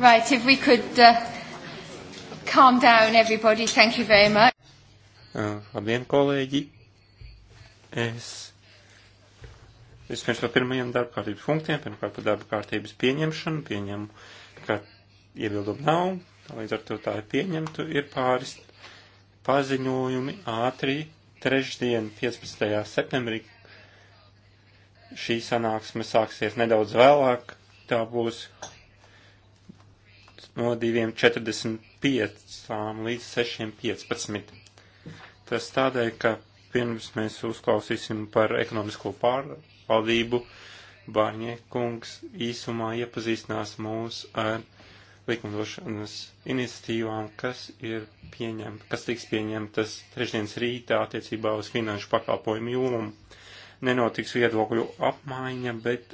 Right, if we could uh, calm down everybody, thank you very much. Uh, labdien, kolēģi! Es vispirms par pirmajiem darba kārtības punktiem, pirmkārt par darba kārtības pieņemšanu, pieņemu, ka iebildumu nav, līdz ar to tā ir pieņemtu, ir pāris paziņojumi ātri trešdien, 15. septembrī. Šī sanāksme sāksies nedaudz vēlāk, tā būs no 2.45 līdz 6.15. Tas tādēļ, ka pirms mēs uzklausīsim par ekonomisko pārvaldību, Bārņiekungs īsumā iepazīstinās mūs ar likumdošanas iniciatīvām, kas ir pieņemta, kas tiks pieņemtas trešdienas rītā attiecībā uz finanšu pakalpojumu jomu. Nenotiks viedokļu apmaiņa, bet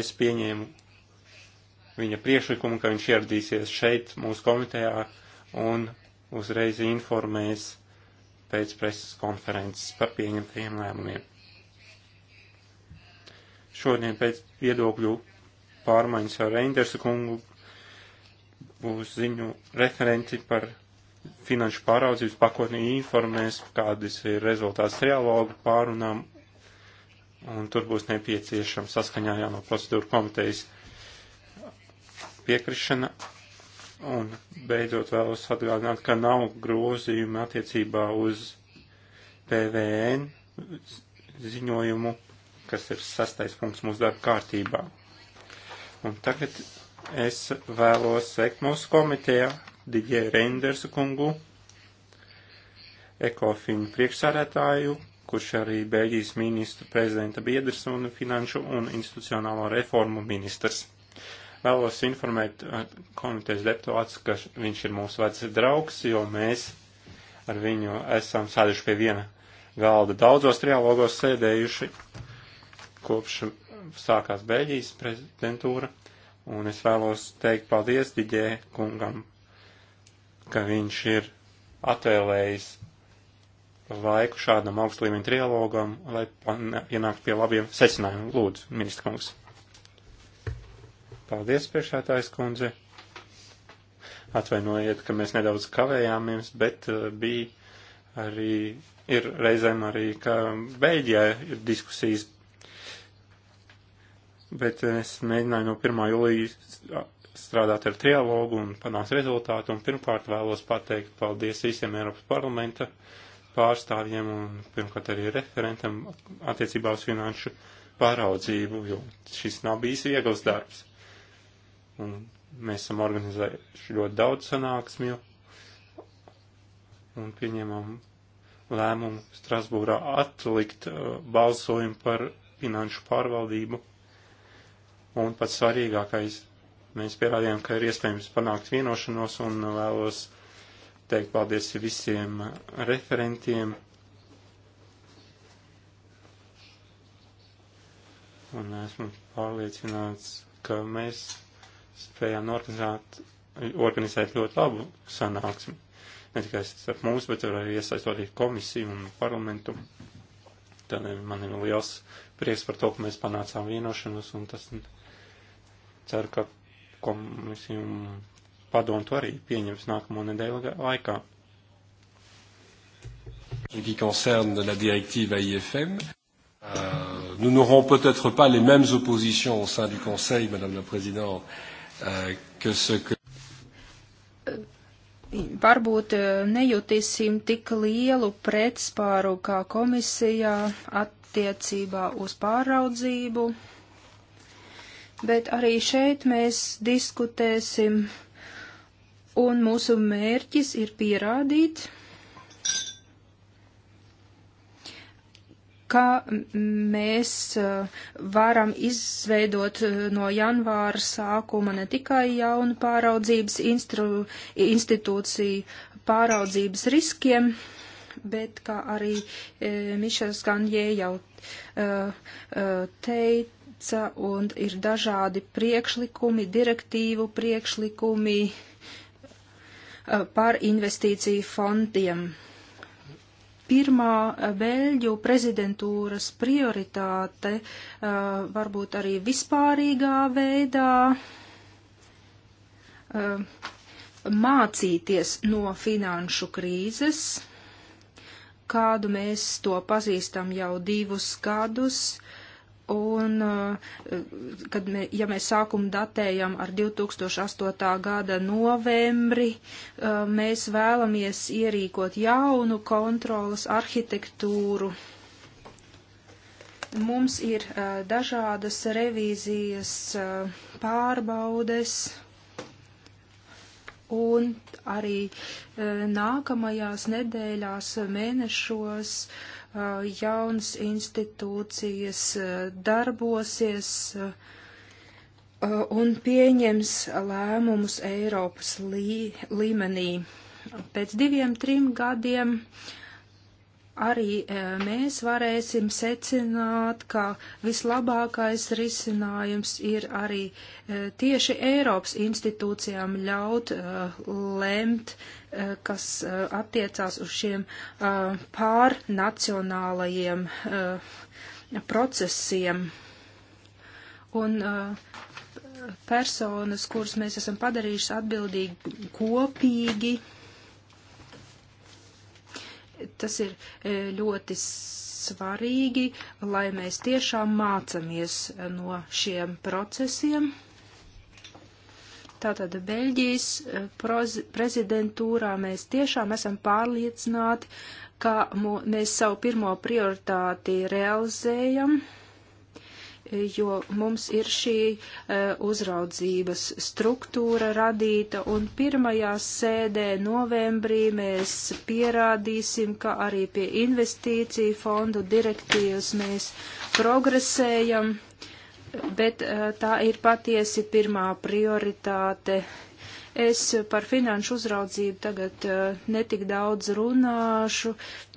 es pieņēmu viņa priekšlikumu, ka viņš ieradīsies šeit mūsu komitejā un uzreiz informēs pēc preses konferences par pieņemtajiem lēmumiem. Šodien pēc viedokļu pārmaiņas ar Reindersu kungu būs ziņu referenti par finanšu pāraudzības pakotni informēs, kādas ir rezultāts trialogu pārunām, un tur būs nepieciešams saskaņā jāno procedūru komitejas piekrišana. Un beidzot vēlos atgādināt, ka nav grozījuma attiecībā uz PVN ziņojumu, kas ir sastais punkts mūsu darba kārtībā. Un tagad es vēlos sveikt mūsu komitejā Digē Reindersu kungu, ekofiņu priekšsādētāju, kurš arī Beļģijas ministru prezidenta biedrs un finanšu un institucionālo reformu ministrs. Vēlos informēt uh, komitejas deputāts, ka viņš ir mūsu vecs draugs, jo mēs ar viņu esam sēduši pie viena galda daudzos trialogos sēdējuši kopš sākās Beļģijas prezidentūra, un es vēlos teikt paldies Diģē kungam, ka viņš ir atvēlējis laiku šādam augstlīmeņa trialogam, lai ienāktu pie labiem secinājumiem. Lūdzu, ministra kungs. Paldies, priekšētājs kundze. Atvainojiet, ka mēs nedaudz kavējāmies, bet uh, bija arī, ir reizēm arī, ka Beļģijā ir diskusijas, bet es mēģināju no 1. jūlija strādāt ar trialogu un panākt rezultātu, un pirmkārt vēlos pateikt paldies visiem Eiropas parlamenta pārstāvjiem un pirmkārt arī referentam attiecībā uz finanšu pāraudzību, jo šis nav bijis viegls darbs. Un mēs esam organizējuši ļoti daudz sanāksmju un pieņēmām lēmumu Strasbūrā atlikt uh, balsojumu par finanšu pārvaldību. Un pats svarīgākais, mēs pierādījām, ka ir iespējams panākt vienošanos un vēlos teikt paldies visiem referentiem. Un esmu pārliecināts, ka mēs spējām norganizēt, organizēt ļoti labu sanāksmi. Ne tikai starp mums, bet arī iesaistot arī komisiju un parlamentu. Tad man ir liels prieks par to, ka mēs panācām vienošanos, un tas ceru, ka komisija un padomu to arī pieņems nākamo nedēļu laikā. qui concerne la directive AIFM, euh, nous n'aurons peut-être pas les mêmes oppositions au sein du Conseil, Madame la Présidente, kas. Varbūt e, nejutīsim tik lielu pretspāru kā komisijā attiecībā uz pāraudzību, bet arī šeit mēs diskutēsim, un mūsu mērķis ir pierādīt, kā mēs eh, varam izveidot eh, no janvāra sākuma ne tikai jaunu pāraudzības instru, institūciju pāraudzības riskiem, bet kā arī e, Mišels Ganjē jau e, teica, un ir dažādi priekšlikumi, direktīvu priekšlikumi e, par investīciju fondiem. E, pirmā eh, Bēļģu prezidentūras prioritāte, eh, varbūt arī vispārīgā veidā eh, mācīties no finanšu krīzes, kādu mēs to pazīstam jau divus gadus, Un, eh, kad mē, ja mēs sākumu datējam ar 2008. gada novembri, eh, mēs vēlamies ierīkot jaunu kontrolas arhitektūru. Mums ir eh, dažādas revīzijas pārbaudes un arī nākamajās nedēļās, mēnešos uh, Uh, jaunas institūcijas uh, darbosies uh, un pieņems lēmumus Eiropas lī, līmenī. Pēc diviem, trim gadiem uh, arī e, mēs varēsim secināt, ka vislabākais risinājums ir arī e, tieši Eiropas institūcijām ļaut e, lemt, kas attiecās uz šiem pārnacionālajiem procesiem. Un personas, kuras mēs esam padarījuši atbildīgi kopīgi, tas ir e, ļoti svarīgi, lai mēs tiešām mācamies e, no šiem procesiem. Tātad Beļģijas e, prezidentūrā mēs tiešām esam pārliecināti, ka mēs savu pirmo prioritāti realizējam jo mums ir šī e, uzraudzības struktūra radīta, un pirmajā sēdē novembrī mēs pierādīsim, ka arī pie investīciju fondu direktīvas mēs progresējam, bet e, tā ir patiesi pirmā prioritāte Es par finanšu uzraudzību tagad e, netik daudz runāšu,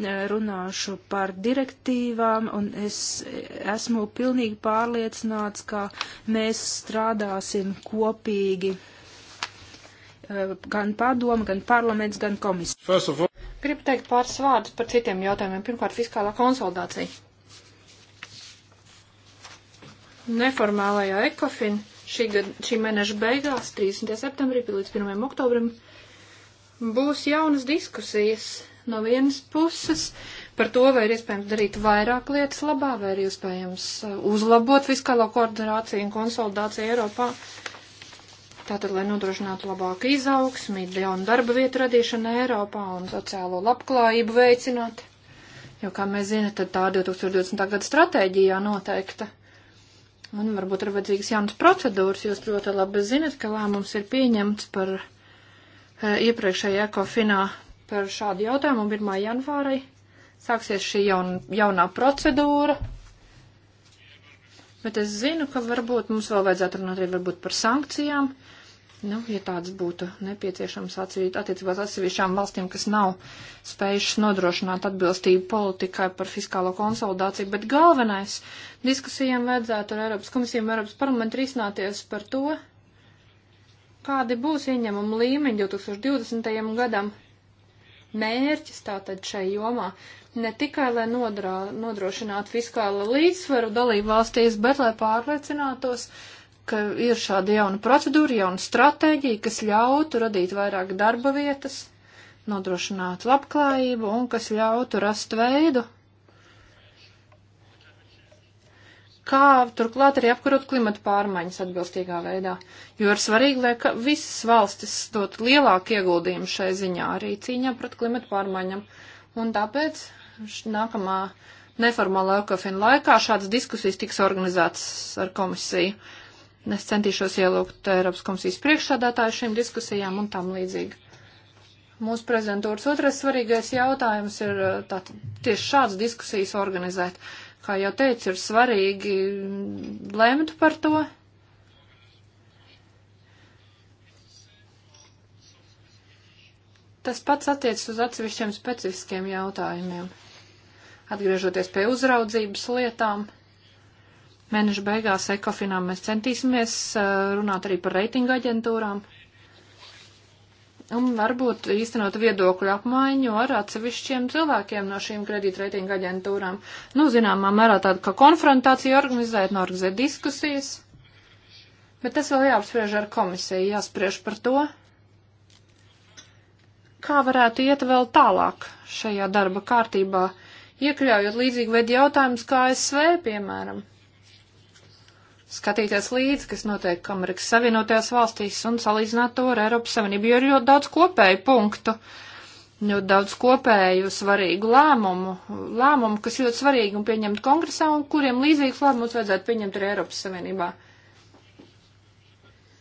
e, runāšu par direktīvām, un es esmu pilnīgi pārliecināts, ka mēs strādāsim kopīgi e, gan padoma, gan parlaments, gan komisija. Gribu teikt pāris vārdus par citiem jautājumiem. Pirmkārt, fiskālā konsolidācija. Neformālajā ekofin šī, gada, šī mēneša beigās, 30. septembrī līdz 1. oktobrim, būs jaunas diskusijas no vienas puses par to, vai ir iespējams darīt vairāk lietas labā, vai ir iespējams uh, uzlabot fiskālo koordināciju un konsolidāciju Eiropā. Tātad, lai nodrošinātu labāku izaugsmi, jaunu darba vietu radīšanu Eiropā un sociālo labklājību veicināt. Jo, kā mēs zinām, tad tā 2020. gada stratēģijā noteikta. Un varbūt ir vajadzīgas jaunas procedūras. Jūs ļoti labi zinat, ka lēmums ir pieņemts par e, iepriekšējā ekofinā par šādu jautājumu. 1. janvārai sāksies šī jaun, jaunā procedūra. Bet es zinu, ka varbūt mums vēl vajadzētu runāt arī varbūt par sankcijām. Uh, Nu, ja tāds būtu nepieciešams atsīt, attiecībās atsevišķām valstīm, kas nav spējušas nodrošināt atbilstību politikai par fiskālo konsolidāciju, bet galvenais diskusijām vajadzētu ar Eiropas komisiju un Eiropas parlamentu risināties par to, kādi būs ieņemuma līmeņi 2020. gadam mērķis tātad šai jomā, ne tikai lai nodrā, nodrošinātu fiskālo līdzsvaru dalību valstīs, bet lai pārliecinātos, ka ir šāda jauna procedūra, jauna stratēģija, kas ļautu radīt vairāk darba vietas, nodrošināt labklājību un kas ļautu rast veidu, kā turklāt arī apkarot klimata pārmaiņas atbilstīgā veidā, jo ir svarīgi, lai visas valstis dot lielāku ieguldījumu šai ziņā arī cīņā pret klimata pārmaiņam. Un tāpēc nākamā neformālā ekofina laikā šādas diskusijas tiks organizētas ar komisiju. Uh, Es centīšos ielūgt Eiropas komisijas priekšsādātāju šīm diskusijām un tam līdzīgi. Mūsu prezidentūras otrais svarīgais jautājums ir uh, tā, tieši šāds diskusijas organizēt. Kā jau teicu, ir svarīgi lemt par to. Tas pats attiecas uz atsevišķiem specifiskiem jautājumiem. Atgriežoties pie uzraudzības lietām Mēneša beigās ekofinām mēs centīsimies eh, runāt arī par reitingu aģentūrām. Un varbūt īstenot viedokļu apmaiņu ar atsevišķiem cilvēkiem no šīm kredītreitinga aģentūrām. Nu, zināmā mērā tāda, ka konfrontācija organizēt, norganizēt diskusijas. Bet tas vēl jāapspriež ar komisiju, jāspriež par to, kā varētu iet vēl tālāk šajā darba kārtībā, iekļaujot līdzīgi veidu jautājumus kā ASV, piemēram skatīties līdzi, kas notiek Amerikas Savienotajās valstīs un salīdzināt to ar Eiropas Savienību, jo ir ļoti daudz kopēju punktu, ļoti daudz kopēju svarīgu lēmumu, lēmumu, kas ļoti svarīgi un pieņemt kongresā un kuriem līdzīgs lēmums vajadzētu pieņemt arī Eiropas Savienībā.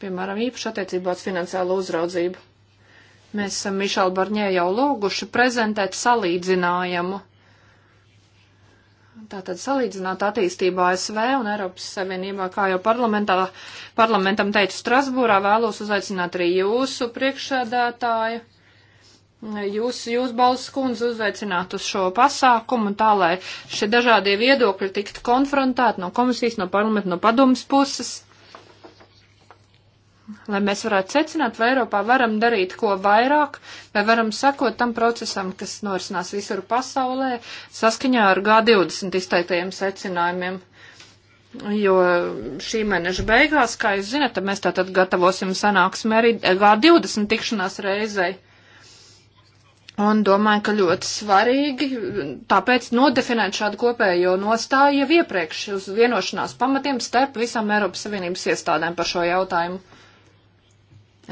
Piemēram, īpaši attiecībā uz finansiālo uzraudzību. Mēs esam Mišālu Barņē jau lūguši prezentēt salīdzinājumu Tātad salīdzināt attīstību ASV un Eiropas Savienībā, kā jau parlamentam teicu Strasbūrā, vēlos uzaicināt arī jūsu priekšsēdētāju, jūs, jūs balss kundze uzaicināt uz šo pasākumu, tā lai šie dažādie viedokļi tiktu konfrontēti no komisijas, no parlamenta, no padomas puses lai mēs varētu secināt, vai Eiropā varam darīt ko vairāk, vai varam sakot tam procesam, kas norisinās visur pasaulē, saskaņā ar G20 izteiktajiem secinājumiem. Jo šī mēneša beigās, kā jūs zinat, mēs tātad gatavosim sanāksmi arī G20 tikšanās reizei. Un domāju, ka ļoti svarīgi tāpēc nodefinēt šādu kopējo nostāju jau iepriekš uz vienošanās pamatiem starp visām Eiropas Savienības iestādēm par šo jautājumu.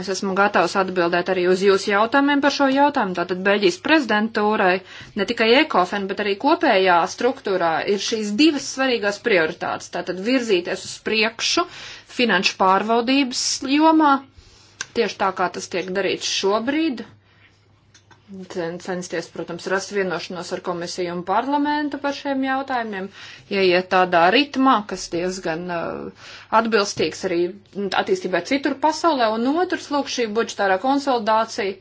Es esmu gatavs atbildēt arī uz jūsu jautājumiem par šo jautājumu. Tātad Beļģijas prezidentūrai ne tikai ECOFEN, bet arī kopējā struktūrā ir šīs divas svarīgās prioritātes. Tātad virzīties uz priekšu finanšu pārvaldības jomā, tieši tā kā tas tiek darīts šobrīd, censties, protams, rast vienošanos ar komisiju un parlamentu par šiem jautājumiem, ja iet tādā ritmā, kas diezgan uh, atbilstīgs arī attīstībai citur pasaulē, un otrs, lūk, šī budžetārā konsolidācija.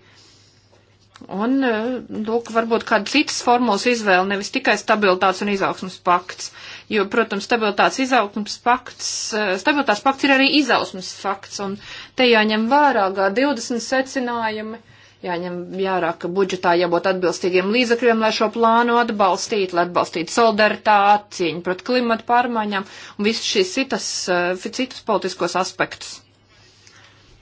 Un, uh, lūk, varbūt kāda citas formulas izvēle, nevis tikai stabilitātes un izaugsmas pakts, jo, protams, stabilitātes izaugsmas pakts, uh, stabilitātes pakts ir arī izausmas fakts, un te jāņem vērā gā 20 secinājumi jāņem vērā, ka budžetā jābūt atbilstīgiem līdzakļiem, lai šo plānu atbalstītu, lai atbalstītu solidaritāti, cīņu pret klimatu pārmaiņām un visus šīs citas, eh, citus politiskos aspektus.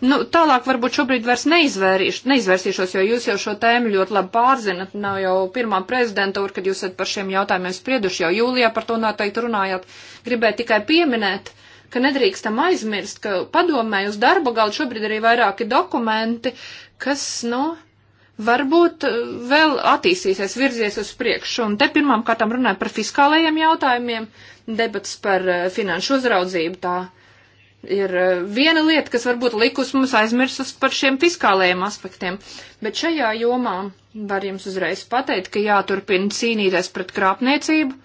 Nu, tālāk varbūt šobrīd vairs neizvērsīšos, jo jūs jau šo tēmu ļoti labi pārzinat. Nav jau pirmā prezidentūra, kad jūs esat par šiem jautājumiem sprieduši, jau jūlijā par to noteikti runājāt. Gribēju tikai pieminēt, uh, ka nedrīkstam aizmirst, ka padomē uz darba galdu šobrīd arī vairāki dokumenti, kas, nu, varbūt eh, vēl attīstīsies, virzies uz priekšu. Un te pirmām kārtām runāja par fiskālajiem jautājumiem, debats par eh, finanšu uzraudzību tā ir eh, viena lieta, kas varbūt likus mums aizmirst par šiem fiskālajiem aspektiem, bet šajā jomā var jums uzreiz pateikt, ka jāturpina cīnīties pret krāpniecību,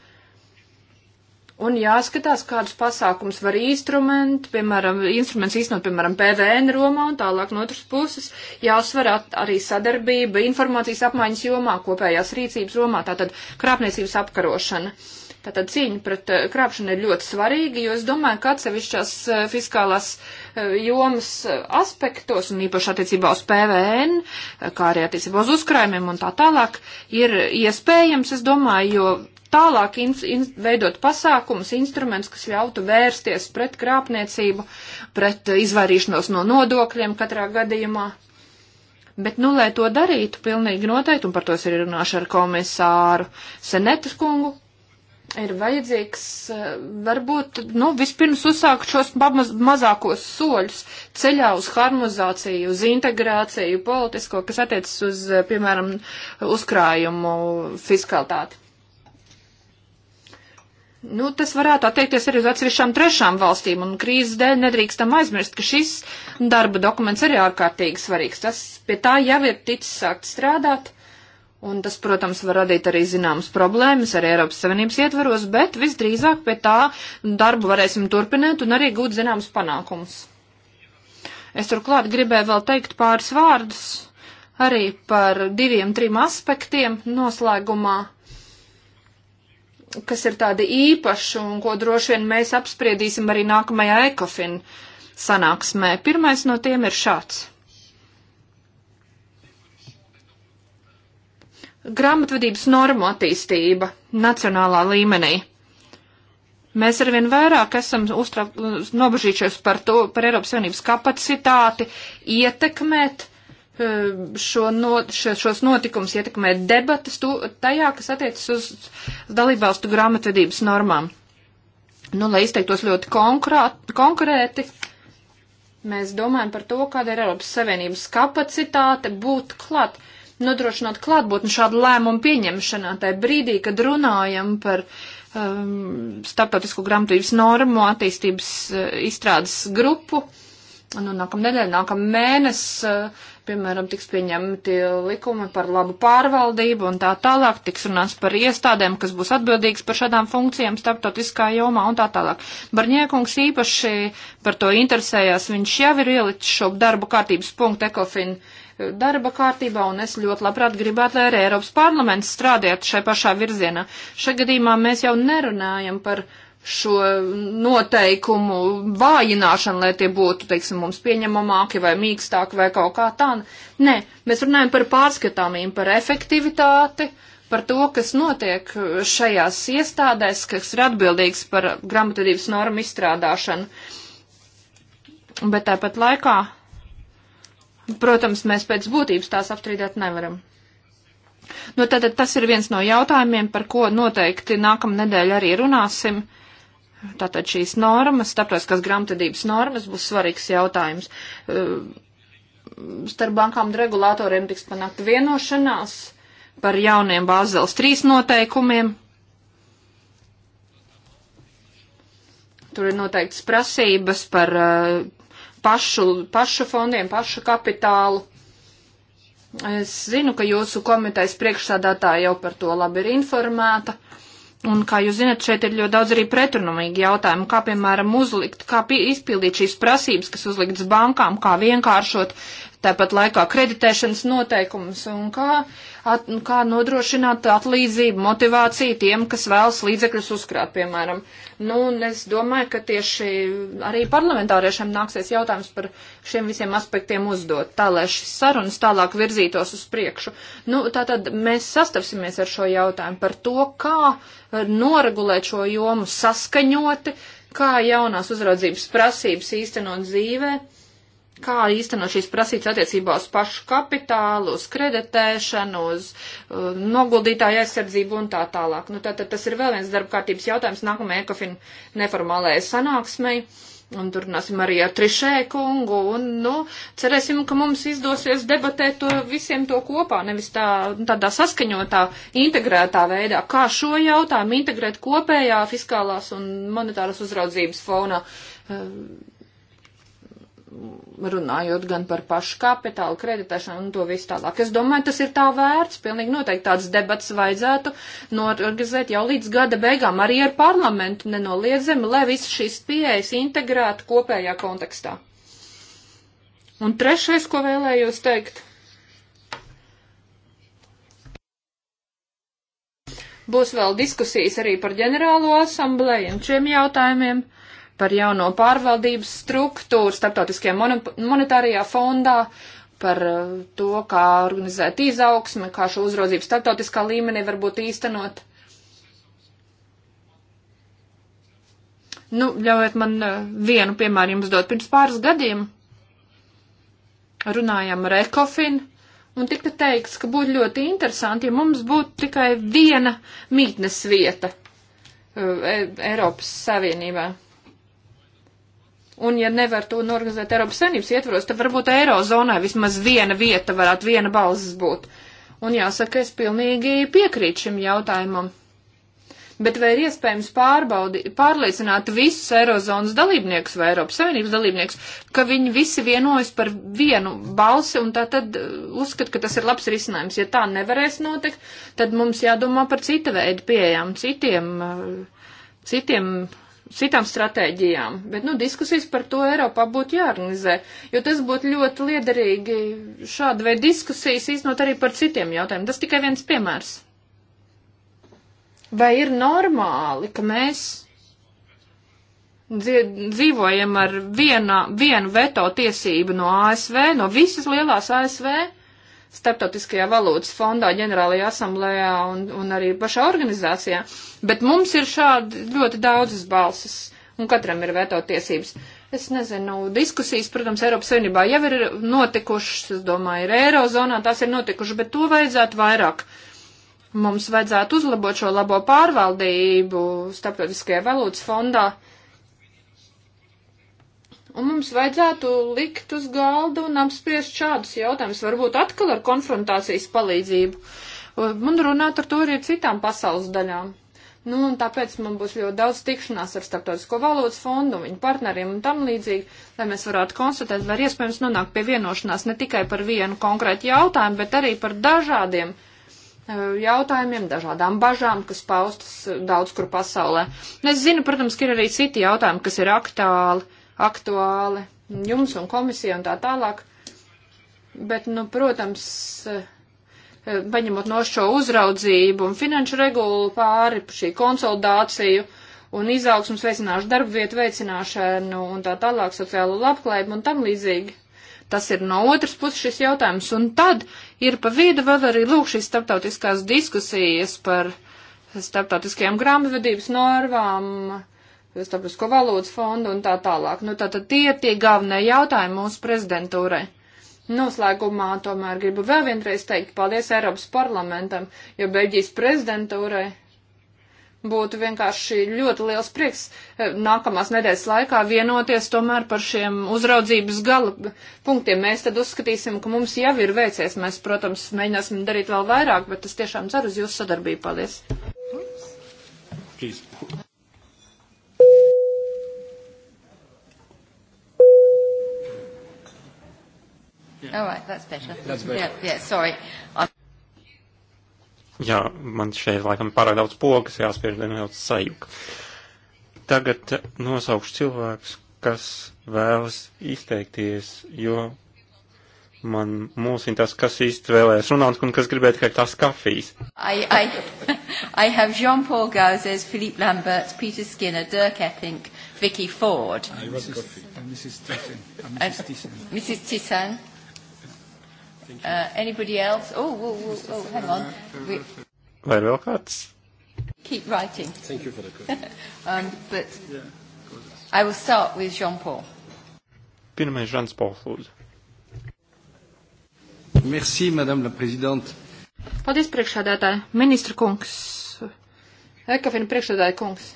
Un jāskatās, kādus pasākums var instrument, piemēram, instruments īstenot, piemēram, PVN Romā un tālāk no otras puses. Jāsver arī sadarbība informācijas apmaiņas jomā, kopējās rīcības romā, tātad krāpniecības apkarošana. Tātad cīņa pret eh, krāpšanu ir ļoti svarīga, jo es domāju, ka atsevišķās eh, fiskālās eh, jomas aspektos, un īpaši attiecībā uz PVN, kā arī attiecībā uz uzkrājumiem un tā tālāk, ir iespējams, es domāju, jo tālāk in, in, veidot pasākumus, instrumentus, kas ļautu vērsties pret krāpniecību, pret izvairīšanos no nodokļiem katrā gadījumā. Bet, nu, lai to darītu, pilnīgi noteikti, un par to es arī runāšu ar komisāru Senetas kungu, ir vajadzīgs eh, varbūt, nu, vispirms uzsākt šos maz, mazākos soļus ceļā uz harmonizāciju, uz integrāciju politisko, kas attiecas uz, eh, piemēram, uzkrājumu fiskalitāti. Nu, tas varētu attiekties arī uz atsevišķām trešām valstīm, un krīzes dēļ nedrīkstam aizmirst, ka šis darba dokuments arī ārkārtīgi svarīgs. Tas pie tā jau ir ticis sākt strādāt, un tas, protams, var radīt arī zināmas problēmas arī Eiropas Savienības ietvaros, bet visdrīzāk pie tā darbu varēsim turpināt un arī gūt zināmas panākumus. Es turklāt gribēju vēl teikt pāris vārdus arī par diviem, trim aspektiem noslēgumā kas ir tādi īpaši un ko droši vien mēs apspriedīsim arī nākamajā ekofin sanāksmē. Pirmais no tiem ir šāds. Grāmatvedības normu attīstība nacionālā līmenī. Mēs arvien vairāk esam nobežījušies par to, par Eiropas Savienības kapacitāti ietekmēt uh, Ehm, šo not, šo, šos notikumus ietekmē debatas tu, tajā, kas attiecas uz dalībvalstu grāmatvedības normām. Nu, lai izteiktos ļoti konkrāt, konkrēti, mēs domājam par to, kāda ir Eiropas Savienības kapacitāte būt klāt, nodrošināt klātbūtni šādu lēmumu pieņemšanā, tajā brīdī, kad runājam par um, ehm, starptautisko grāmatvedības normu attīstības uh, izstrādes grupu. Nu, nākamā nedēļa, nākamā mēnesis uh, piemēram, tiks pieņemti likumi par labu pārvaldību un tā tālāk, tiks runāts par iestādēm, kas būs atbildīgas par šādām funkcijām starptautiskā jomā un tā tālāk. Barņēkungs īpaši par to interesējās, viņš jau ir ielicis šo darbu kārtības punktu ekofin eh, darba kārtībā, un es ļoti labprāt gribētu, lai arī Eiropas parlaments strādētu šai pašā virzienā. Šajā gadījumā mēs jau nerunājam par šo noteikumu vājināšanu, lai tie būtu, teiksim, mums pieņemamāki vai mīkstāki vai kaut kā tā. Nē, mēs runājam par pārskatāmību, par efektivitāti, par to, kas notiek šajās iestādēs, kas ir atbildīgs par grāmatvedības normu izstrādāšanu. Bet tāpat laikā, protams, mēs pēc būtības tās apstrīdēt nevaram. Nu, tātad tas ir viens no jautājumiem, par ko noteikti nākamnedēļ arī runāsim. Uh, Tātad šīs normas, starptautiskās grāmatvedības normas būs svarīgs jautājums. Starp bankām un regulātoriem tiks panākt vienošanās par jauniem Bāzeles 3 noteikumiem. Tur ir noteikts prasības par pašu, pašu fondiem, pašu kapitālu. Es zinu, ka jūsu komitejas priekšsādātāja jau par to labi ir informēta. Uh, Un, kā jūs zināt, šeit ir ļoti daudz arī pretrunumīgi jautājumi, kā, piemēram, uzlikt, kā izpildīt šīs prasības, kas uzliktas bankām, kā vienkāršot, tāpat laikā kreditēšanas noteikumus un kā at, kā nodrošināt atlīdzību, motivāciju tiem, kas vēlas līdzekļus uzkrāt, piemēram. Nu, un es domāju, ka tieši arī parlamentāriešiem nāksies jautājums par šiem visiem aspektiem uzdot, tā lai šis sarunas tālāk virzītos uz priekšu. Nu, tātad mēs sastapsimies ar šo jautājumu par to, kā noregulēt šo jomu saskaņoti, kā jaunās uzraudzības prasības īstenot dzīvē kā īstenot šīs prasības attiecībā uz pašu kapitālu, uz kreditēšanu, uz uh, noguldītāju aizsardzību un tā tālāk. Nu, tātad tas ir vēl viens darba kārtības jautājums nākamajai ECOFIN neformālajai sanāksmei. Un turpināsim arī ar Trišē kungu, un, nu, cerēsim, ka mums izdosies debatēt to visiem to kopā, nevis tā, tādā saskaņotā, integrētā veidā, kā šo jautājumu integrēt kopējā fiskālās un monetāras uzraudzības fonā. Uh, runājot gan par pašu kapitālu kreditēšanu un to visu tālāk. Es domāju, tas ir tā vērts. Pilnīgi noteikti tāds debats vajadzētu norganizēt jau līdz gada beigām arī ar parlamentu nenoliedzami, lai visas šīs pieejas integrētu kopējā kontekstā. Un trešais, ko vēlējos teikt. Būs vēl diskusijas arī par ģenerālo asambleju un šiem jautājumiem par jauno pārvaldības struktūru starptautiskajā monetārajā fondā, par uh, to, kā organizēt izaugsmi, kā šo uzraudzību starptautiskā līmenī varbūt īstenot. Nu, ļaujiet man uh, vienu piemēru jums dot. Pirms pāris gadiem runājām ar Ekofinu, un tika teikts, ka būtu ļoti interesanti, ja mums būtu tikai viena mītnes vieta uh, e Eiropas Savienībā. Un ja nevar to norganizēt Eiropas Savienības ietvaros, tad varbūt Eirozonai vismaz viena vieta varētu viena balzas būt. Un jāsaka, es pilnīgi piekrītu šim jautājumam bet vai ir iespējams pārbaudi, pārliecināt visus Eirozonas dalībniekus vai Eiropas Savienības dalībniekus, ka viņi visi vienojas par vienu balsi un tā tad uh, uzskat, ka tas ir labs risinājums. Ja tā nevarēs notikt, tad mums jādomā par cita veida pieejām, citiem, uh, citiem citām stratēģijām. Bet, nu, diskusijas par to Eiropā būtu jāorganizē, jo tas būtu ļoti liederīgi šāda veida diskusijas iznot arī par citiem jautājumiem. Tas tikai viens piemērs. Vai ir normāli, ka mēs dzīvojam ar vienā, vienu veto tiesību no ASV, no visas lielās ASV? Startautiskajā valūtas fondā, ģenerālajā asamblējā un, un arī pašā organizācijā. Bet mums ir šādi ļoti daudzas balsis, un katram ir veto tiesības. Es nezinu, diskusijas, protams, Eiropas Savienībā jau ir notikušas, es domāju, ir Eirozonā tās ir notikušas, bet to vajadzētu vairāk. Mums vajadzētu uzlabot šo labo pārvaldību Starptautiskajā valūtas fondā. Uh, Un mums vajadzētu likt uz galda un apspriest šādus jautājumus, varbūt atkal ar konfrontācijas palīdzību. Man runāt ar to arī citām pasaules daļām. Nu, un tāpēc man būs ļoti daudz tikšanās ar Startautisko valūtas fondu un viņu partneriem un tam līdzīgi, lai mēs varētu konstatēt, vai iespējams nonākt pie vienošanās ne tikai par vienu konkrētu jautājumu, bet arī par dažādiem e, jautājumiem, dažādām bažām, kas paustas e, daudz kur pasaulē. Es zinu, protams, ka ir arī citi jautājumi, kas ir aktuāli aktuāli jums un komisija un tā tālāk. Bet, nu, protams, eh, paņemot no šo uzraudzību un finanšu regulu pāri šī konsolidāciju un izaugsmas veicināšu darbu vietu veicināšanu un tā tālāk sociālo labklājību un tam līdzīgi. Tas ir no otras puses šis jautājums. Un tad ir pa vidu vēl arī lūk šīs starptautiskās diskusijas par starptautiskajām grāmatvedības normām, uh, starptautisko valodas fondu un tā tālāk. Nu, tātad tie ir tie galvenie jautājumi mūsu prezidentūrai. Noslēgumā tomēr gribu vēl vienreiz teikt paldies Eiropas parlamentam, jo Beļģijas prezidentūrai būtu vienkārši ļoti liels prieks eh, nākamās nedēļas laikā vienoties tomēr par šiem uzraudzības gala punktiem. Mēs tad uzskatīsim, ka mums jau ir veicies. Mēs, protams, mēģināsim darīt vēl vairāk, bet es tiešām ceru uz jūsu sadarbību. Paldies! Please. Yeah. All right, that's better. That's better. Yeah, yeah, sorry. I'm... Jā, man šeit laikam pārāk daudz pogas jāspiež nedaudz sajūk. Tagad nosaukšu cilvēkus, kas vēlas izteikties, jo man mūsina tas, kas īsti vēlēs runāt un kas gribēja tikai tās kafijas. I, I, I have Jean-Paul Gauzes, Philippe Lamberts, Peter Skinner, Dirk Epping, Vicky Ford. I was coffee. And Mrs. Tissan. Mrs. Tissan. Uh, anybody else? Oh, whoa, whoa, whoa, oh, hang on. Uh, We... Vai vēl kāds? Keep writing. Thank you for the question. um, but yeah, I will start with Jean-Paul. Pirmais Žans Pauls lūdzu. Merci, Madame la Présidente. Paldies, priekšādātāji. Ministra kungs. Ekafina priekšādāja kungs.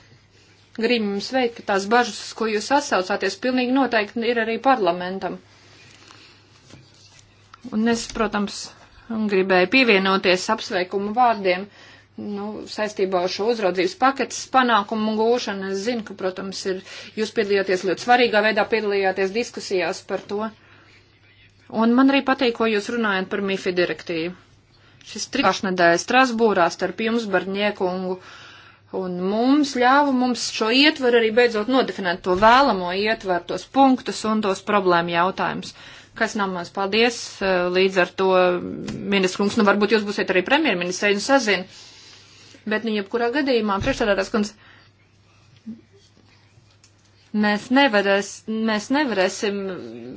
Gribu jums veikt, ka tās bažas, ko jūs atsaucāties, pilnīgi noteikti ir arī parlamentam. Un es, protams, gribēju pievienoties apsveikumu vārdiem nu, saistībā ar šo uzraudzības paketes panākumu gūšanu. Es zinu, ka, protams, ir, jūs piedalījāties ļoti svarīgā veidā, piedalījāties diskusijās par to. Un man arī patīk, ko jūs runājat par MIFI direktīvu. Šis trīs nedēļas Strasbūrā starp jums, Barņiekungu, un mums ļāva mums šo ietvaru arī beidzot nodefinēt to vēlamo ietvaru, tos punktus un tos problēmu jautājumus. Uh, kas nav mans paldies. Eh, līdz ar to, ministrs kungs, nu varbūt jūs būsiet arī premjerministrs, un sazin. Bet, nu, jebkurā gadījumā, priekšstādātās kungs, mēs, nevarēs, mēs nevarēsim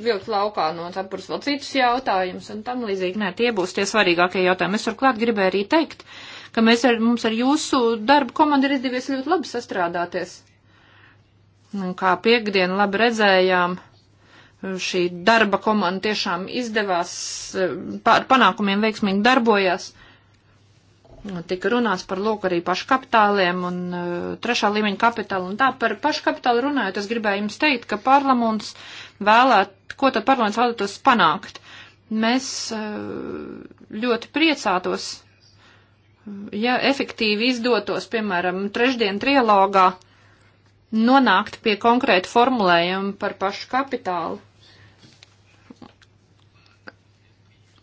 vilkt laukā no cepures vēl citus jautājumus un tam līdzīgi. Nē, tie būs tie svarīgākie jautājumi. Es turklāt gribēju arī teikt, ka mēs ar, mums ar jūsu darbu komandu ir izdevies ļoti labi sastrādāties. Un kā piekdien labi redzējām šī darba komanda tiešām izdevās, e, pār panākumiem veiksmīgi darbojās. Tika runāts par lūk arī paškapitāliem un e, trešā līmeņa kapitālu. Un tā par paškapitālu runājot, es gribēju jums teikt, ka parlaments vēlēt, ko tad parlaments vēlētos panākt. Mēs e, ļoti priecātos, ja efektīvi izdotos, piemēram, trešdien trialogā nonākt pie konkrēta formulējuma par pašu kapitālu.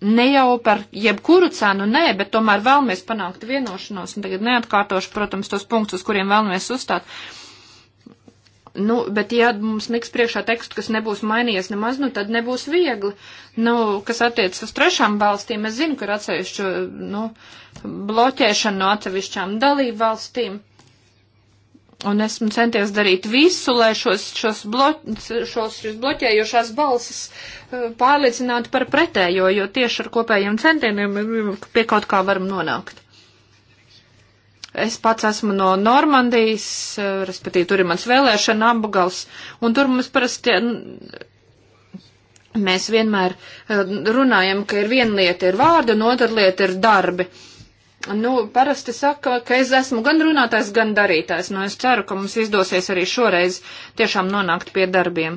ne jau par jebkuru cenu, nē, bet tomēr vēlamies panākt vienošanos, un tagad neatkārtošu, protams, tos punktus, uz kuriem vēlamies uzstāt. Nu, bet ja mums liks priekšā tekstu, kas nebūs mainījies nemaz, nu tad nebūs viegli. Nu, kas attiec uz trešām valstīm, es zinu, ka ir atsevišķu, nu, bloķēšana no atsevišķām dalību valstīm. Un esmu centies darīt visu, lai šos, šos, blo, šos, šos bloķējošās balsis e, pārliecinātu par pretējo, jo tieši ar kopējiem centieniem e, pie kaut kā varam nonākt. Es pats esmu no Normandijas, e, respektīvi tur ir mans vēlēšana apgals, un tur mums parasti mēs vienmēr runājam, ka ir viena lieta ir vārdi, un otra lieta ir darbi. Uh, Nu, parasti saka, ka es esmu gan runātājs, gan darītājs. Nu, es ceru, ka mums izdosies arī šoreiz tiešām nonākt pie darbiem.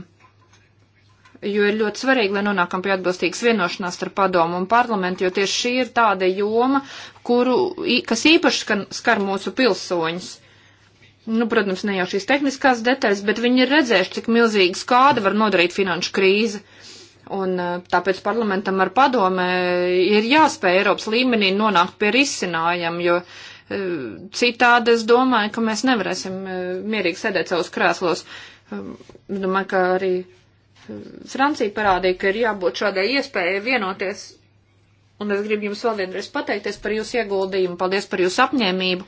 Jo ir ļoti svarīgi, lai nonākam pie atbilstīgas vienošanās ar padomu un parlamentu, jo tieši šī ir tāda joma, kuru, kas īpaši skar, skar mūsu pilsoņus. Nu, protams, ne jau šīs tehniskās detaļas, bet viņi ir redzējuši, cik milzīgas kāda var nodarīt finanšu krīze. Un eh, tāpēc parlamentam ar padomē ir jāspēj Eiropas līmenī nonākt pie risinājuma, jo eh, citādi es domāju, ka mēs nevarēsim eh, mierīgi sēdēt savus krēslos. Domāju, ka arī Francija parādīja, ka ir jābūt šādai iespējai vienoties. Un es gribu jums vēl vienreiz pateikties par jūsu ieguldījumu, paldies par jūsu apņēmību.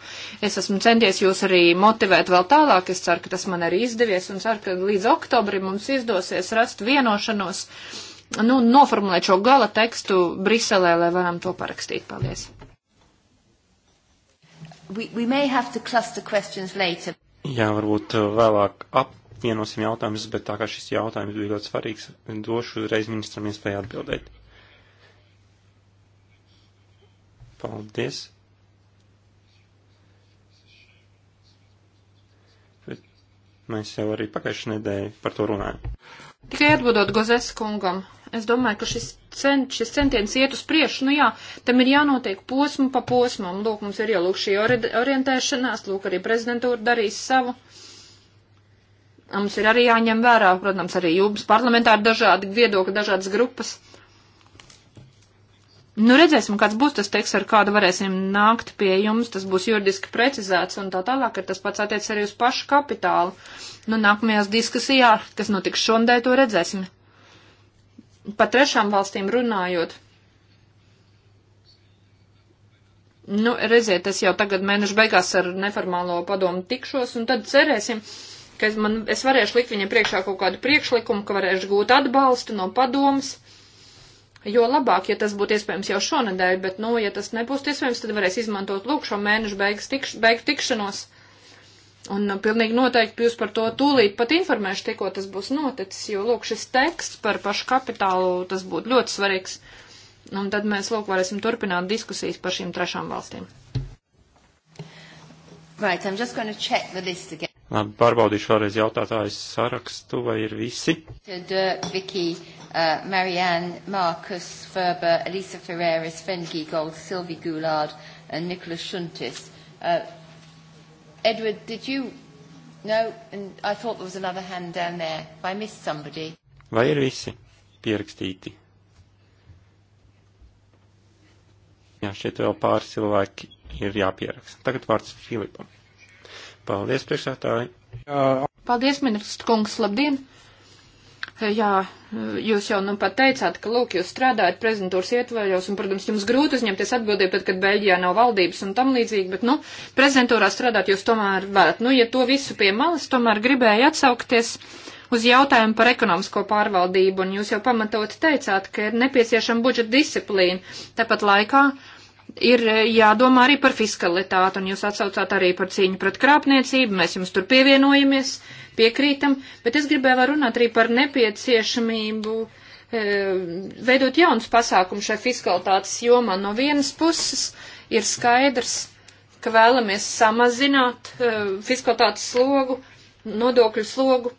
Es esmu centies jūs arī motivēt vēl tālāk. Es ceru, ka tas man arī izdevies un ceru, ka līdz oktobrim mums izdosies rast vienošanos. Uh, nu, noformulēt šo gala tekstu Briselē, lai varam to parakstīt. Paldies. We, we Jā, varbūt uh, vēlāk apvienosim jautājumus, bet tā kā šis jautājums bija ļoti svarīgs, došu reiz ministram iespēju atbildēt. Paldies. Bet mēs jau arī pagājušajā nedēļā par to runājam. Tikai atbildot Gozes kungam, Es domāju, ka šis, cent, šis centiens iet uz priekšu, nu jā, tam ir jānotiek posmu pa posmam. Lūk, mums ir jālūk šī orientēšanās, lūk, arī prezidentūra darīs savu. Mums ir arī jāņem vērā, protams, arī jums parlamentāri dažādi viedokļi, dažādas grupas. Nu, redzēsim, kāds būs tas teksts, ar kādu varēsim nākt pie jums. Tas būs juridiski precizēts un tā tālāk, ir tas pats attiec arī uz pašu kapitālu. Nu, nākamajās diskusijās, kas notiks šodien, to redzēsim pa trešām valstīm runājot. Nu, redziet, es jau tagad mēnešu beigās ar neformālo padomu tikšos, un tad cerēsim, ka es, man, es varēšu likt viņiem priekšā kaut kādu priekšlikumu, ka varēšu gūt atbalstu no padomas. Jo labāk, ja tas būtu iespējams jau šonadēļ, bet, nu, ja tas nebūs iespējams, tad varēs izmantot lūk šo mēnešu beigas tikš, beigu tikšanos Un uh, pilnīgi noteikti jūs par to tūlīt pat informēšu, tikko tas būs noticis, jo, lūk, šis teksts par pašu kapitālu, tas būtu ļoti svarīgs. Un tad mēs, lūk, varēsim turpināt diskusijas par šīm trešām valstīm. Right, I'm just going to check the list again. Labi, pārbaudīšu vēlreiz jautātājus sarakstu, vai ir visi. Tad, uh, Vicky, uh, Marianne, Markus, Ferber, Elisa Ferreras, Sven Giegold, Sylvie Goulard un Nikola Šuntis. Uh, Edward, did you? No, and I thought there was another hand down there. Have I missed somebody? Vai ir visi pierakstīti? Jā, šeit vēl pāris cilvēki ir jāpieraksta. Tagad vārds Filipam. Paldies, priekšsētāji. Paldies, ministrs kungs, labdien! jā, jūs jau nu pat teicāt, ka, lūk, jūs strādājat prezidentūras ietvaļos, un, protams, jums grūti uzņemties atbildību, tad, kad Beļģijā nav valdības un tam līdzīgi, bet, nu, prezidentūrā strādāt jūs tomēr varat. Nu, ja to visu pie malas, tomēr gribēju atsaukties uz jautājumu par ekonomisko pārvaldību, un jūs jau pamatot teicāt, ka ir nepieciešama budžeta disciplīna. Tāpat laikā ir eh, jādomā arī par fiskalitāti, un jūs atsaucāt arī par cīņu pret krāpniecību, mēs jums tur pievienojamies, piekrītam, bet es gribēju runāt arī par nepieciešamību e, veidot jaunus pasākumus šai fiskalitātes jomā. No vienas puses ir skaidrs, ka vēlamies samazināt e, fiskalitātes slogu, nodokļu slogu.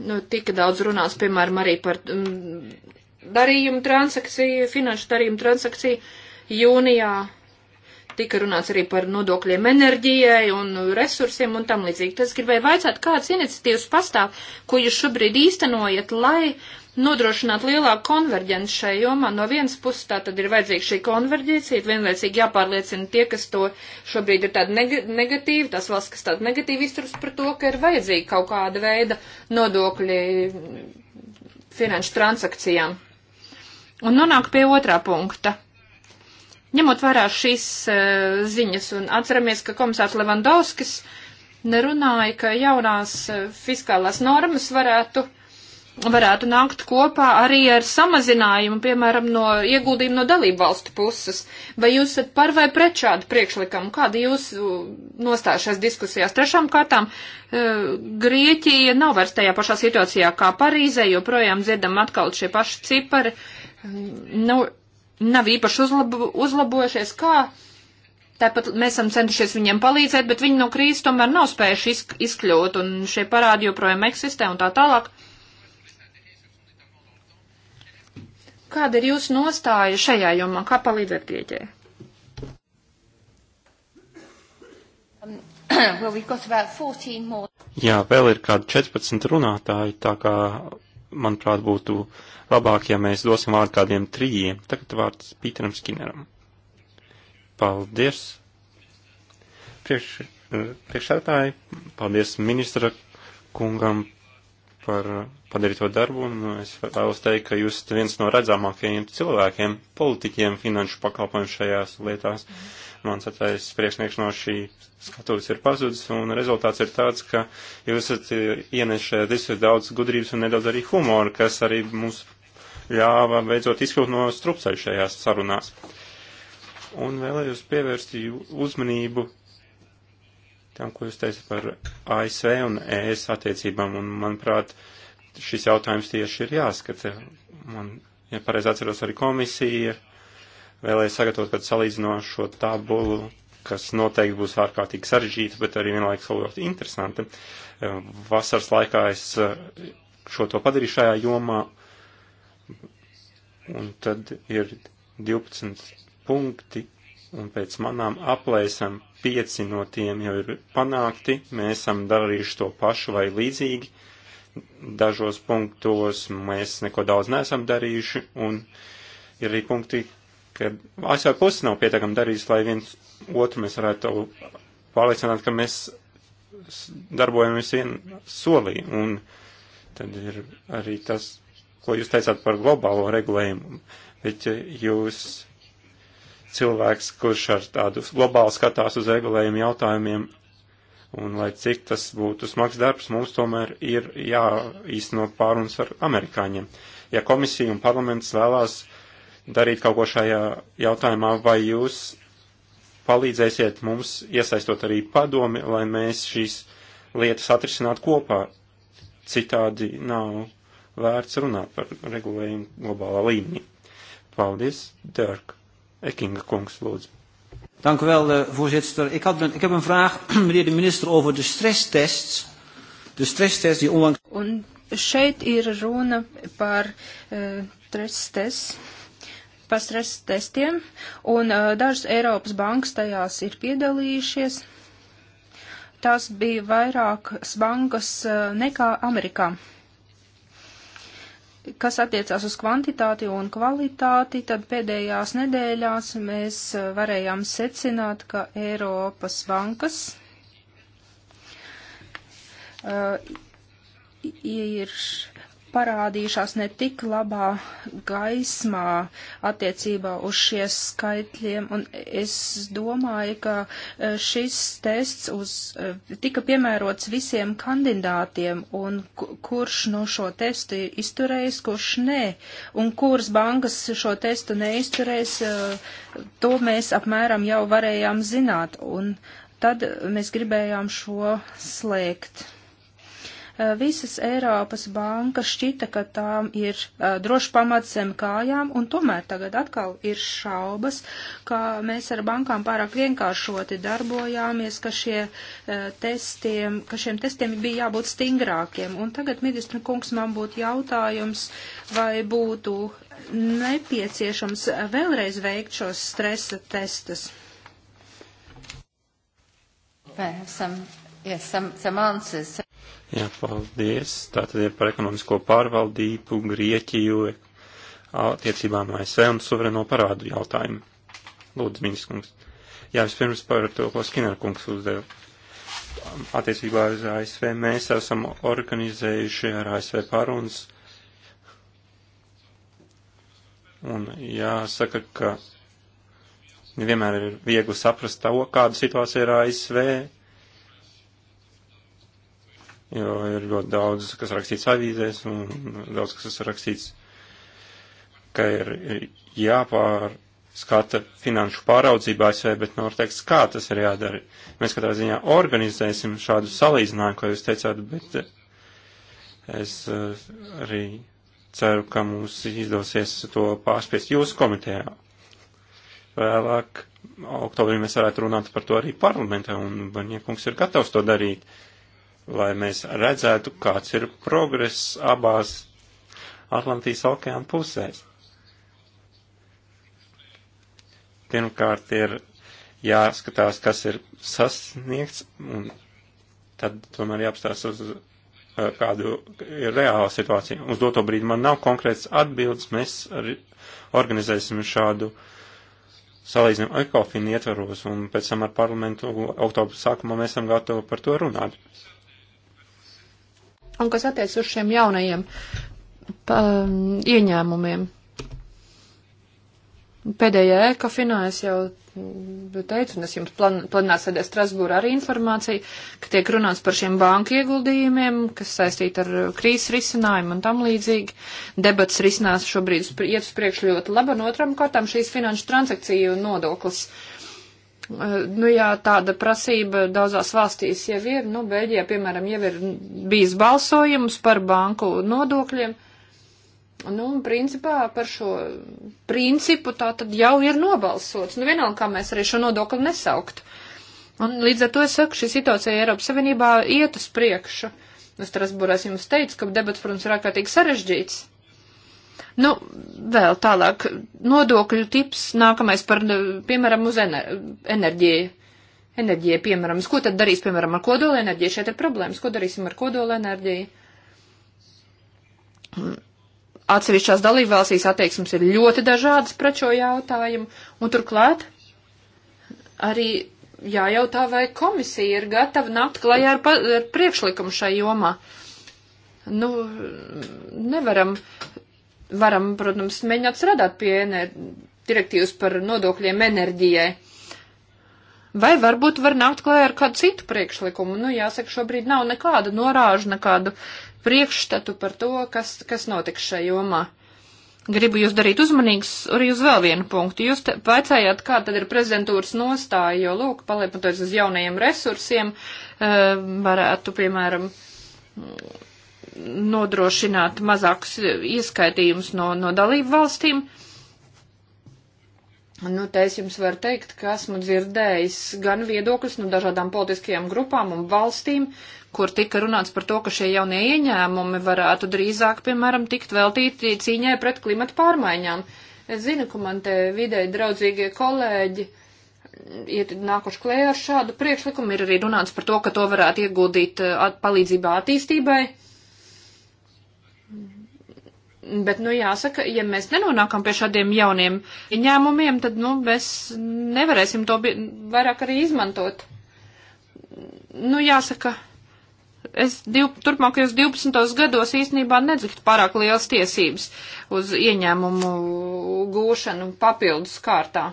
Nu, tika daudz runās, piemēram, arī par mm, darījumu transakciju, finanšu darījumu transakciju. Jūnijā tika runāts arī par nodokļiem enerģijai un resursiem un tam līdzīgi. Tas gribēja vaicāt, kādas iniciatīvas pastāv, ko jūs šobrīd īstenojat, lai nodrošināt lielāku konverģenci šai jomā. No vienas puses tā tad ir vajadzīga šī konverģīcija, vienlaicīgi jāpārliecina tie, kas to šobrīd ir tādi neg negatīvi, tās valsts, kas tādi negatīvi izturas par to, ka ir vajadzīga kaut kāda veida nodokļi finanšu transakcijām. Un nonāk pie otrā punkta. Ņemot vērā šīs uh, ziņas un atceramies, ka komisārs Levandovskis nerunāja, ka jaunās uh, fiskālās normas varētu, varētu nākt kopā arī ar samazinājumu, piemēram, no ieguldījumu no dalību valstu puses. Vai jūs esat par vai pret šādu priekšlikumu? Kāda jūs nostājušās diskusijās? Trešām kārtām, uh, Grieķija nav vairs tajā pašā situācijā kā Parīzē, joprojām dzirdam atkal šie paši cipari. Uh, nu, nav īpaši uzlabo, uzlabojušies, kā Tāpat mēs esam centušies viņiem palīdzēt, bet viņi no krīzes tomēr nav spējuši izk izkļūt, un šie parādi joprojām eksistē un tā tālāk. Kāda ir jūsu nostāja šajā jomā? Kā palīdzēt Grieķijai? Um, Jā, vēl ir kādi 14 runātāji, tā kā manuprāt, būtu labāk, ja mēs dosim vārdu kādiem trījiem. Tagad vārds Pīteram Skineram. Paldies. Priekš, priekšētāji, paldies ministra kungam par padarīto darbu, un es vēlos teikt, ka jūs esat viens no redzamākajiem cilvēkiem, politiķiem finanšu pakalpojumu šajās lietās. Mans atais priekšnieks no šī skatuves ir pazudis, un rezultāts ir tāds, ka jūs esat e, ieneši šajā diskusijā daudz gudrības un nedaudz arī humora, kas arī mums ļāva beidzot izkļūt no strupceļa šajās sarunās. Un vēlējos pievērst uzmanību tam, ko jūs teicat par ASV un ES attiecībām, un, manuprāt, šis jautājums tieši ir jāskata. Man, ja pareizi atceros, arī komisija vēlēja sagatavot kādu salīdzinošo tabulu, kas noteikti būs ārkārtīgi sarežģīta, bet arī vienlaikus ļoti interesanta. Vasaras laikā es eh, šo to padarīju šajā jomā, un tad ir 12 punkti, un pēc manām aplēsam pieci no tiem jau ir panākti, mēs esam darījuši to pašu vai līdzīgi. Dažos punktos mēs neko daudz neesam darījuši, un ir arī punkti, kad ASV puses nav pietiekami darījis, lai viens otru mēs varētu pārliecināt, ka mēs darbojamies vien solī. Un tad ir arī tas, ko jūs teicāt par globālo regulējumu. Bet jūs cilvēks, kurš ar tādu globālu skatās uz regulējumu jautājumiem, un lai cik tas būtu smags darbs, mums tomēr ir jāīsteno pārunas ar amerikāņiem. Ja komisija un parlaments vēlās darīt kaut ko šajā jautājumā, vai jūs palīdzēsiet mums iesaistot arī padomi, lai mēs šīs lietas atrisinātu kopā? Citādi nav vērts runāt par regulējumu globālā līmenī. Paldies, Dirk! Ekinga kungs, lūdzu. Dank u wel, uh, voorzitter. Ik, had, ik heb een vraag, meneer de minister, over de stresstests. De stresstests die onlangs... Un šeit ir runa par uh, eh, stresstests, par stresstestiem, un uh, eh, dažas Eiropas bankas tajās ir piedalījušies. Tās bija vairākas bankas uh, nekā Amerikā. Uh, kas attiecās uz kvantitāti un kvalitāti, tad pēdējās nedēļās mēs eh, varējām secināt, ka Eiropas bankas uh, ir parādījušās ne tik labā gaismā attiecībā uz šie skaitļiem, un es domāju, ka e, šis tests uz, e, tika piemērots visiem kandidātiem, un kurš no šo testu izturējis, kurš nē, un kuras bankas šo testu neizturēs, e, to mēs apmēram jau varējām zināt, un tad mēs gribējām šo slēgt. Eh, visas Eiropas bankas šķita, ka tām ir eh, droši pamats zem kājām, un tomēr tagad atkal ir šaubas, ka mēs ar bankām pārāk vienkāršoti darbojāmies, ka, šie, eh, testiem, ka šiem testiem bija jābūt stingrākiem. Un tagad, ministra kungs, man būtu jautājums, vai būtu nepieciešams vēlreiz veikt šos stresa testus? Some, yes, some, some answers. Jā, paldies. Tātad ir par ekonomisko pārvaldību, Grieķiju, attiecībām ASV un suvereno parādu jautājumu. Lūdzu, ministrs kungs. Jā, vispirms par to, ko Skinner kungs uzdeva. Attiecībā uz ASV mēs esam organizējuši ar ASV pārunas. Un jāsaka, ka nevienmēr ir viegli saprast to, kāda situācija ir ASV, jo ir ļoti daudz, kas rakstīts avīzēs un daudz, kas ir rakstīts, ka ir jāpārskata finanšu pāraudzībā ASV, bet nav teikts, kā tas ir jādara. Mēs katrā ziņā organizēsim šādu salīdzinājumu, ko jūs teicāt, bet eh, es eh, arī ceru, ka mums izdosies to pārspiest jūsu komitejā. Vēlāk oktobrī mēs varētu runāt par to arī parlamentā, un Baņiekungs ir gatavs to darīt. Uh, lai mēs redzētu, kāds ir progress abās Atlantijas okeāna pusēs. Pirmkārt ir jāskatās, kas ir sasniegts, un tad tomēr jāapstāsta uz kādu reālu situāciju. Uz doto brīdi man nav konkrēts atbildes, mēs organizēsim šādu salīdzinājumu ekofinu ietvaros, un pēc tam ar parlamentu oktobru sākumā mēs esam gatavi par to runāt un kas attiec uz šiem jaunajiem pa, um, ieņēmumiem. Pēdējā ekofinā es jau teicu, un es jums plan, planināju sēdēt Strasbūrā arī informāciju, ka tiek runāts par šiem banku ieguldījumiem, kas saistīti ar krīzes risinājumu un tam līdzīgi. Debats risinās šobrīd iet uz priekšu ļoti labi, un otram kārtām šīs finanšu transakciju nodoklis. Uh, Nu jā, tāda prasība daudzās valstīs jau ir, nu Beļģijā, piemēram, jau ir bijis balsojums par banku nodokļiem. Nu, un principā par šo principu tā tad jau ir nobalsots. Nu, vienalga, kā mēs arī šo nodokli nesauktu. Un līdz ar to es saku, šī situācija Eiropas Savienībā iet uz priekšu. Nu, Strasbūrā es jums teicu, ka debats, protams, ir ārkārtīgi sarežģīts. Nu, vēl tālāk, nodokļu tips nākamais par, piemēram, uz ener enerģiju. Enerģija, piemēram, ko tad darīs, piemēram, ar kodolenerģiju? Šeit ir problēmas, ko darīsim ar kodolenerģiju? Atsevišķās dalībvalstīs attieksmes ir ļoti dažādas pret šo jautājumu, un turklāt arī jājautā, vai komisija ir gatava nākt klajā ar, ar priekšlikumu šai jomā. Nu, nevaram varam, protams, mēģināt strādāt pie direktīvas par nodokļiem enerģijai. Vai varbūt var nākt klājā ar kādu citu priekšlikumu? Nu, jāsaka, šobrīd nav nekāda norāža, nekādu priekšstatu par to, kas, kas notiks šajā jomā. Gribu jūs darīt uzmanīgs arī uz vēl vienu punktu. Jūs vaicājāt, kā tad ir prezidentūras nostāja, jo, lūk, paliepatoties uz jaunajiem resursiem, eh, varētu, piemēram, nodrošināt mazākus ieskaitījumus no, no dalību valstīm. Nu, te es jums varu teikt, ka esmu dzirdējis gan viedokļus no dažādām politiskajām grupām un valstīm, kur tika runāts par to, ka šie jaunie ieņēmumi varētu drīzāk, piemēram, tikt veltīti cīņai pret klimatu pārmaiņām. Es zinu, ka man te vidēji draudzīgie kolēģi ir nākuši klējā ar šādu priekšlikumu, ir arī runāts par to, ka to varētu ieguldīt at palīdzībā attīstībai. Bet, nu, jāsaka, ja mēs nenonākam pie šādiem jauniem ieņēmumiem, tad, nu, mēs nevarēsim to vairāk arī izmantot. Nu, jāsaka, es div, turpmākajos 12 gados īstenībā nedziktu pārāk liels tiesības uz ieņēmumu gūšanu papildus kārtā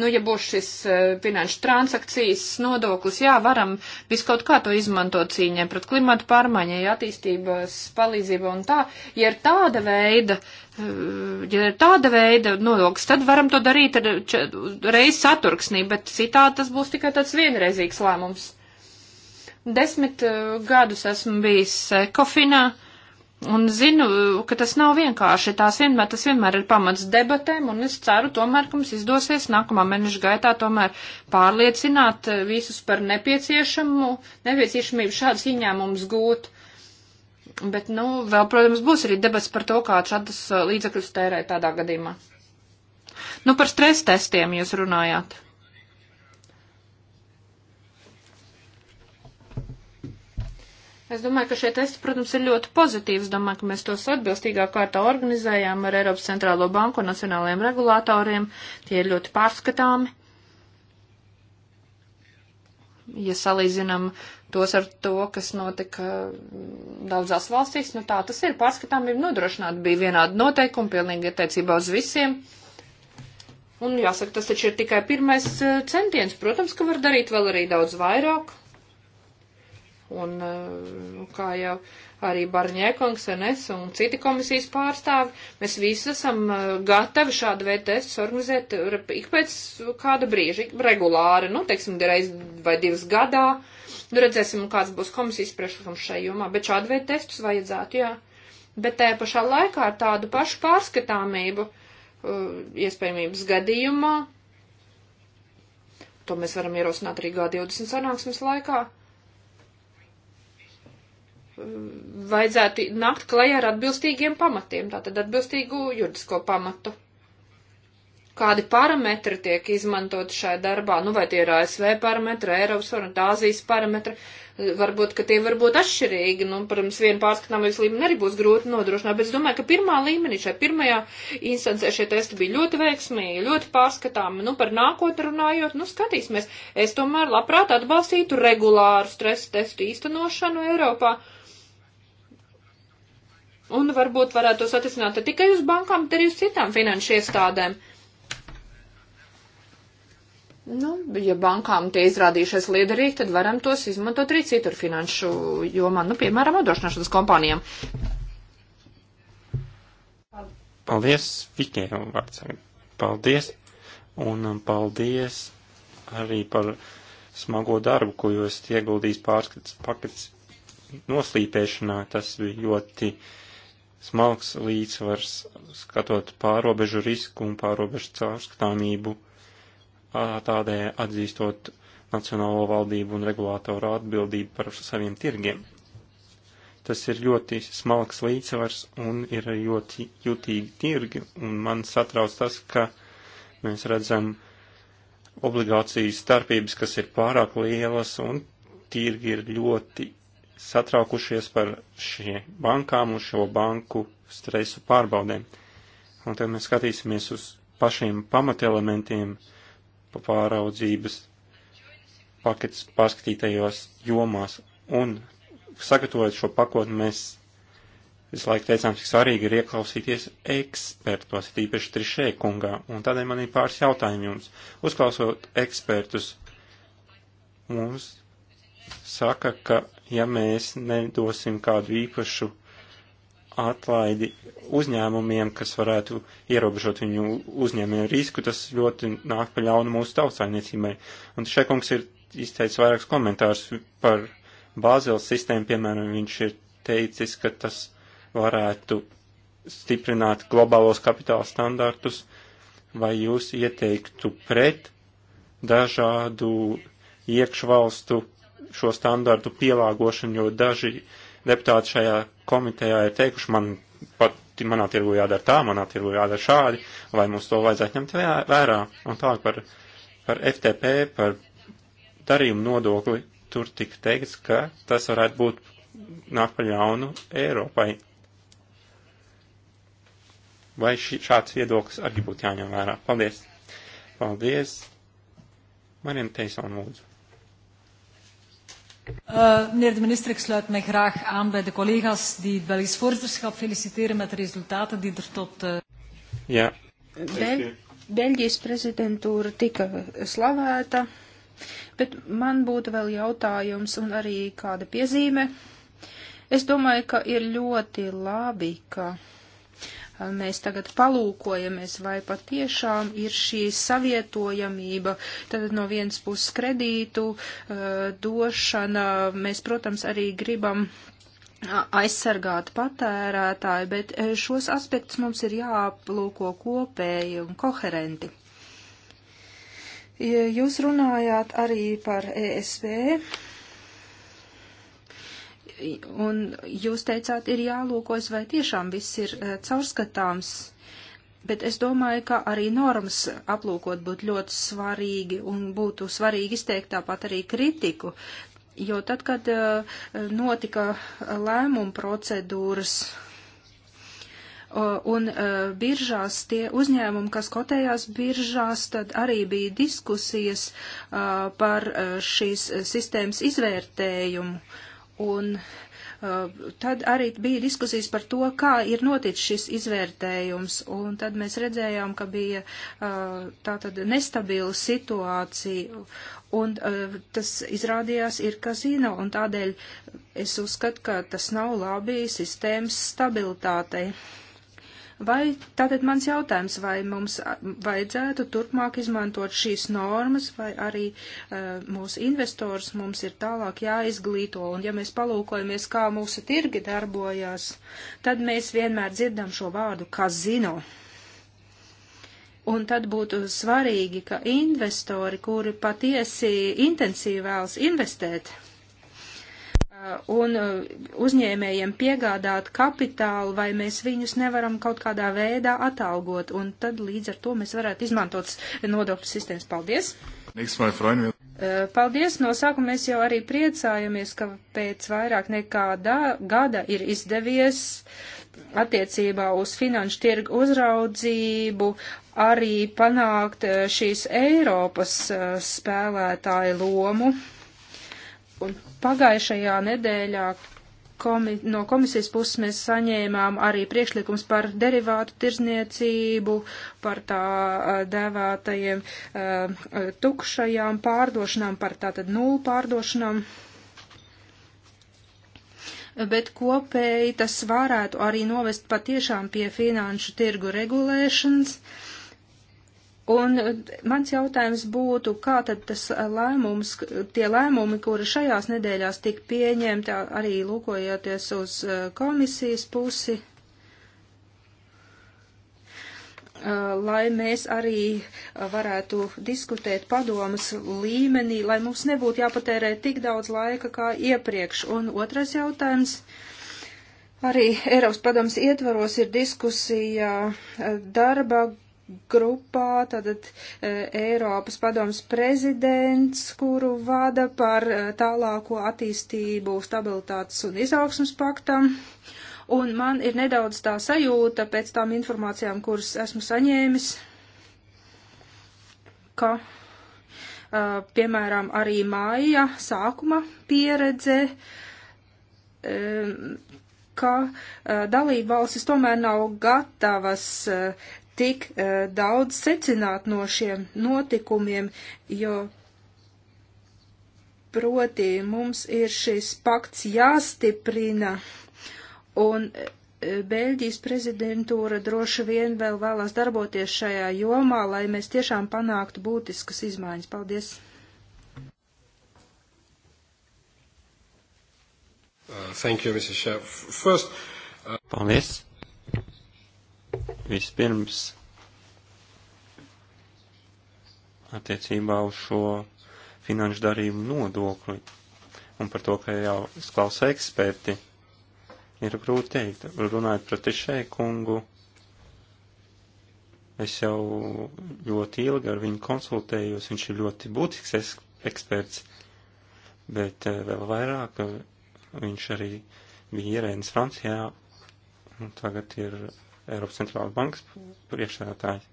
nu, ja būs šis eh, finanšu transakcijas nodoklis, jā, varam viskaut kā to izmantot cīņai pret klimatu pārmaiņai, attīstības palīdzību un tā. Ja ir tāda veida, eh, ja ir tāda veida nodoklis, tad varam to darīt reiz saturksnī, bet citādi tas būs tikai tāds vienreizīgs lēmums. Desmit eh, gadus esmu bijis kofinā. Un zinu, ka tas nav vienkārši. Tās vienmēr, tas vienmēr ir pamats debatēm, un es ceru tomēr, ka mums izdosies nākamā mēneša gaitā tomēr pārliecināt visus par nepieciešamu, nepieciešamību šādas ieņēmumus gūt. Bet, nu, vēl, protams, būs arī debats par to, kā šādas uh, līdzekļus tērēt tādā gadījumā. Nu, par stres testiem jūs runājāt. Es domāju, ka šie testi, protams, ir ļoti pozitīvi. Es domāju, ka mēs tos atbilstīgā kārtā organizējām ar Eiropas centrālo banku un nacionālajiem regulātoriem. Tie ir ļoti pārskatāmi. Ja salīdzinam tos ar to, kas notika daudzās valstīs, nu tā tas ir. Pārskatāmība nodrošināta bija vienāda noteikuma, pilnīgi attiecībā uz visiem. Un jāsaka, tas taču ir tikai pirmais eh, centiens. Protams, ka var darīt vēl arī daudz vairāk Un, eh, nu, kā jau arī Barņēkungs un es un citi komisijas pārstāvi, mēs visi esam eh, gatavi šādu veidu testus organizēt ik pēc kāda brīža, regulāri, nu, teiksim, reiz vai divas gadā. Nu, redzēsim, kāds būs komisijas priekšlikums šai jomā, bet šādu veidu testus vajadzētu, jā. Bet tajā pašā laikā ar tādu pašu pārskatāmību, eh, iespējamības gadījumā, to mēs varam ierosināt arī G20 sanāksmes laikā vajadzētu nākt klajā ar atbilstīgiem pamatiem, tātad atbilstīgu juridisko pamatu. Kādi parametri tiek izmantot šajā darbā? Nu, vai tie ir ASV parametri, Eiropas un Āzijas parametri? Varbūt, ka tie var būt atšķirīgi. Nu, protams, vienu pārskatāmības līmeni arī būs grūti nodrošināt, bet es domāju, ka pirmā līmenī, šai pirmajā instancē šie testi bija ļoti veiksmīgi, ļoti pārskatāmi. Nu, par nākotni runājot, nu, skatīsimies. Es tomēr labprāt atbalstītu regulāru stresa testu īstenošanu Eiropā. Uh, Un varbūt varētu tos attiecināt ne tikai uz bankām, bet arī uz citām finanšu iestādēm. Nu, ja bankām tie izrādījušies liederīgi, tad varam tos izmantot arī citur finanšu jomā, nu, piemēram, nodrošināšanas kompānijām. Paldies, Vikēram vārdsam. Paldies, un um, paldies arī par smago darbu, ko jūs ieguldījis pārskats pakets noslīpēšanā. Tas bija ļoti. Uh, smalks līdzsvars, skatot pārobežu risku un pārobežu caurskatāmību, tādē atzīstot nacionālo valdību un regulātoru atbildību par saviem tirgiem. Tas ir ļoti smalks līdzsvars un ir ļoti jutīgi tirgi, un man satrauc tas, ka mēs redzam obligācijas starpības, kas ir pārāk lielas, un tirgi ir ļoti satraukušies par šiem bankām un šo banku stresu pārbaudēm. Un tad mēs skatīsimies uz pašiem pamatelementiem pāraudzības paketes pārskatītajos jomās. Un sagatavojot šo pakotni, mēs visu laiku teicām, cik svarīgi ir ieklausīties ekspertos, tīpaši trišē kungā. Un tādēļ man ir pāris jautājumi jums. Uzklausot ekspertus, mums saka, ka ja mēs nedosim kādu īpašu atlaidi uzņēmumiem, kas varētu ierobežot viņu uzņēmēju risku, tas ļoti nāk pa ļaunu mūsu tautsainiecībai. Un Šekungs ir izteicis vairākus komentārus par Bāzeles sistēmu, piemēram, viņš ir teicis, ka tas varētu stiprināt globālos kapitāla standartus, vai jūs ieteiktu pret dažādu iekšvalstu šo standartu pielāgošanu, jo daži deputāti šajā komitejā ir teikuši, man pat manā tirgu jādara tā, manā tirgu jādara šādi, vai mums to vajadzētu ņemt vērā. Un tālāk par, par FTP, par darījumu nodokli, tur tika teikts, ka tas varētu būt nāk par ļaunu Eiropai. Vai šī, šāds viedoklis arī būtu jāņem vērā? Paldies! Paldies! Mariem Teisam lūdzu. Uh, meneer de minister, ik sluit mij graag aan bij de collega's die het Belgisch voorzitterschap feliciteren met de resultaten die er tot. Uh... Eh, Jā. Bel Beļģijas prezidentūra tika eh, slavēta, bet man būtu vēl jautājums un arī kāda piezīme. Es domāju, ka ir ļoti labi, ka mēs tagad palūkojamies, vai patiešām ir šī savietojamība. Tad no vienas puses kredītu uh, došana, mēs, protams, arī gribam aizsargāt patērētāju, bet e, šos aspektus mums ir jāaplūko kopēji un koherenti. Jūs runājāt arī par ESV un jūs teicāt, ir jālūkojas, vai tiešām viss ir eh, caurskatāms, bet es domāju, ka arī normas aplūkot būtu ļoti svarīgi un būtu svarīgi izteikt tāpat arī kritiku, jo tad, kad eh, notika lēmuma procedūras eh, un biržās tie uzņēmumi, kas kotējās biržās, tad arī bija diskusijas par šīs sistēmas izvērtējumu. Un uh, tad arī bija diskusijas par to, kā ir noticis šis izvērtējums, un tad mēs redzējām, ka bija uh, tātad nestabila situācija, un uh, tas izrādījās ir kazino, un tādēļ es uzskatu, ka tas nav labi sistēmas stabilitātei. Vai tātad mans jautājums, vai mums vajadzētu turpmāk izmantot šīs normas, vai arī uh, mūsu investors mums ir tālāk jāizglīto, un ja mēs palūkojamies, kā mūsu tirgi darbojās, tad mēs vienmēr dzirdam šo vārdu kazino. Un tad būtu svarīgi, ka investori, kuri patiesi intensīvi vēlas investēt, un uh, uzņēmējiem piegādāt kapitālu, vai mēs viņus nevaram kaut kādā veidā atalgot, un tad līdz ar to mēs varētu izmantot nodokļu sistēmas. Paldies! Uh, paldies! No sākuma mēs jau arī priecājamies, ka pēc vairāk nekā da, gada ir izdevies attiecībā uz finanšu tirgu uzraudzību arī panākt uh, šīs Eiropas spēlētāju lomu Un pagājušajā nedēļā komi no komisijas puses mēs saņēmām arī priekšlikums par derivātu tirzniecību, par tā dēvētajiem tukšajām pārdošanām, par tātad nullu pārdošanām. Bet kopēji tas varētu arī novest patiešām pie finanšu tirgu regulēšanas. Uh, Un e, mans jautājums būtu, kā tad tas e, lēmums, tie lēmumi, kuri šajās nedēļās tika pieņemti, arī lūkojoties uz e, komisijas pusi, lai mēs arī varētu diskutēt padomas līmenī, lai mums nebūtu jāpatērē tik daudz laika kā iepriekš. Un otrais jautājums. Arī Eiropas padomas ietvaros ir diskusija darba grupā, tātad e, Eiropas padomas prezidents, kuru vada par e, tālāko attīstību stabilitātes un izaugsmas paktam. Un man ir nedaudz tā sajūta pēc tām informācijām, kuras esmu saņēmis, ka, e, piemēram, arī māja sākuma pieredze ka uh, dalībvalstis tomēr nav gatavas uh, tik uh, daudz secināt no šiem notikumiem, jo proti mums ir šis pakts jāstiprina, un uh, Beļģijas prezidentūra droši vien vēl vēlās darboties šajā jomā, lai mēs tiešām panāktu būtiskas izmaiņas. Paldies! Uh, thank you, Mrs. Chef. First, uh... Paldies! Vispirms attiecībā uz šo finanšu darījumu nodokli un par to, ka jau sklausa eksperti, ir grūti teikt. Runājot par Tišē kungu, es jau ļoti ilgi ar viņu konsultējos, viņš ir ļoti būtisks eksperts, bet eh, vēl vairāk eh, viņš arī bija ierēnis Francijā un tagad ir Eiropas centrāla bankas priekšsēdētāji.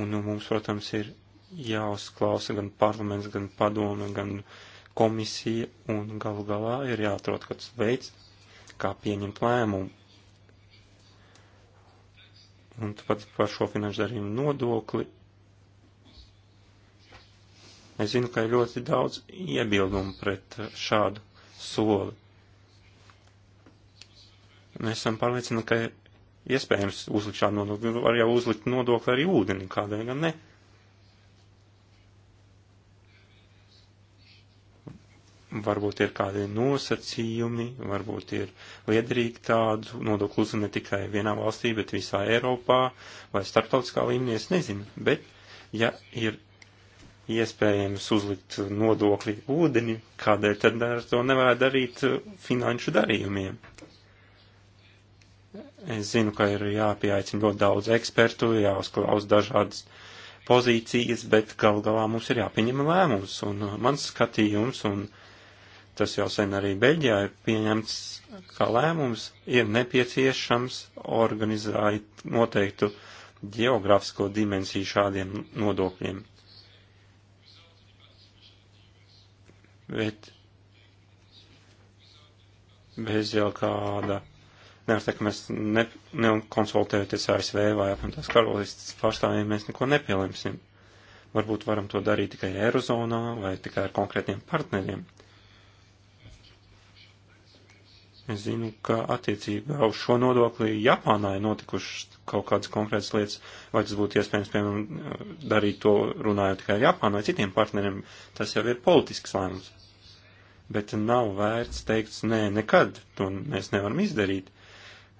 Un nu, mums, protams, ir jāuzklausa gan parlaments, gan padome, gan komisija, un galu galā ir jāatrod kāds veids, kā pieņemt lēmumu. Un pat par šo finanšu darījumu nodokli. Es zinu, ka ir ļoti daudz iebildumu pret šādu soli. Mēs esam pārliecināti, ka iespējams uzlikt šādu nodokli. Nu, var jau uzlikt nodokli arī ūdeni, kādēļ gan ne. Varbūt ir kādi nosacījumi, varbūt ir liederīgi tādu nodokli uzlikt ne tikai vienā valstī, bet visā Eiropā vai starptautiskā līmenī, es nezinu. Bet, ja ir iespējams uzlikt nodokli ūdeni, kādēļ tad ar to nevar darīt finanšu darījumiem? Es zinu, ka ir jāpieaicina ļoti daudz ekspertu, jāuzklaus dažādas pozīcijas, bet gal galā mums ir jāpieņem lēmums. Un uh, mans skatījums, un tas jau sen arī Beļģijā ir pieņemts kā lēmums, ir nepieciešams organizēt noteiktu geogrāfisko dimensiju šādiem nodokļiem. Bet bez jau kāda Nevar teikt, ka mēs ne, nekonsultējoties ASV vai apvienotās karalistas pārstāvjiem, mēs neko nepielemsim. Varbūt varam to darīt tikai Eirozonā vai tikai ar konkrētiem partneriem. Es zinu, ka attiecībā uz šo nodokli Japānā ir notikušas kaut kādas konkrētas lietas, vai tas būtu iespējams, piemēram, darīt to runājot tikai ar Japānu vai citiem partneriem, tas jau ir politisks lēmums. Bet nav vērts teikt, nē, nekad to mēs nevaram izdarīt,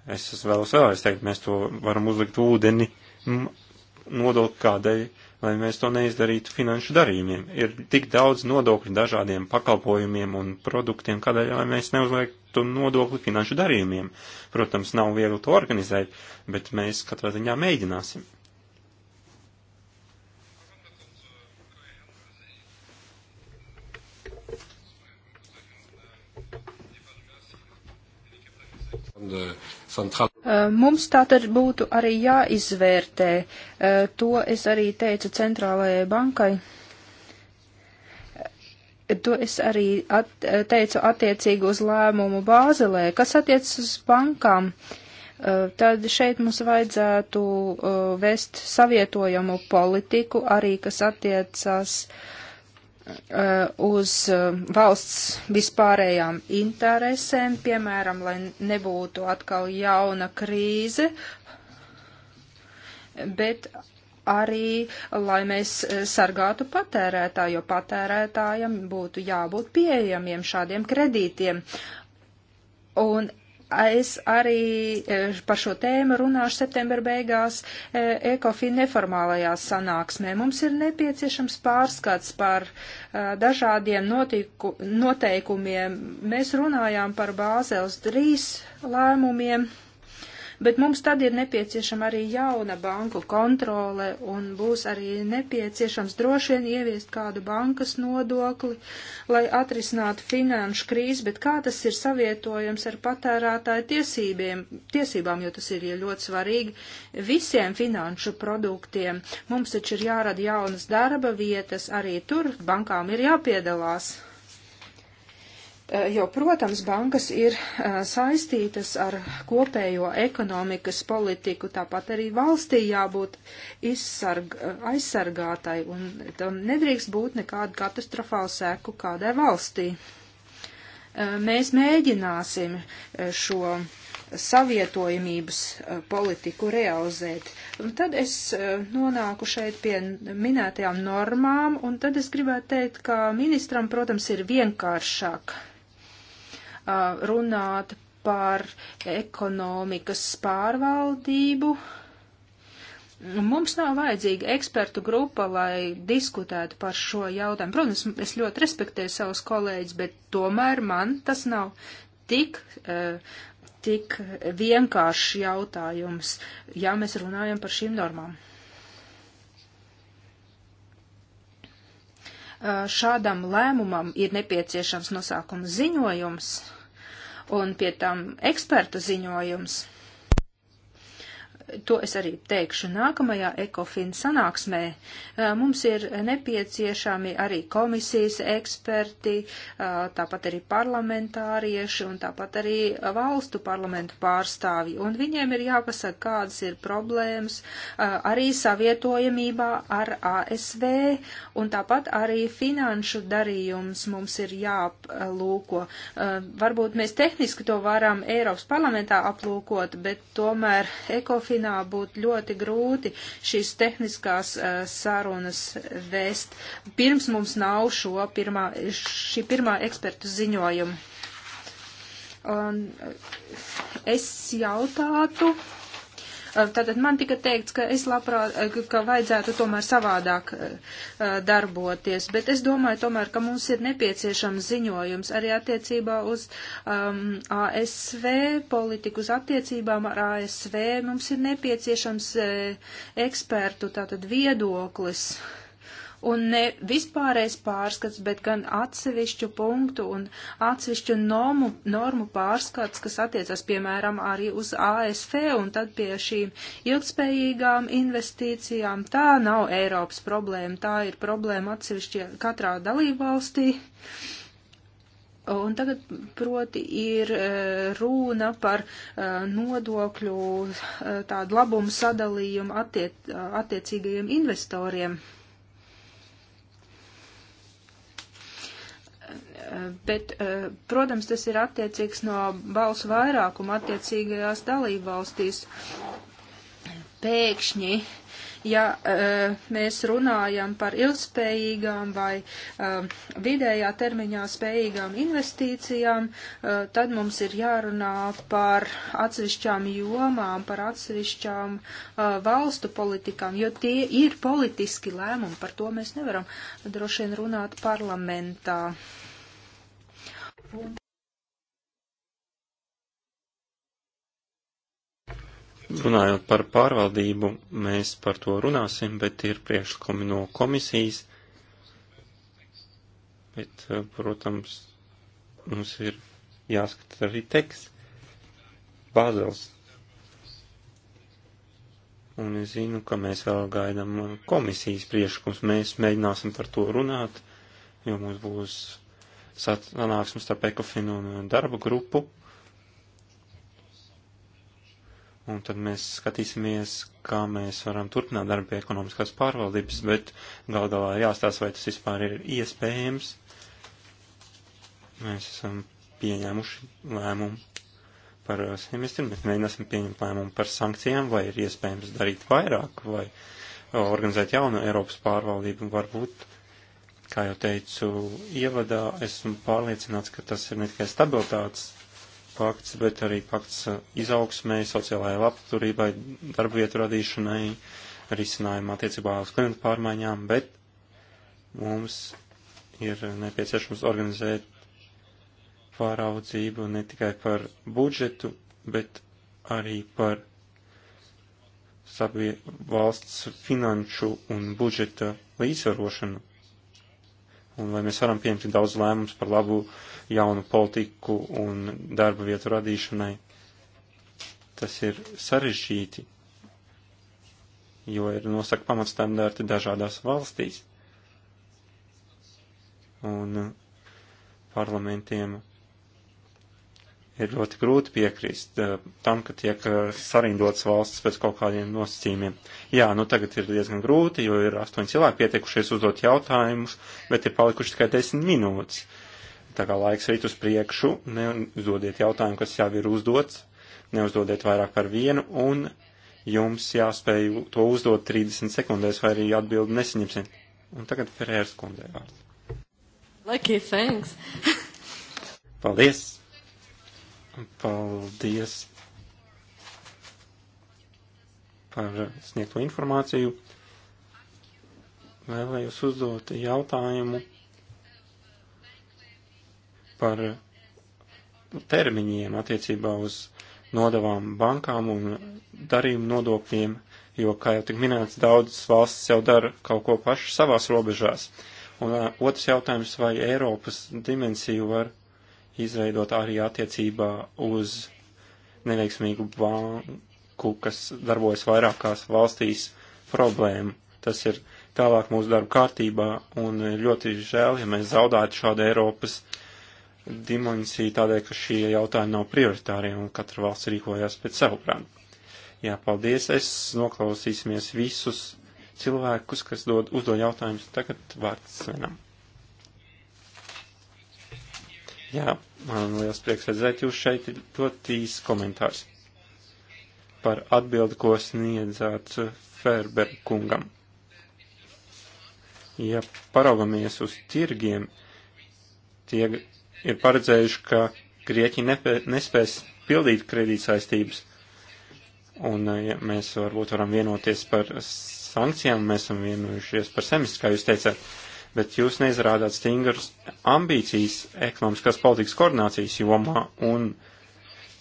Es vēlos vēlreiz teikt, mēs to varam uzlikt ūdeni nodokli kādai, lai mēs to neizdarītu finanšu darījumiem. Ir tik daudz nodokļu dažādiem pakalpojumiem un produktiem, kādēļ, lai mēs neuzliektu nodokli finanšu darījumiem. Protams, nav viegli to organizēt, bet mēs katrā ziņā mēģināsim. and uh, eh, centrāla. Uh, mums tā tad būtu arī jāizvērtē, uh, to es arī teicu centrālajai bankai. Uh, to es arī at, teicu attiecīgi uz lēmumu Bāzelē, kas attiecas uz bankām. Tad šeit mums vajadzētu vest savietojumu politiku arī, kas attiecas uh, Uh, uz uh, valsts vispārējām interesēm, piemēram, lai nebūtu atkal jauna krīze, bet arī, lai mēs uh, sargātu patērētāju, jo patērētājam būtu jābūt pieejamiem šādiem kredītiem. Un Es arī e, par šo tēmu runāšu septembra beigās e, ECOFIN neformālajā sanāksmē. Mums ir nepieciešams pārskats par e, dažādiem notiku, noteikumiem. Mēs runājām par Bāzels 3 lēmumiem bet mums tad ir nepieciešama arī jauna banku kontrole un būs arī nepieciešams droši vien ieviest kādu bankas nodokli, lai atrisinātu finanšu krīzi, bet kā tas ir savietojams ar patērētāju tiesībiem, tiesībām, jo tas ir ļoti svarīgi visiem finanšu produktiem. Mums taču ir jārada jaunas darba vietas, arī tur bankām ir jāpiedalās. Eh, jo, protams, bankas ir eh, saistītas ar kopējo ekonomikas politiku, tāpat arī valstī jābūt izsarg, eh, aizsargātai, un tam nedrīkst būt nekādu katastrofālu seku kādai valstī. Mēs mēģināsim šo savietojamības politiku realizēt. Un tad es nonāku šeit pie minētajām normām, un tad es gribētu teikt, ka ministram, protams, ir vienkāršāk runāt par ekonomikas pārvaldību. Mums nav vajadzīga ekspertu grupa, lai diskutētu par šo jautājumu. Protams, es ļoti respektēju savus kolēģus, bet tomēr man tas nav tik, tik vienkāršs jautājums, ja mēs runājam par šīm normām. Šādam lēmumam ir nepieciešams nosākuma ziņojums un pie tam ekspertu ziņojums to es arī teikšu nākamajā ekofin sanāksmē, mums ir nepieciešami arī komisijas eksperti, tāpat arī parlamentārieši un tāpat arī valstu parlamentu pārstāvji. Un viņiem ir jāpasaka, kādas ir problēmas arī savietojamībā ar ASV un tāpat arī finanšu darījums mums ir jāaplūko. Varbūt mēs tehniski to varam Eiropas parlamentā aplūkot, bet tomēr ekofin Berlīnā būtu ļoti grūti šīs tehniskās uh, sarunas vēst. Pirms mums nav šo pirmā, šī pirmā ekspertu ziņojuma. Un eh, es jautātu, uh, Eh, tātad man tika teikts, ka es labprāt, eh, ka vajadzētu tomēr savādāk eh, darboties, bet es domāju tomēr, ka mums ir nepieciešams ziņojums arī attiecībā uz um, ehm, ASV politiku, uz attiecībām ar ASV. Mums ir nepieciešams ekspertu, tātad viedoklis. Uh, un ne vispārējais pārskats, bet gan atsevišķu punktu un atsevišķu normu, normu pārskats, kas attiecas, piemēram, arī uz ASV un tad pie šīm ilgspējīgām investīcijām. Tā nav Eiropas problēma, tā ir problēma atsevišķi katrā dalībvalstī. Un tagad, proti, ir e, runa par e, nodokļu e, tādu labumu sadalījumu attiec, attiecīgajiem investoriem. Bet, eh, protams, tas ir attiecīgs no balsu vairākuma attiecīgajās dalībvalstīs. Pēkšņi, ja eh, mēs runājam par ilgspējīgām vai eh, vidējā termiņā spējīgām investīcijām, tad mums ir jārunā par atsevišķām jomām, par atsevišķām valstu politikām, jo tie ir politiski lēmumi, par to mēs nevaram droši vien runāt parlamentā. Un Runājot par pārvaldību, mēs par to runāsim, bet ir priekšlikumi no komisijas. Bet, eh, protams, mums ir jāskata arī teksts Bāzels. Un es zinu, ka mēs vēl gaidām komisijas priekšlikums. Mēs mēģināsim par to runāt, jo mums būs sanāksmu starp Ekofinu un uh, darba grupu. Un tad mēs skatīsimies, kā mēs varam turpināt darbu pie ekonomiskās pārvaldības, bet gal galā jāstāsta, vai tas vispār ir iespējams. Mēs esam pieņēmuši lēmumu par uh, semestri, mēs mēģināsim pieņemt lēmumu par sankcijām, vai ir iespējams darīt vairāk, vai uh, organizēt jaunu Eiropas pārvaldību, varbūt Kā jau teicu ievadā, esmu pārliecināts, ka tas ir ne tikai stabilitātes pakts, bet arī pakts izaugsmē, sociālajai labturībai, darbvietu radīšanai, risinājumu attiecībā uz klimatu pārmaiņām, bet mums ir nepieciešams organizēt pāraudzību ne tikai par budžetu, bet arī par sabie, valsts finanšu un budžeta līdzvarošanu un vai mēs varam pieņemt daudz lēmumus par labu jaunu politiku un darba vietu radīšanai. Tas ir sarežģīti, jo ir nosaka pamatstandarti dažādās valstīs. Un uh, parlamentiem ir ļoti grūti piekrist eh, tam, ka tiek eh, sarindotas valstis pēc kaut kādiem nosacījumiem. Jā, nu tagad ir diezgan grūti, jo ir astoņi cilvēki pietiekušies uzdot jautājumus, bet ir palikuši tikai desmit minūtes. Tā kā laiks rīt uz priekšu, neuzdodiet jautājumu, kas jau ir uzdots, neuzdodiet vairāk par vienu, un jums jāspēj to uzdot 30 sekundēs, vai arī atbildi nesaņemsiet. Un tagad Ferērs kundzei vārds. Lucky, thanks! Paldies! Paldies par sniegto informāciju. Vēlējos uzdot jautājumu par termiņiem attiecībā uz nodavām bankām un darījumu nodokļiem, jo, kā jau tik minēts, daudzas valstis jau dara kaut ko paši savās robežās. Un uh, otrs jautājums, vai Eiropas dimensiju var izveidot arī attiecībā uz neveiksmīgu banku, kas darbojas vairākās valstīs, problēmu. Tas ir tālāk mūsu darba kārtībā un ļoti žēl, ja mēs zaudētu šādu Eiropas dimensiju tādēļ, ka šie jautājumi nav prioritārie un katra valsts rīkojās pēc savu prātu. Jā, paldies. Es noklausīsimies visus cilvēkus, kas dod, uzdod jautājumus. Tagad vārds Svenam. Jā, man liels prieks redzēt jūs šeit. Ļoti īsts komentārs par atbildi, ko sniedzāt Ferber kungam. Ja paraugamies uz tirgiem, tie ir paredzējuši, ka Grieķi nespēs pildīt kredītsaistības. Un, ja mēs varbūt varam vienoties par sankcijām, mēs esam vienojušies par semestri, kā jūs teicāt bet jūs neizrādāt stingras ambīcijas ekonomiskās politikas koordinācijas jomā un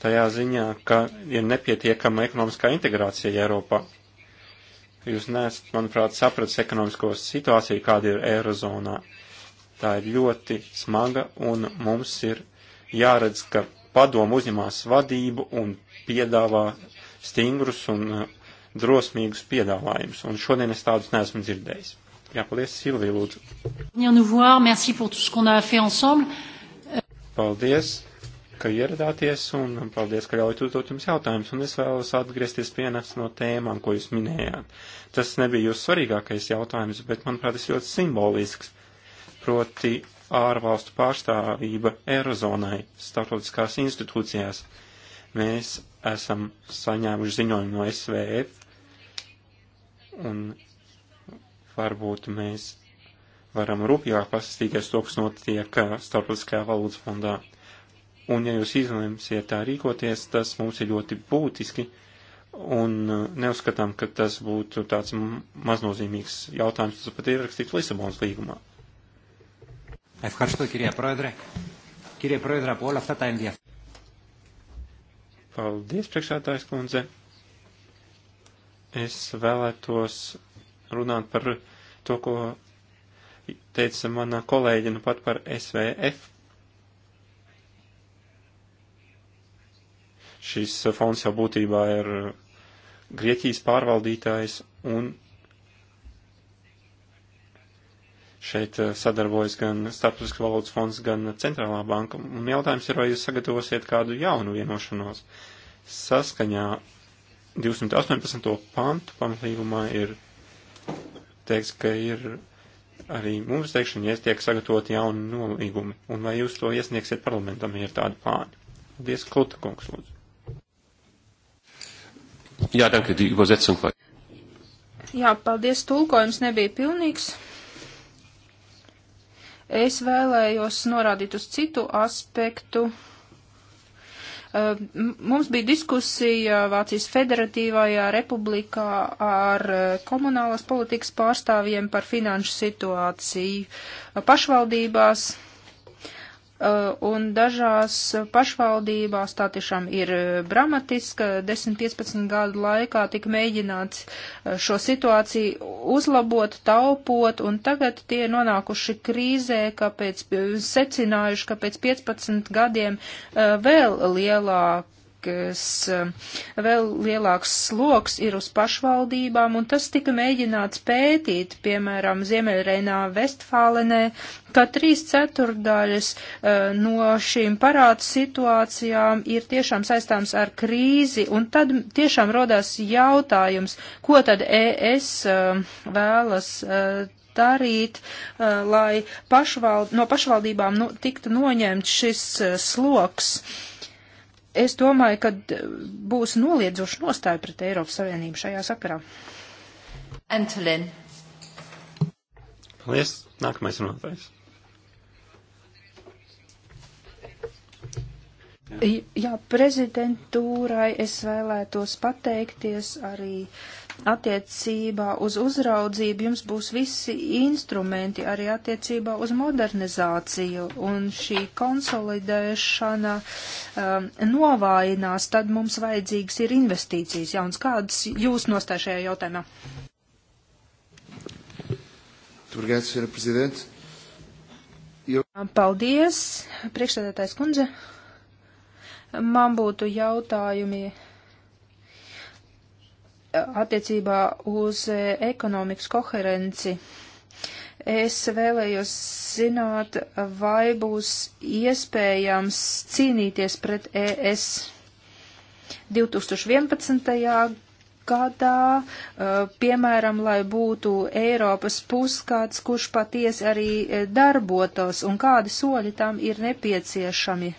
tajā ziņā, ka ir nepietiekama ekonomiskā integrācija Eiropā. Jūs neesat, manuprāt, sapratis ekonomisko situāciju, kāda ir Eirozonā. Tā ir ļoti smaga un mums ir jāredz, ka padomu uzņemās vadību un piedāvā stingrus un uh, drosmīgus piedāvājumus. Un šodien es tādus neesmu dzirdējis. Jāpaldies, Silvija, lūdzu. Paldies, ka ieradāties un paldies, ka ļaujat uzdot jums jautājumus. Un es vēlos atgriezties pie vienas no tēmām, ko jūs minējāt. Tas nebija jūsu svarīgākais jautājums, bet, manuprāt, tas ļoti simbolisks. Proti ārvalstu pārstāvība Eirozonai, starptautiskās institūcijās. Mēs esam saņēmuši ziņojumu no SVF, un varbūt mēs varam rūpīgāk pasastīties to, kas notiek uh, starptautiskajā valūtas fondā. Un ja jūs izlemsiet tā rīkoties, tas mums ir ļoti būtiski un uh, neuzskatām, ka tas būtu tāds maznozīmīgs jautājums, tas pat ir rakstīts Lisabonas līgumā. Ευχαριστώ κυρία Πρόεδρε. Κύριε Πρόεδρε, από όλα αυτά τα ενδιαφέροντα. Paldies, priekšsētājs kundze. Es vēlētos runāt par to, ko teica manā kolēģi nu pat par SVF. Šis fonds jau būtībā ir Grieķijas pārvaldītājs un šeit eh, sadarbojas gan Starptautiskā valodas fonds, gan Centrālā banka. Un jautājums ir, vai jūs sagatavosiet kādu jaunu vienošanos. Saskaņā 218. pantu pamatlīgumā ir teiks, ka ir arī mums teikšana, ja tiek sagatavot jauni nolīgumi, un vai jūs to iesniegsiet parlamentam, ja ir tādi plāni. Paldies, Kluta kungs, lūdzu. Jā, danke, die Übersetzung war. Jā, paldies, tulkojums nebija pilnīgs. Es vēlējos norādīt uz citu aspektu. Uh, Eh, mums bija diskusija Vācijas Federatīvajā republikā ar eh, komunālās politikas pārstāvjiem par finanšu situāciju pašvaldībās Uh, un dažās pašvaldībās tā tiešām ir uh, dramatiska. 10-15 gadu laikā tika mēģināts uh, šo situāciju uzlabot, taupot, un tagad tie nonākuši krīzē, kāpēc secinājuši, ka pēc 15 gadiem vēl lielāk kas um, vēl lielāks sloks ir uz pašvaldībām, un tas tika mēģināts pētīt, piemēram, Ziemeļreinā Vestfālenē, ka trīs ceturdaļas uh, no šīm parādu situācijām ir tiešām saistāms ar krīzi, un tad tiešām rodās jautājums, ko tad ES um, vēlas uh, darīt, uh, lai pašvald, no pašvaldībām nu, tiktu noņemts šis sloks. Uh, es domāju, ka eh, būs noliedzoši nostāja pret Eiropas Savienību šajā sakarā. Antolin. Paldies. Nākamais runātājs. Jā. Jā, prezidentūrai es vēlētos pateikties arī uh, attiecībā uz uzraudzību jums būs visi instrumenti arī attiecībā uz modernizāciju, un šī konsolidēšana um, novājinās, tad mums vajadzīgs ir investīcijas jauns. Kādas jūs nostāj šajā jautājumā? Paldies, priekšsēdētājs kundze. Man būtu jautājumi attiecībā uz e, ekonomikas koherenci. Es vēlējos zināt, vai būs iespējams cīnīties pret ES 2011. gadā, e, piemēram, lai būtu Eiropas puskāds, kurš paties arī e, darbotos, un kādi soļi tam ir nepieciešami.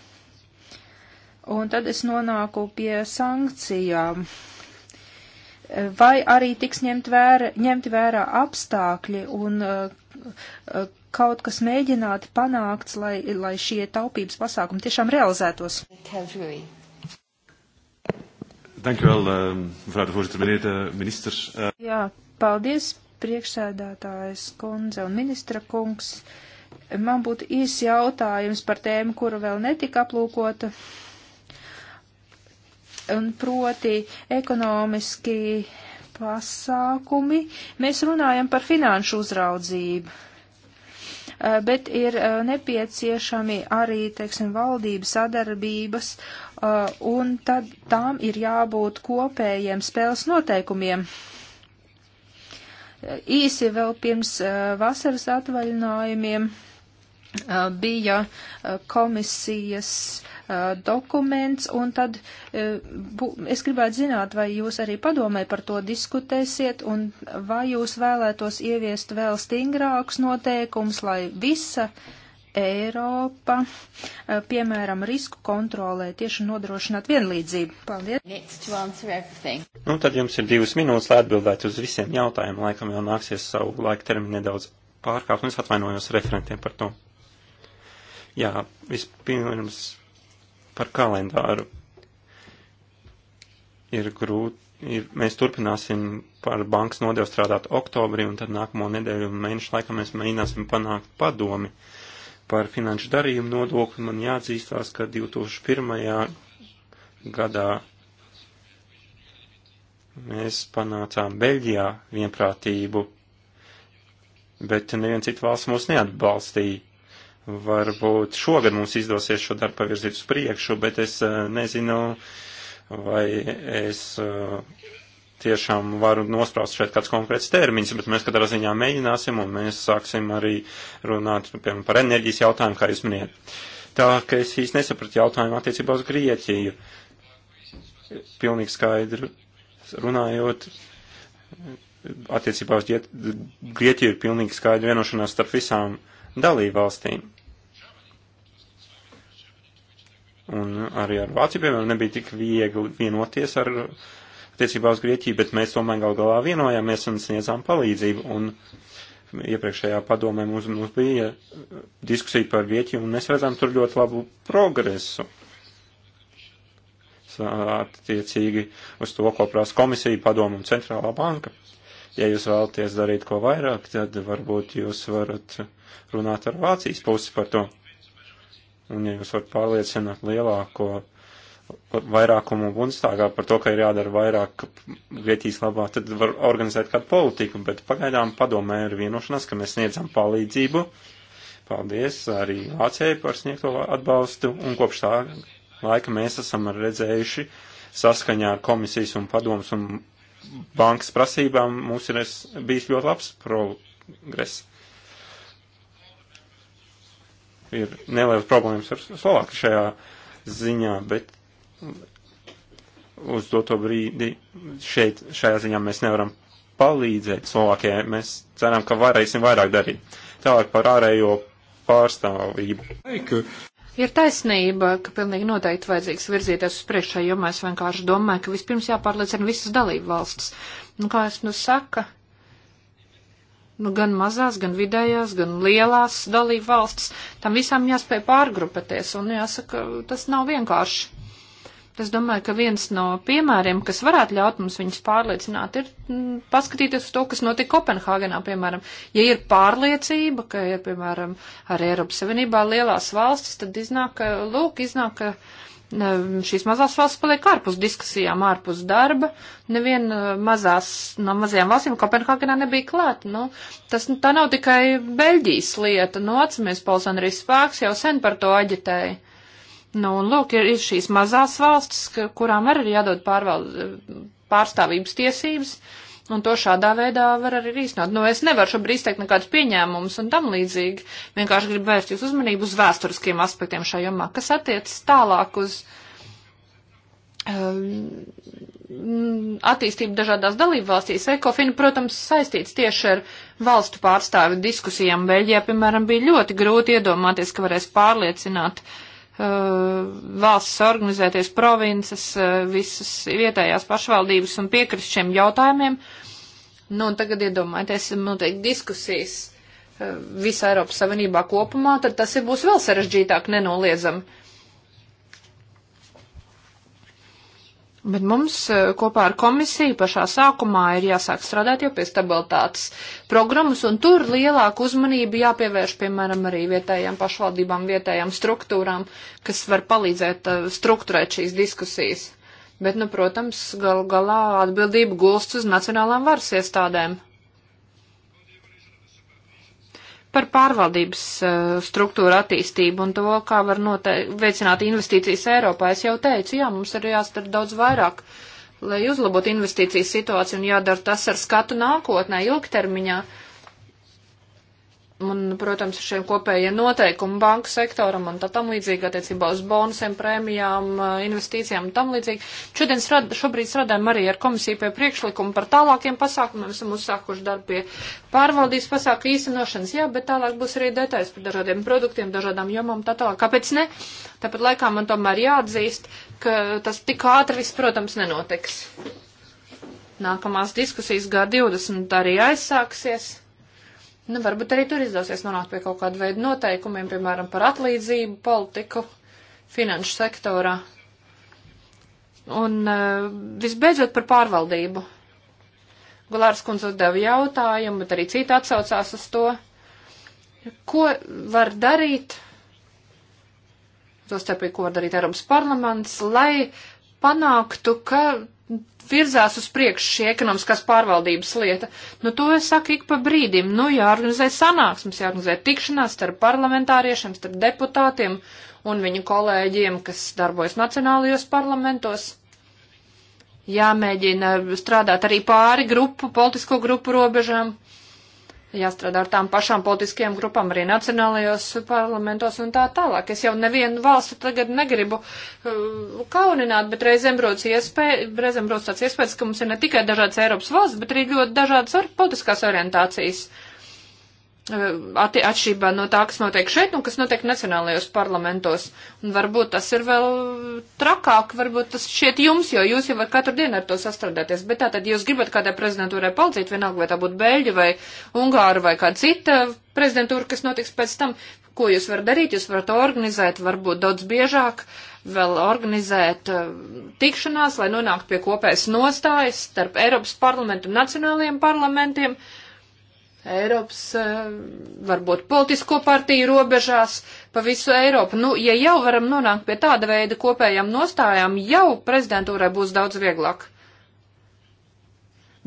Un tad es nonāku pie sankcijām. Uh, vai arī tiks ņemt vērā, ņemti vērā apstākļi un uh, uh, kaut kas mēģināti panākts, lai, lai šie taupības pasākumi tiešām realizētos. Dankjewel, eh, mevrouw de voorzitter, meneer de minister. Eh, Jā, paldies, priekšsēdētājs kundze un ministra kungs. Man būtu īsi jautājums par tēmu, kura vēl netika aplūkota. Uh, un proti ekonomiski pasākumi. Mēs runājam par finanšu uzraudzību, eh, bet ir eh, nepieciešami arī, teiksim, valdības sadarbības, eh, un tad tām ir jābūt kopējiem spēles noteikumiem. Īsi vēl pirms vasaras atvaļinājumiem bija komisijas uh, Uh, dokuments, un tad uh, bu, es gribētu zināt, vai jūs arī padomē par to diskutēsiet, un vai jūs vēlētos ieviest vēl stingrākus noteikumus, lai visa Eiropa, uh, piemēram, risku kontrolē tieši nodrošināt vienlīdzību. Paldies! Nu, tad jums ir divas minūtes, lai atbildētu uz visiem jautājumiem. Laikam jau nāksies savu laika termiņu nedaudz pārkāpt, un es atvainojos referentiem par to. Jā, vispirms Par kalendāru ir grūti. Ir, mēs turpināsim par bankas nodevu strādāt oktobrī, un tad nākamo nedēļu un mēnešu laikā mēs mēģināsim panākt padomi par finanšu darījumu nodokli. Man jāatzīstās, ka 2001. gadā mēs panācām Beļģijā vienprātību, bet neviena cita valsts mūs neatbalstīja. Varbūt šogad mums izdosies šo darbu pavirzīt uz priekšu, bet es eh, nezinu, vai es eh, tiešām varu nospraust šeit kāds konkrēts termiņš, bet mēs katrā ziņā mēģināsim un mēs sāksim arī runāt, nu, piemēram, par enerģijas jautājumu, kā jūs minējat. Tā ka es īsti nesapratu jautājumu attiecībā uz Grieķiju. Pilnīgi skaidri runājot, attiecībā uz Grieķiju ir pilnīgi skaidra vienošanās starp visām dalībvalstīm. Un arī ar Vāciju, piemēram, nebija tik viegli vienoties ar attiecībā uz Grieķiju, bet mēs tomēr gal galā vienojāmies un sniedzām palīdzību. Un iepriekšējā padomē mums, mums bija diskusija par Grieķiju, un mēs redzam tur ļoti labu progresu. Attiecīgi uz to, ko prasa komisija, padoma un centrālā banka. Ja jūs vēlaties darīt ko vairāk, tad varbūt jūs varat runāt ar Vācijas pusi par to. Un ja jūs varat pārliecināt lielāko vairākumu Bundestagā par to, ka ir jādara vairāk Grieķijas labā, tad var organizēt kādu politiku, bet pagaidām padomē ir vienošanās, ka mēs sniedzam palīdzību. Paldies arī Vācijai par sniegto atbalstu, un kopš tā laika mēs esam redzējuši saskaņā ar komisijas un padomus un bankas prasībām mums ir bijis ļoti labs progress ir nelielas problēmas ar Slovāku šajā ziņā, bet uz doto brīdi šeit, šajā ziņā mēs nevaram palīdzēt Slovākijai. Mēs ceram, ka varēsim vairāk darīt. Tālāk par ārējo pārstāvību. Eiku. Ir taisnība, ka pilnīgi noteikti vajadzīgs virzīties uz priekšu, jo mēs vienkārši domājam, ka vispirms jāpārliecina visas dalību valstis. Nu, kā es nu saka, nu, gan mazās, gan vidējās, gan lielās dalību valstis. Tam visam jāspēj pārgrupaties, un jāsaka, tas nav vienkārši. Es domāju, ka viens no piemēriem, kas varētu ļaut mums viņus pārliecināt, ir mm, paskatīties uz to, kas notika Kopenhāgenā, piemēram. Ja ir pārliecība, ka ir, piemēram, arī Eiropas Savienībā lielās valstis, tad iznāk, ka, lūk, iznāk, ka šīs mazās valsts paliek ārpus diskusijām, ārpus darba. Neviena eh, mazās, no mazajām valstīm Kopenhāgenā nebija klāta. Nu, tas, nu, tā nav tikai Beļģijas lieta. Nu, atcemies, Pols Andrīs Spāks jau sen par to aģitēja. Nu, un lūk, ir, ir šīs mazās valstis, kurām arī ir jādod pārvald, eh, pārstāvības tiesības. Uh, Un to šādā veidā var arī risināt. Nu, es nevaru šobrīd izteikt nekādus pieņēmumus un tam līdzīgi. Vienkārši gribu vērst jūs uzmanību uz vēsturiskiem aspektiem šajā jomā, kas attiecas tālāk uz um, attīstību dažādās dalībvalstīs. Ekofina, protams, saistīts tieši ar valstu pārstāvi diskusijām. Beļģijā, piemēram, bija ļoti grūti iedomāties, ka varēs pārliecināt uh, Eh, valsts organizēties provinces, eh, visas vietējās pašvaldības un piekrist šiem jautājumiem. Nu, un tagad iedomājieties, noteikti diskusijas eh, visā Eiropas Savienībā kopumā, tad tas ir būs vēl sarežģītāk nenoliedzami. Bet mums eh, kopā ar komisiju pašā sākumā ir jāsāk strādāt jau pie stabilitātes programmas, un tur lielāku uzmanību jāpievērš, piemēram, arī vietējām pašvaldībām, vietējām struktūrām, kas var palīdzēt eh, struktūrēt šīs diskusijas. Bet, nu, protams, gal galā atbildība gulst uz nacionālām varas iestādēm par pārvaldības eh, struktūru attīstību un to, kā var veicināt investīcijas Eiropā. Es jau teicu, jā, mums ir jāstara daudz vairāk, lai uzlabotu investīcijas situāciju un jādara tas ar skatu nākotnē, ilgtermiņā. Uh, Un, protams, šie kopējie noteikumi banku sektoram un tā tam līdzīgi attiecībā uz bonusiem, prēmijām, investīcijām un tam līdzīgi. Šodien strād, šobrīd strādājam arī ar komisiju pie priekšlikumu par tālākiem pasākumiem. Esam uzsākuši darbu pie pārvaldības pasāku īstenošanas, jā, bet tālāk būs arī detaļas par dažādiem produktiem, dažādām jomām tā tālāk. Kāpēc ne? Tāpat laikā man tomēr jāatzīst, ka tas tik ātri viss, protams, nenotiks. Nākamās diskusijas G20 arī aizsāksies Nu, varbūt arī tur izdosies nonākt pie kaut kāda veida noteikumiem, piemēram, par atlīdzību politiku finanšu sektorā. Un eh, visbeidzot par pārvaldību. Gulārs kundze uzdeva jautājumu, bet arī citi atsaucās uz to, ko var darīt, tostarp, ko var darīt Eiropas parlaments, lai panāktu, ka virzās uz priekšu šī ekonomiskās pārvaldības lieta. Nu, to es saku ik pa brīdim. Nu, jāorganizē sanāksmes, jāorganizē tikšanās starp parlamentāriešiem, starp deputātiem un viņu kolēģiem, kas darbojas nacionālajos parlamentos. Jāmēģina strādāt arī pāri grupu, politisko grupu robežām jāstrādā ar tām pašām politiskajām grupām, arī nacionālajos parlamentos un tā tālāk. Es jau nevienu valsti tagad negribu uh, kaunināt, bet reizēm rodas iespēja, reizēm rodas tāds iespējas, ka mums ir ne tikai dažādas Eiropas valsts, bet arī ļoti dažādas ar politiskās orientācijas. Uh, Eh, atšķirībā no tā, kas notiek šeit un nu, kas notiek nacionālajos parlamentos. Un varbūt tas ir vēl trakāk, varbūt tas šķiet jums, jo jūs jau varat katru dienu ar to sastrādāties. Bet tā tad jūs gribat kādai prezidentūrai palīdzēt, vienalga vai tā būtu Beļģa vai Ungāra vai kāda cita prezidentūra, kas notiks pēc tam, ko jūs varat darīt, jūs varat organizēt, varbūt daudz biežāk vēl organizēt eh, tikšanās, lai nonāktu pie kopējas nostājas starp Eiropas parlamentu un nacionālajiem parlamentiem. Uh, Eiropas, eh, varbūt politisko partiju robežās pa visu Eiropu. Nu, ja jau varam nonākt pie tāda veida kopējām nostājām, jau prezidentūrai būs daudz vieglāk.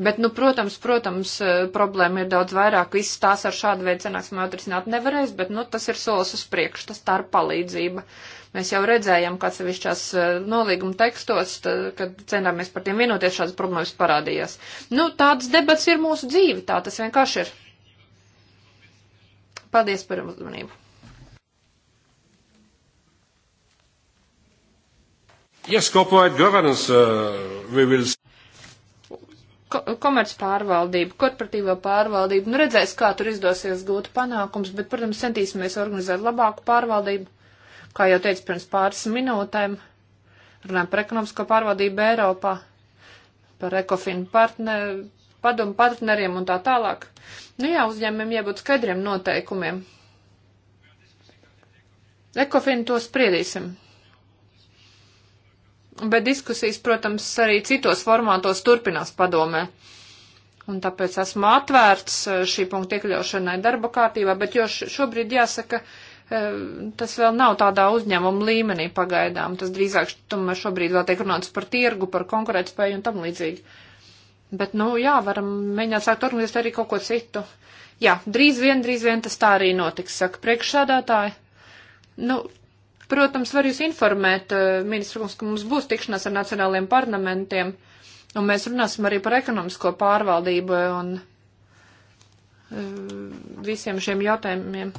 Bet, nu, protams, protams, eh, problēma ir daudz vairāk. Viss tās ar šādu veidu sanāksmu atrisināt nevarēs, bet, nu, tas ir solis uz priekšu, tas tā ir palīdzība. Mēs jau redzējām, kā sevišķās eh, nolīguma tekstos, tā, kad centāmies par tiem vienoties, šādas problēmas parādījās. Nu, tādas debats ir mūsu dzīve, tā tas vienkārši ir. Paldies par uzmanību. Yes, corporate governance, uh, we will komerc pārvaldību, korporatīvo pārvaldību. Nu, redzēs, kā tur izdosies gūt panākums, bet, protams, centīsimies organizēt labāku pārvaldību, kā jau teicu pirms pāris minūtēm. Runājam par ekonomisko pārvaldību Eiropā, par ekofinu partneru padomu partneriem un tā tālāk. Nu jā, uzņēmumiem jābūt skaidriem noteikumiem. Ekofinu to spriedīsim. Bet diskusijas, protams, arī citos formātos turpinās padomē. Un tāpēc esmu atvērts eh, šī punkta iekļaušanai darba kārtībā, bet jo šobrīd jāsaka, eh, tas vēl nav tādā uzņēmuma līmenī pagaidām. Tas drīzāk tomēr šobrīd vēl tiek runāts par tirgu, par konkurētspēju un tam līdzīgi. Bet, nu, jā, varam mēģināt sākt organizēt arī kaut ko citu. Jā, drīz vien, drīz vien tas tā arī notiks, saka priekšsādātāji. Nu, protams, var jūs informēt, eh, ministra kungs, ka mums būs tikšanās ar nacionāliem parlamentiem, un mēs runāsim arī par ekonomisko pārvaldību un eh, visiem šiem jautājumiem.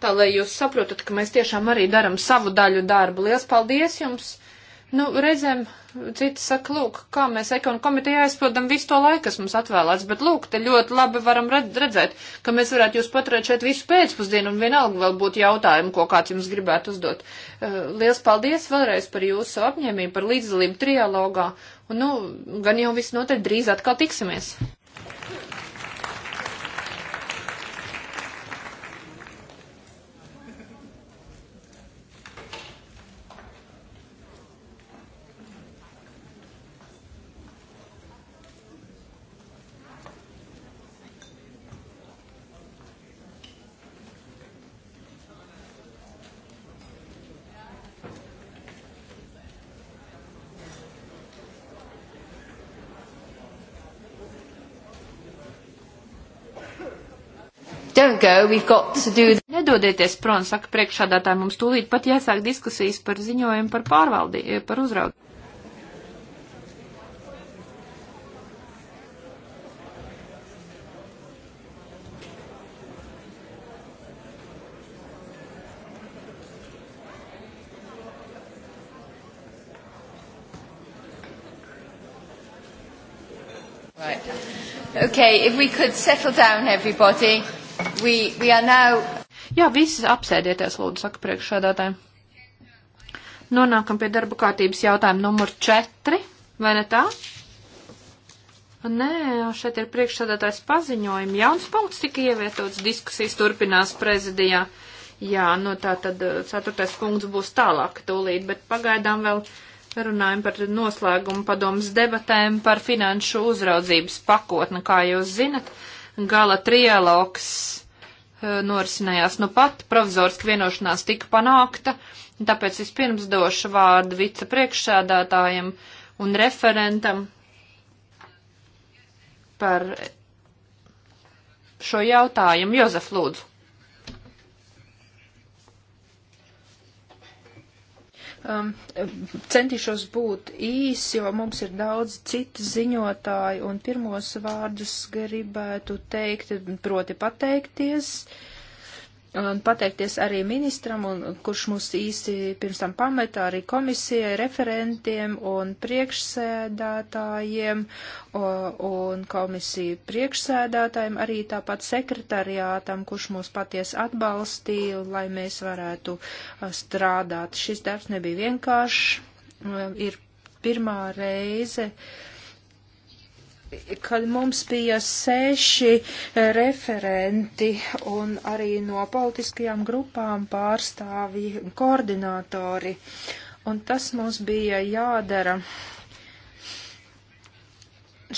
Tā, lai jūs saprotat, ka mēs tiešām arī daram savu daļu darbu. Lielas paldies jums! Nu, reizēm citi saka, lūk, kā mēs ekonu komitejā aizpildam visu to laiku, kas mums atvēlēts, bet lūk, te ļoti labi varam redzēt, ka mēs varētu jūs paturēt šeit visu pēcpusdienu un vienalga vēl būtu jautājumi, ko kāds jums gribētu uzdot. Eh, liels paldies vēlreiz par jūsu apņēmību, par līdzdalību trialogā, un nu, gan jau viss noteikti drīz atkal tiksimies. go, do... Nedodieties prom, saka priekšādātāji, mums tūlīt pat jāsāk diskusijas par ziņojumu par pārvaldi, eh, par uzraugu. Okay, if we could settle down, everybody. We, we now... Jā, visi apsēdieties, lūdzu, saka priekšsēdētāji. Nonākam pie darba kārtības jautājuma numur 4, vai ne tā? Nē, šeit ir priekšsādātājs paziņojumi. Jauns punkts tika ievietots, diskusijas turpinās prezidijā. Jā, nu tā tad eh, ceturtais punkts būs tālāk tūlīt, bet pagaidām vēl runājam par noslēgumu padomas debatēm par finanšu uzraudzības pakotni, kā jūs zinat. Uh, Gala trialogs eh, norisinājās nu pat, provizoriski vienošanās tika panākta, tāpēc vispirms došu vārdu vicepriekšsēdētājiem un referentam par šo jautājumu. Jozef, lūdzu. Um, centīšos būt īs, jo mums ir daudz citu ziņotāju, un pirmos vārdus gribētu teikt, proti pateikties. Uh, un pateikties arī ministram, un, kurš mūs īsi pirms tam pameta arī komisijai, referentiem un priekšsēdātājiem un komisiju priekšsēdātājiem, arī tāpat sekretariātam, kurš mūs paties atbalstīja, lai mēs varētu strādāt. Šis darbs nebija vienkāršs, ir pirmā reize. Uh, kad mums bija seši eh, referenti un arī no politiskajām grupām pārstāvji koordinatori. Un tas mums bija jādara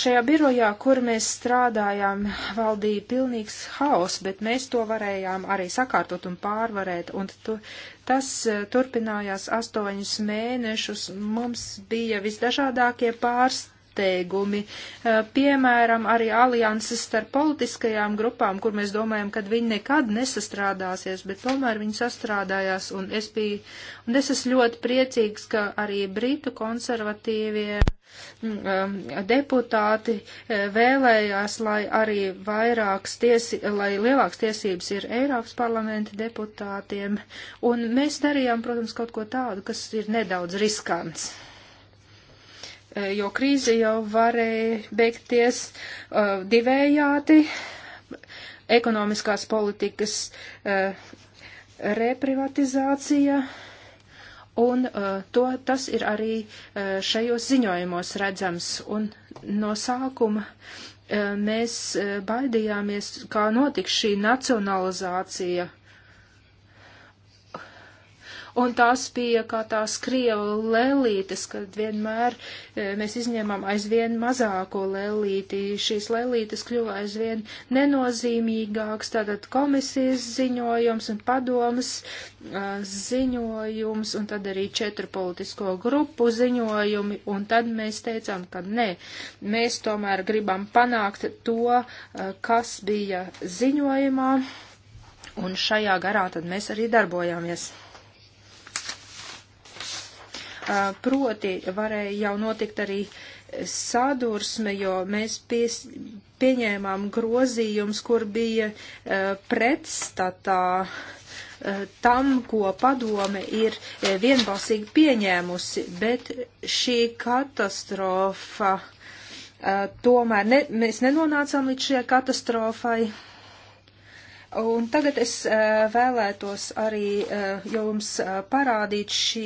šajā birojā, kur mēs strādājām, valdīja pilnīgs haoss, bet mēs to varējām arī sakārtot un pārvarēt. Un tu, tas eh, turpinājās astoņus mēnešus. Mums bija visdažādākie pārstāvji noteikumi. Eh, piemēram, arī alianses starp politiskajām grupām, kur mēs domājam, ka viņi nekad nesastrādāsies, bet tomēr viņi sastrādājās. Un es, biju, un es esmu ļoti priecīgs, ka arī britu konservatīvie mm, eh, deputāti eh, vēlējās, lai arī vairākas tiesi, lai lielākas tiesības ir Eiropas parlamenta deputātiem, un mēs darījām, protams, kaut ko tādu, kas ir nedaudz riskants. Eh, jo krīze jau varēja beigties uh, divējādi ekonomiskās politikas uh, reprivatizācija, un uh, to, tas ir arī uh, šajos ziņojumos redzams, un no sākuma uh, mēs uh, baidījāmies, kā notiks šī nacionalizācija. Uh, un tās bija kā tās krieva lēlītes, kad vienmēr e, mēs izņēmām aizvien mazāko lēlīti. Šīs lēlītes kļuva aizvien nenozīmīgāks, tātad komisijas ziņojums un padomas e, ziņojums, un tad arī četru politisko grupu ziņojumi, un tad mēs teicām, ka nē, mēs tomēr gribam panākt to, e, kas bija ziņojumā, un šajā garā tad mēs arī darbojāmies proti varēja jau notikt arī sadursme, jo mēs pies, pieņēmām grozījums, kur bija pretstatā tam, ko padome ir vienbalsīgi pieņēmusi, bet šī katastrofa tomēr ne, mēs nenonācām līdz šajai katastrofai Un tagad es eh, vēlētos arī eh, jums eh, parādīt šī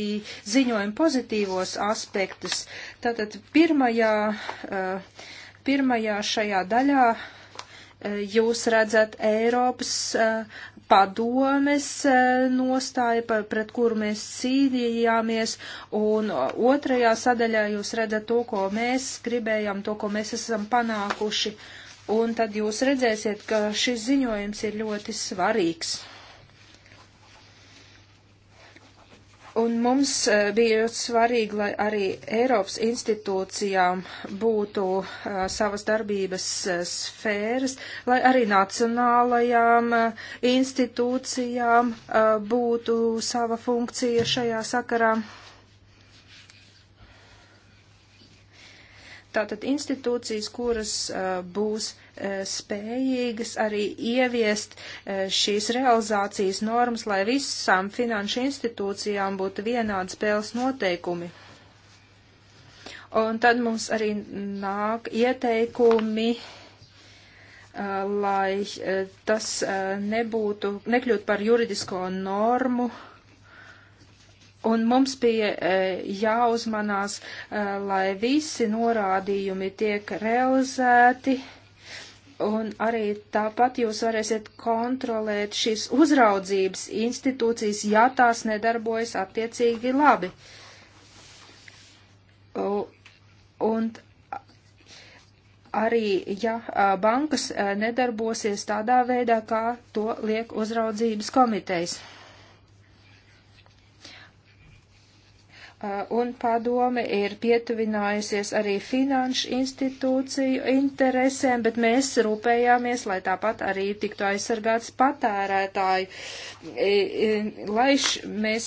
ziņojuma pozitīvos aspektus. Tātad pirmajā, pirmajā šajā daļā jūs redzat Eiropas padomes nostāja, pret kuru mēs cīnījāmies, un otrajā sadaļā jūs redzat to, ko mēs gribējām, to, ko mēs esam panākuši. Uh, un tad jūs redzēsiet, ka šis ziņojums ir ļoti svarīgs. Un mums eh, bija ļoti svarīgi, lai arī Eiropas institūcijām būtu uh, savas darbības uh, sfēras, lai arī nacionālajām uh, institūcijām būtu sava funkcija šajā sakarā. Uh, Tātad institūcijas, kuras uh, būs uh, spējīgas arī ieviest uh, šīs realizācijas normas, lai visām finanšu institūcijām būtu vienādi spēles noteikumi. Un tad mums arī nāk ieteikumi, lai tas nebūtu, nekļūtu par juridisko normu, uh, Un mums bija e, jāuzmanās, e, lai visi norādījumi tiek realizēti. Un arī tāpat jūs varēsiet kontrolēt šīs uzraudzības institūcijas, ja tās nedarbojas attiecīgi labi. Un arī, ja bankas nedarbosies tādā veidā, kā to liek uzraudzības komitejas. Eh, un padome ir pietuvinājusies arī finanšu institūciju interesēm, bet mēs rūpējāmies, lai tāpat arī tiktu aizsargāts patērētāji, lai mēs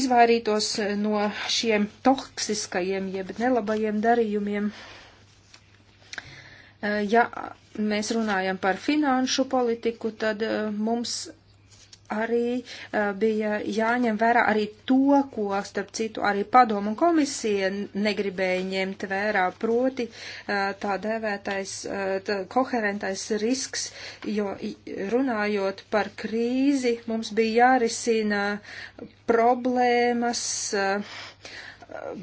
izvairītos no šiem toksiskajiem jeb nelabajiem darījumiem. Eh, ja mēs runājam par finanšu politiku, tad eh, mums arī eh, bija jāņem vērā arī to, ko starp citu arī padomu un komisija negribēja ņemt vērā, proti eh, tā dēvētais eh, tā koherentais risks, jo runājot par krīzi, mums bija jārisina problēmas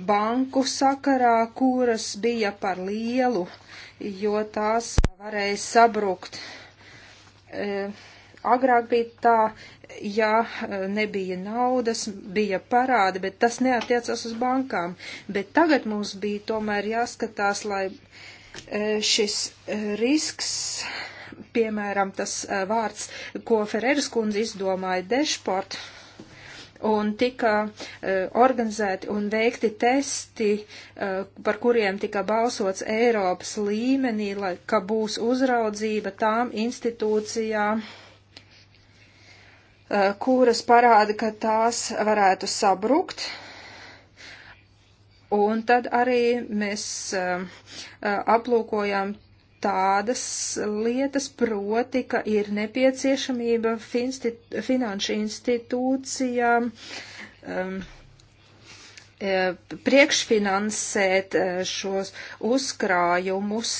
banku sakarā, kuras bija par lielu, jo tās varēja sabrukt. E, agrāk bija tā, ja e, nebija naudas, bija parādi, bet tas neatiecas uz bankām. Bet tagad mums bija tomēr jāskatās, lai e, šis e, risks, piemēram, tas vārds, ko Ferēras kundze izdomāja, dešport, un tika organizēti un veikti testi, par kuriem tika balsots Eiropas līmenī, lai, ka būs uzraudzība tām institūcijām, Eh, kuras parāda, ka tās varētu sabrukt. Un tad arī mēs eh, eh, aplūkojam tādas lietas, proti, ka ir nepieciešamība finstit finanšu institūcijām um, priekšfinansēt šos uzkrājumus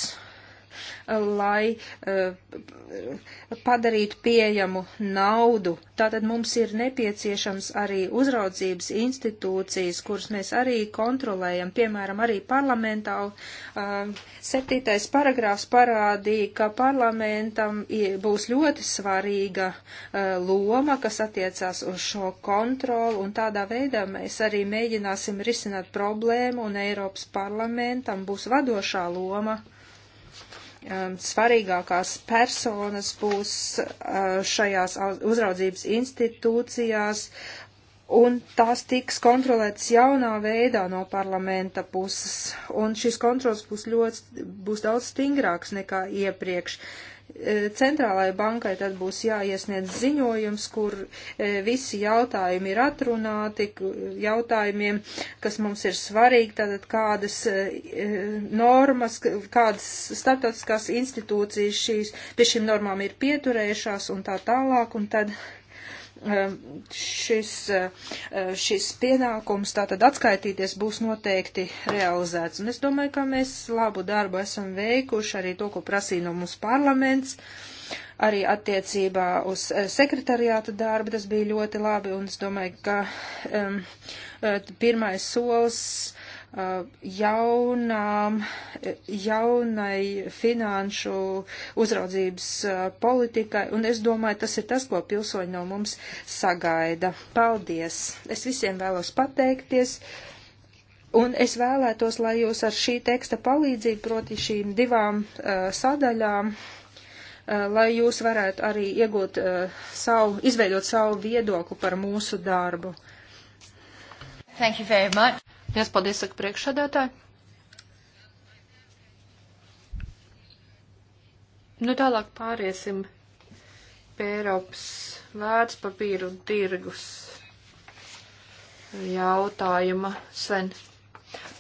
lai eh, padarītu pieejamu naudu. Tātad mums ir nepieciešams arī uzraudzības institūcijas, kuras mēs arī kontrolējam, piemēram, arī parlamentā. Eh, septītais paragrāfs parādīja, ka parlamentam būs ļoti svarīga eh, loma, kas attiecās uz šo kontroli, un tādā veidā mēs arī mēģināsim risināt problēmu, un Eiropas parlamentam būs vadošā loma um, svarīgākās personas būs uh, šajās uzraudzības institūcijās, un tās tiks kontrolētas jaunā veidā no parlamenta puses, un šis kontrols būs ļoti, būs daudz stingrāks nekā iepriekš. Uh, E, centrālajai bankai tad būs jāiesniedz ziņojums, kur e, visi jautājumi ir atrunāti, jautājumiem, kas mums ir svarīgi, tātad kādas e, normas, kādas starptautiskās institūcijas šīs, pie šīm normām ir pieturējušās un tā tālāk, un tad Ehm, šis, eh, šis pienākums tātad atskaitīties būs noteikti realizēts. Un es domāju, ka mēs labu darbu esam veikuši, arī to, ko prasīja no mums parlaments, arī attiecībā uz eh, sekretariāta darbu tas bija ļoti labi, un es domāju, ka um, pirmais solis Uh, jaunām, jaunai finanšu uzraudzības uh, politikai, un es domāju, tas ir tas, ko pilsoņi no mums sagaida. Paldies! Es visiem vēlos pateikties, un es vēlētos, lai jūs ar šī teksta palīdzību, proti šīm divām uh, sadaļām, uh, lai jūs varētu arī iegūt uh, savu, izveidot savu viedokli par mūsu darbu. Thank you very much. Jā, paldies, saka priekšsādātāji. Nu, tālāk pāriesim pie Eiropas vērtspapīru tirgus jautājuma sen.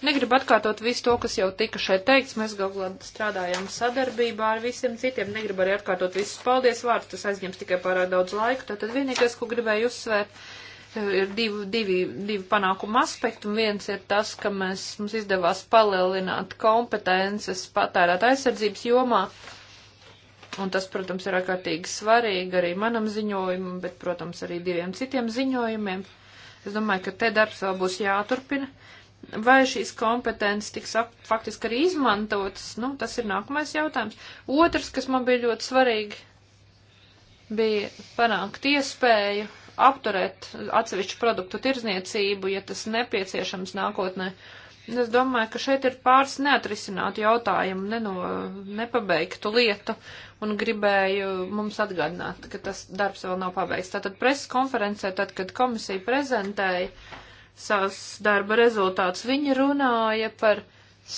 Negribu atkārtot visu to, kas jau tika šeit teikts. Mēs galvā strādājām sadarbībā ar visiem citiem. Negribu arī atkārtot visus paldies vārdus, tas aizņems tikai pārāk daudz laika. Tātad vienīgais, ko gribēju uzsvērt, ir divi, divi, divi panākuma aspekti, un viens ir tas, ka mēs, mums izdevās palielināt kompetences patērēt aizsardzības jomā, un tas, protams, ir ārkārtīgi svarīgi arī manam ziņojumam, bet, protams, arī diviem citiem ziņojumiem. Es domāju, ka te darbs vēl būs jāturpina. Vai šīs kompetences tiks faktiski arī izmantotas, nu, tas ir nākamais jautājums. Otrs, kas man bija ļoti svarīgi, bija panākt iespēju apturēt atsevišķu produktu tirzniecību, ja tas nepieciešams nākotnē. Es domāju, ka šeit ir pāris neatrisinātu jautājumu, neno, nepabeigtu lietu, un gribēju mums atgādināt, ka tas darbs vēl nav pabeigts. Tātad preses konferencē, tad, kad komisija prezentēja savus darba rezultātus, viņi runāja par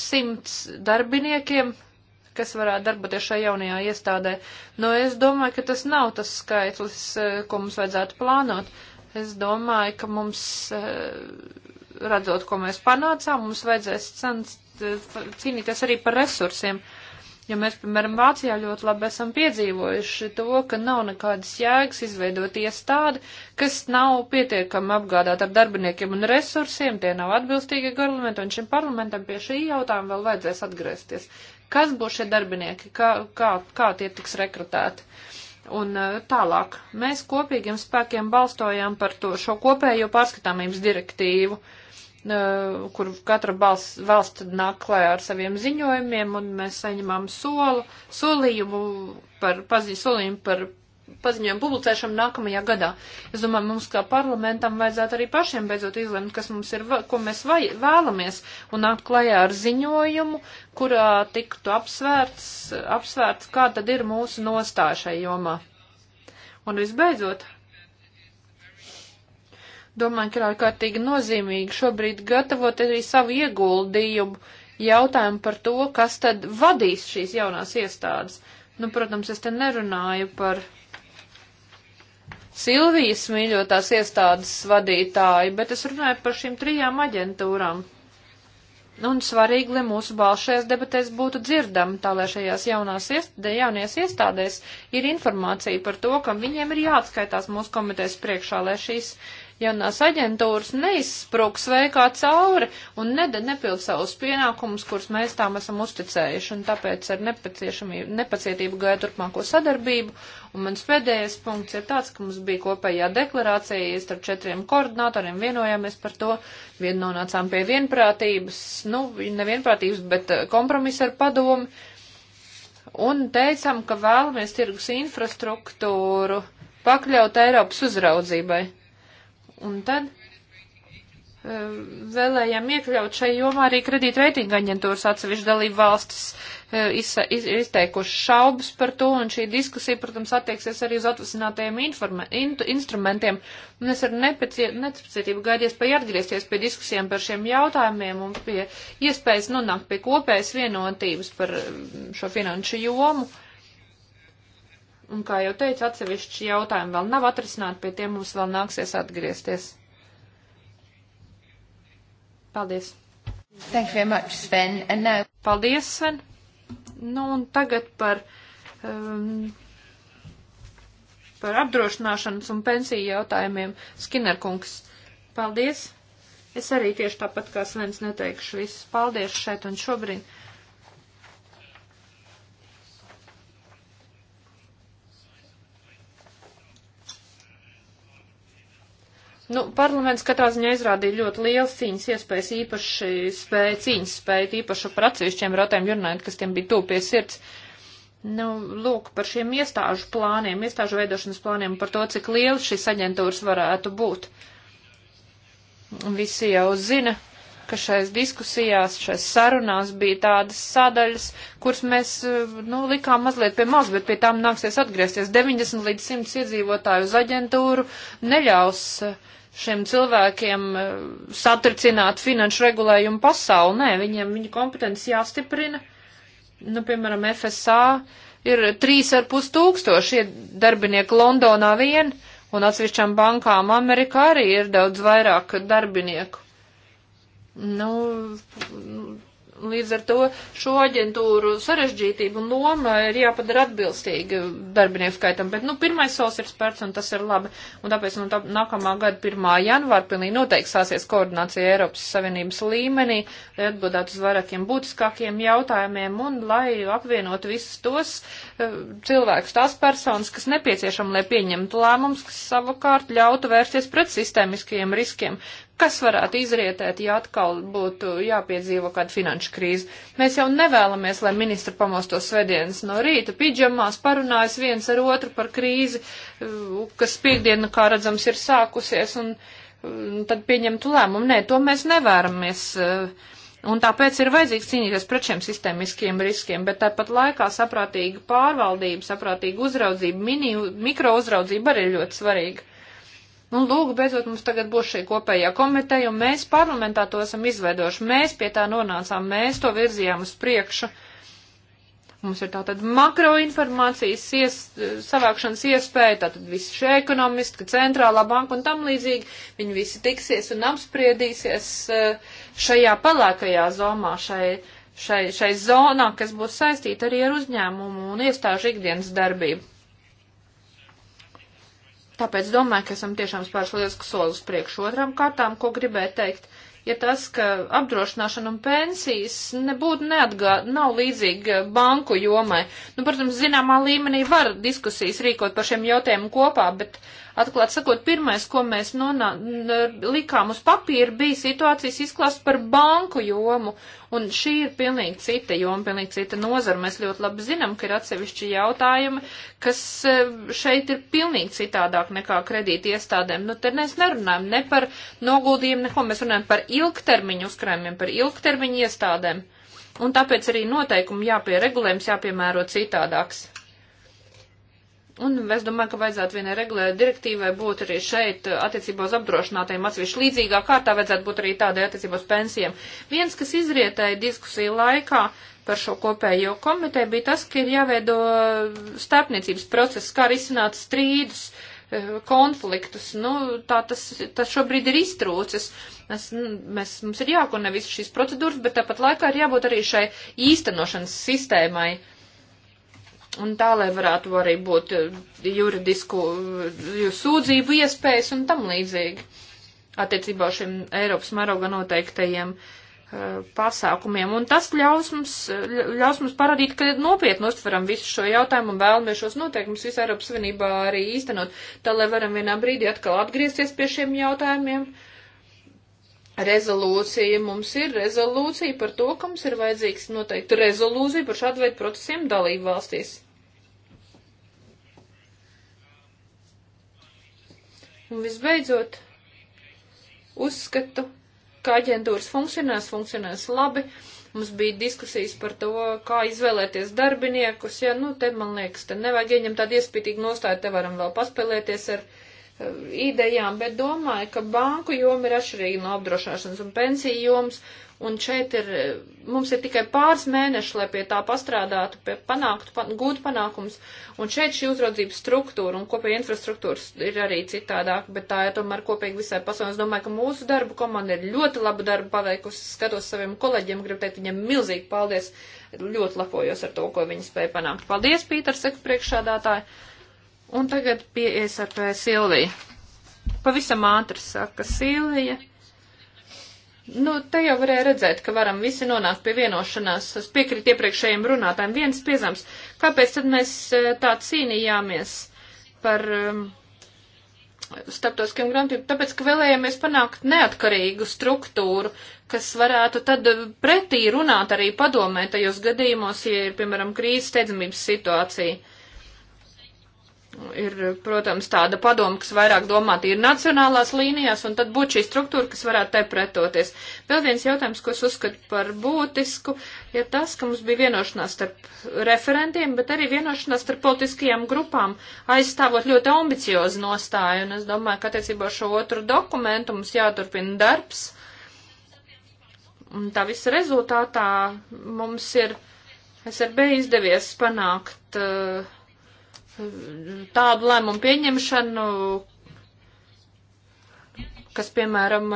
simts darbiniekiem, kas varētu darboties šajā jaunajā iestādē. Nu, es domāju, ka tas nav tas skaitlis, eh, ko mums vajadzētu plānot. Es domāju, ka mums, eh, redzot, ko mēs panācām, mums vajadzēs censt, eh, cīnīties arī par resursiem. Ja mēs, piemēram, Vācijā ļoti labi esam piedzīvojuši to, ka nav nekādas jēgas izveidot iestādi, kas nav pietiekami apgādāta ar darbiniekiem un resursiem, tie nav atbilstīgi parlamentam, un šim parlamentam pie šī jautājuma vēl vajadzēs atgriezties kas būs šie darbinieki, kā, kā, kā tie tiks rekrutēti. Un e, tālāk, mēs kopīgiem spēkiem balstojām par to, šo kopējo pārskatāmības direktīvu, e, kur katra balss, valsts nāk klājā ar saviem ziņojumiem, un mēs saņemām solu, solījumu par, pazīst solījumu par paziņojumu publicēšanu nākamajā gadā. Es domāju, mums kā parlamentam vajadzētu arī pašiem beidzot izlemt, kas mums ir, ko mēs vai, vēlamies, un nākt klajā ar ziņojumu, kurā tiktu apsvērts, apsvērts, kā tad ir mūsu nostāja šai jomā. Un visbeidzot, domāju, ka ir ārkārtīgi nozīmīgi šobrīd gatavot arī savu ieguldījumu jautājumu par to, kas tad vadīs šīs jaunās iestādes. Nu, protams, es te nerunāju par Silvijas mīļotās iestādes vadītāji, bet es runāju par šīm trijām aģentūrām. Un svarīgi, lai mūsu balss šajās debatēs būtu dzirdama, tā lai šajās jaunās iestādē, jaunies iestādēs ir informācija par to, ka viņiem ir jāatskaitās mūsu komitejas priekšā, lai šīs jaunās aģentūras neizsprūks veikā cauri un ne, nepild savus pienākumus, kurus mēs tām esam uzticējuši. Un tāpēc ar nepacietību gaidu turpmāko sadarbību Un mans pēdējais punkts ir tāds, ka mums bija kopējā deklarācija, es ar četriem koordinatoriem vienojāmies par to, vien nonācām pie vienprātības, nu, nevienprātības, bet eh, kompromisa ar padomu, un teicām, ka vēlamies tirgus infrastruktūru pakļaut Eiropas uzraudzībai. Un tad eh, vēlējām iekļaut šai jomā arī kredītreitinga aģentūras atsevišķu dalību valstis E, izteikuši šaubas par to, un šī diskusija, protams, attieksies arī uz atvasinātajiem in, instrumentiem. Un es ar nepacietību gaidies pie atgriezties pie diskusijām par šiem jautājumiem un pie iespējas nonākt pie kopējas vienotības par mm, šo finanšu jomu. Un, kā jau teicu, atsevišķi jautājumi vēl nav atrisināti, pie tiem mums vēl nāksies atgriezties. Paldies! Thank you very much, Sven. And now... Paldies, Sven! Nu, un tagad par, um, par apdrošināšanas un pensiju jautājumiem Skinnerkungs. Paldies! Es arī tieši tāpat kā Svens neteikšu visus paldies šeit un šobrīd. Nu, parlaments katrā ziņā izrādīja ļoti liels cīņas iespējas, īpaši spēja, cīņas spēja, īpaši par atsevišķiem rotēm jurnājot, kas tiem bija tuvu pie sirds. Nu, lūk, par šiem iestāžu plāniem, iestāžu veidošanas plāniem, par to, cik liels šīs aģentūras varētu būt. Visi jau zina, ka šais diskusijās, šais sarunās bija tādas sadaļas, kuras mēs, eh, nu, likām mazliet pie maz, bet pie tām nāksies atgriezties. 90 līdz 100 iedzīvotāju uz aģentūru neļaus eh, šiem cilvēkiem eh, satricināt finanšu regulējumu pasauli. Nē, viņiem viņa kompetences jāstiprina. Nu, piemēram, FSA ir 3,5 tūkstoši darbinieku Londonā vien, un atsevišķām bankām Amerikā arī ir daudz vairāk darbinieku. Nu, Līdz ar to šo aģentūru sarežģītību un loma ir jāpadara atbilstīgi darbinieku skaitam. Bet, nu, pirmais solis ir spērts un tas ir labi. Un tāpēc, nu, tā, nākamā gada 1. janvāra pilnīgi noteikti sāsies koordinācija Eiropas Savienības līmenī, lai atbildētu uz vairākiem būtiskākiem jautājumiem un lai apvienot visus tos uh, cilvēkus, tās personas, kas nepieciešam, lai pieņemtu lēmums, kas savukārt ļautu vērsties pret sistēmiskajiem riskiem, Kas varētu izrietēt, ja atkal būtu jāpiedzīvo kāda finanšu krīze? Mēs jau nevēlamies, lai ministri pamostos svedienas no rīta pidžamās, parunājas viens ar otru par krīzi, kas piekdiena, kā redzams, ir sākusies, un tad pieņemtu lēmumu. Nē, to mēs nevēramies. Eh, un tāpēc ir vajadzīgs cīnīties pret šiem sistēmiskiem riskiem, bet tāpat laikā saprātīga pārvaldība, saprātīga uzraudzība, mini, mikro uzraudzība arī ir ļoti svarīga. Un nu, lūk, beidzot mums tagad būs šī kopējā komiteja, un mēs parlamentā to esam izveidojuši, mēs pie tā nonācām, mēs to virzījām uz priekšu. Mums ir tātad makroinformācijas ies, savākšanas iespēja, tātad visi šie ekonomisti, centrālā banka un tam līdzīgi, viņi visi tiksies un apspriedīsies eh, šajā palākajā zomā, šai, šai, šai zonā, kas būs saistīta arī ar uzņēmumu un iestāžu ikdienas darbību. Tāpēc domāju, ka esam tiešām spērs lielisku solis priekš otram kārtām, ko gribēju teikt. Ja tas, ka apdrošināšana un pensijas nebūtu neatgā, nav līdzīga eh, banku jomai. Nu, protams, zināmā līmenī var diskusijas rīkot par šiem jautājumiem kopā, bet uh, Atklāt sakot, pirmais, ko mēs nonā, likām uz papīra, bija situācijas izklāsts par banku jomu, un šī ir pilnīgi cita joma, pilnīgi cita nozara. Mēs ļoti labi zinām, ka ir atsevišķi jautājumi, kas eh, šeit ir pilnīgi citādāk nekā kredīti iestādēm. Nu, te mēs nerunājam ne par noguldījumu, neko, mēs runājam par ilgtermiņu uzkrājumiem, par ilgtermiņu iestādēm un tāpēc arī noteikumi jāpieregulējums jāpiemēro citādāks. Un es domāju, ka vajadzētu vienai regulētai direktīvai būt arī šeit eh, attiecībā uz apdrošinātajiem atsevišķi līdzīgā kārtā, vajadzētu būt arī tādai attiecībā uz pensijām. Viens, kas izrietēja diskusiju laikā par šo kopējo komiteju, bija tas, ka ir jāveido eh, starpniecības process, kā risināt strīdus, eh, konfliktus. Nu, tā tas, tas šobrīd ir iztrūcis. Es, mēs, mums ir jākonē visas šīs procedūras, bet tāpat laikā ir jābūt arī šai īstenošanas sistēmai. Uh, Un tā, lai varētu arī būt eh, juridisku eh, sūdzību iespējas un tam līdzīgi attiecībā uz šiem Eiropas mēroga noteiktajiem uh, pasākumiem. Un tas ļaus mums, ļaus mums parādīt, ka nopietni uztveram visu šo jautājumu un vēlamies šos noteikumus visā Eiropas Savienībā arī īstenot, tā lai varam vienā brīdī atkal atgriezties pie šiem jautājumiem. Uh, rezolūcija, mums ir rezolūcija par to, ka mums ir vajadzīgs noteikti rezolūcija par šādu veidu procesiem dalību valstīs. Un visbeidzot, uzskatu, ka aģentūras funkcionēs, funkcionēs labi. Mums bija diskusijas par to, kā izvēlēties darbiniekus, ja, nu, te, man liekas, te nevajag ieņemt tādu iespītīgu nostāju, te varam vēl paspēlēties ar uh, idejām, bet domāju, ka banku joma ir atšķirīga no apdrošināšanas un pensiju jomas, un šeit ir, mums ir tikai pāris mēneši, lai pie tā pastrādātu, pie panāktu, pan, gūtu panākums, un šeit šī uzraudzības struktūra un kopēja infrastruktūras ir arī citādāk, bet tā ir tomēr kopīgi visai pasaulē. Es domāju, ka mūsu darbu komanda ir ļoti labu darbu paveikusi, skatos saviem kolēģiem, gribu teikt viņiem milzīgi paldies, ļoti lapojos ar to, ko viņi spēja panākt. Paldies, Pīters, saka priekšādātāji. Un tagad pie ESAP Silvija. Pavisam ātri saka Silvija. Nu, te jau varēja redzēt, ka varam visi nonākt pie vienošanās. Es piekrītu iepriekšējiem runātājiem. Viens piezams, kāpēc tad mēs eh, tā cīnījāmies par um, starptautiskiem grāmatiem? Tāpēc, ka vēlējāmies panākt neatkarīgu struktūru, kas varētu tad eh, pretī runāt arī padomē tajos gadījumos, ja ir, piemēram, krīzes steidzamības situācija ir, protams, tāda padoma, kas vairāk domā tīri nacionālās līnijās, un tad būtu šī struktūra, kas varētu te pretoties. Vēl viens jautājums, ko es uzskatu par būtisku, ir tas, ka mums bija vienošanās starp referentiem, bet arī vienošanās starp politiskajām grupām, aizstāvot ļoti ambiciozu nostāju, un es domāju, ka attiecībā ar šo otru dokumentu mums jāturpina darbs. Un tā visa rezultātā mums ir SRB izdevies panākt uh, tādu lēmumu pieņemšanu, kas, piemēram,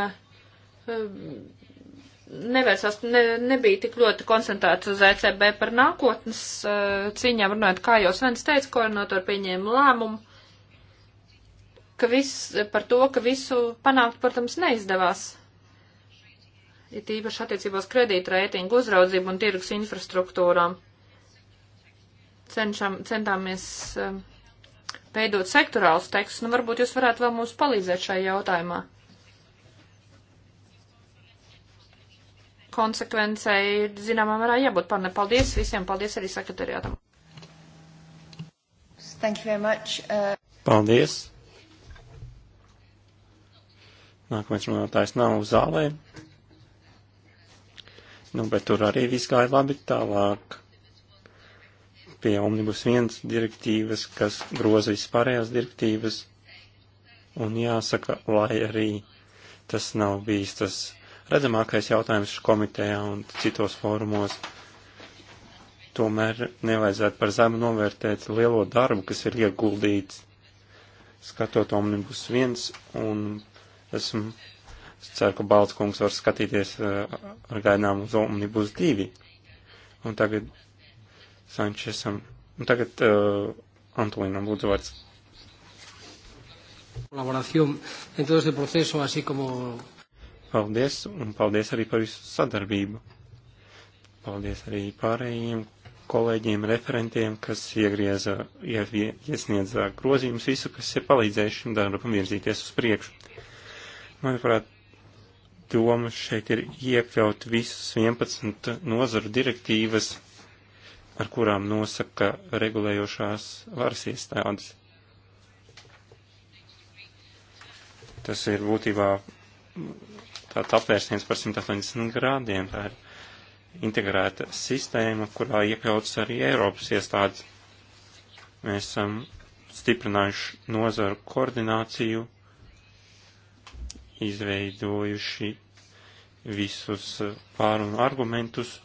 nevērsās, ne, nebija tik ļoti koncentrēts uz ECB par nākotnes eh, cīņām, runājot, kā jau Svens teica, koordinatori pieņēma lēmumu, ka viss par to, ka visu panākt, protams, neizdevās. Ir tīpaši attiecībās kredītreitingu uzraudzību un tirgus infrastruktūrām cenšam, centāmies eh, veidot sektorāls tekstus. Nu, varbūt jūs varētu vēl mums palīdzēt šajā jautājumā. Konsekvencei, zināmā mērā, jābūt pārne. Paldies visiem, paldies arī sekretariātam. Thank you very much. Uh... Paldies. Nākamais runātājs nav zālē. Nu, bet tur arī viss gāja labi tālāk pie Omnibus 1 direktīvas, kas groza vispārējās direktīvas, un jāsaka, lai arī tas nav bijis tas redzamākais jautājums komitejā un citos fórumos, tomēr nevajadzētu par zemu novērtēt lielo darbu, kas ir ieguldīts skatot Omnibus 1, un esmu, es ceru, ka Balts kungs var skatīties eh, ar gaidām uz Omnibus 2. Un tagad Sančesam. Un tagad uh, Antolīnam lūdzu vārds. Paldies, un paldies arī par visu sadarbību. Paldies arī pārējiem kolēģiem, referentiem, kas iegrieza, iesniedz grozījumus visu, kas ir palīdzējuši šim darbam virzīties uz priekšu. Manuprāt, doma šeit ir iekļaut visus 11 nozaru direktīvas ar kurām nosaka regulējošās varas iestādes. Tas ir būtībā tāds apvērsiens par 180 grādiem. Tā ir integrēta sistēma, kurā iekļauts arī Eiropas iestādes. Mēs esam stiprinājuši nozaru koordināciju, izveidojuši visus pārunu argumentus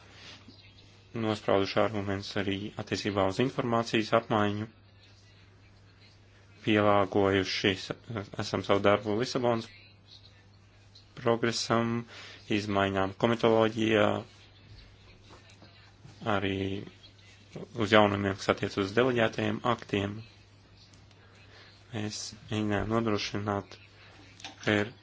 nosprauduši arguments arī attiecībā uz informācijas apmaiņu, pielāgojuši esam savu darbu Lisabonas progresam, izmaiņām komitoloģijā, arī uz jaunumiem, kas attiec uz deleģētajiem aktiem. Mēs mēģinājām nodrošināt, ka ir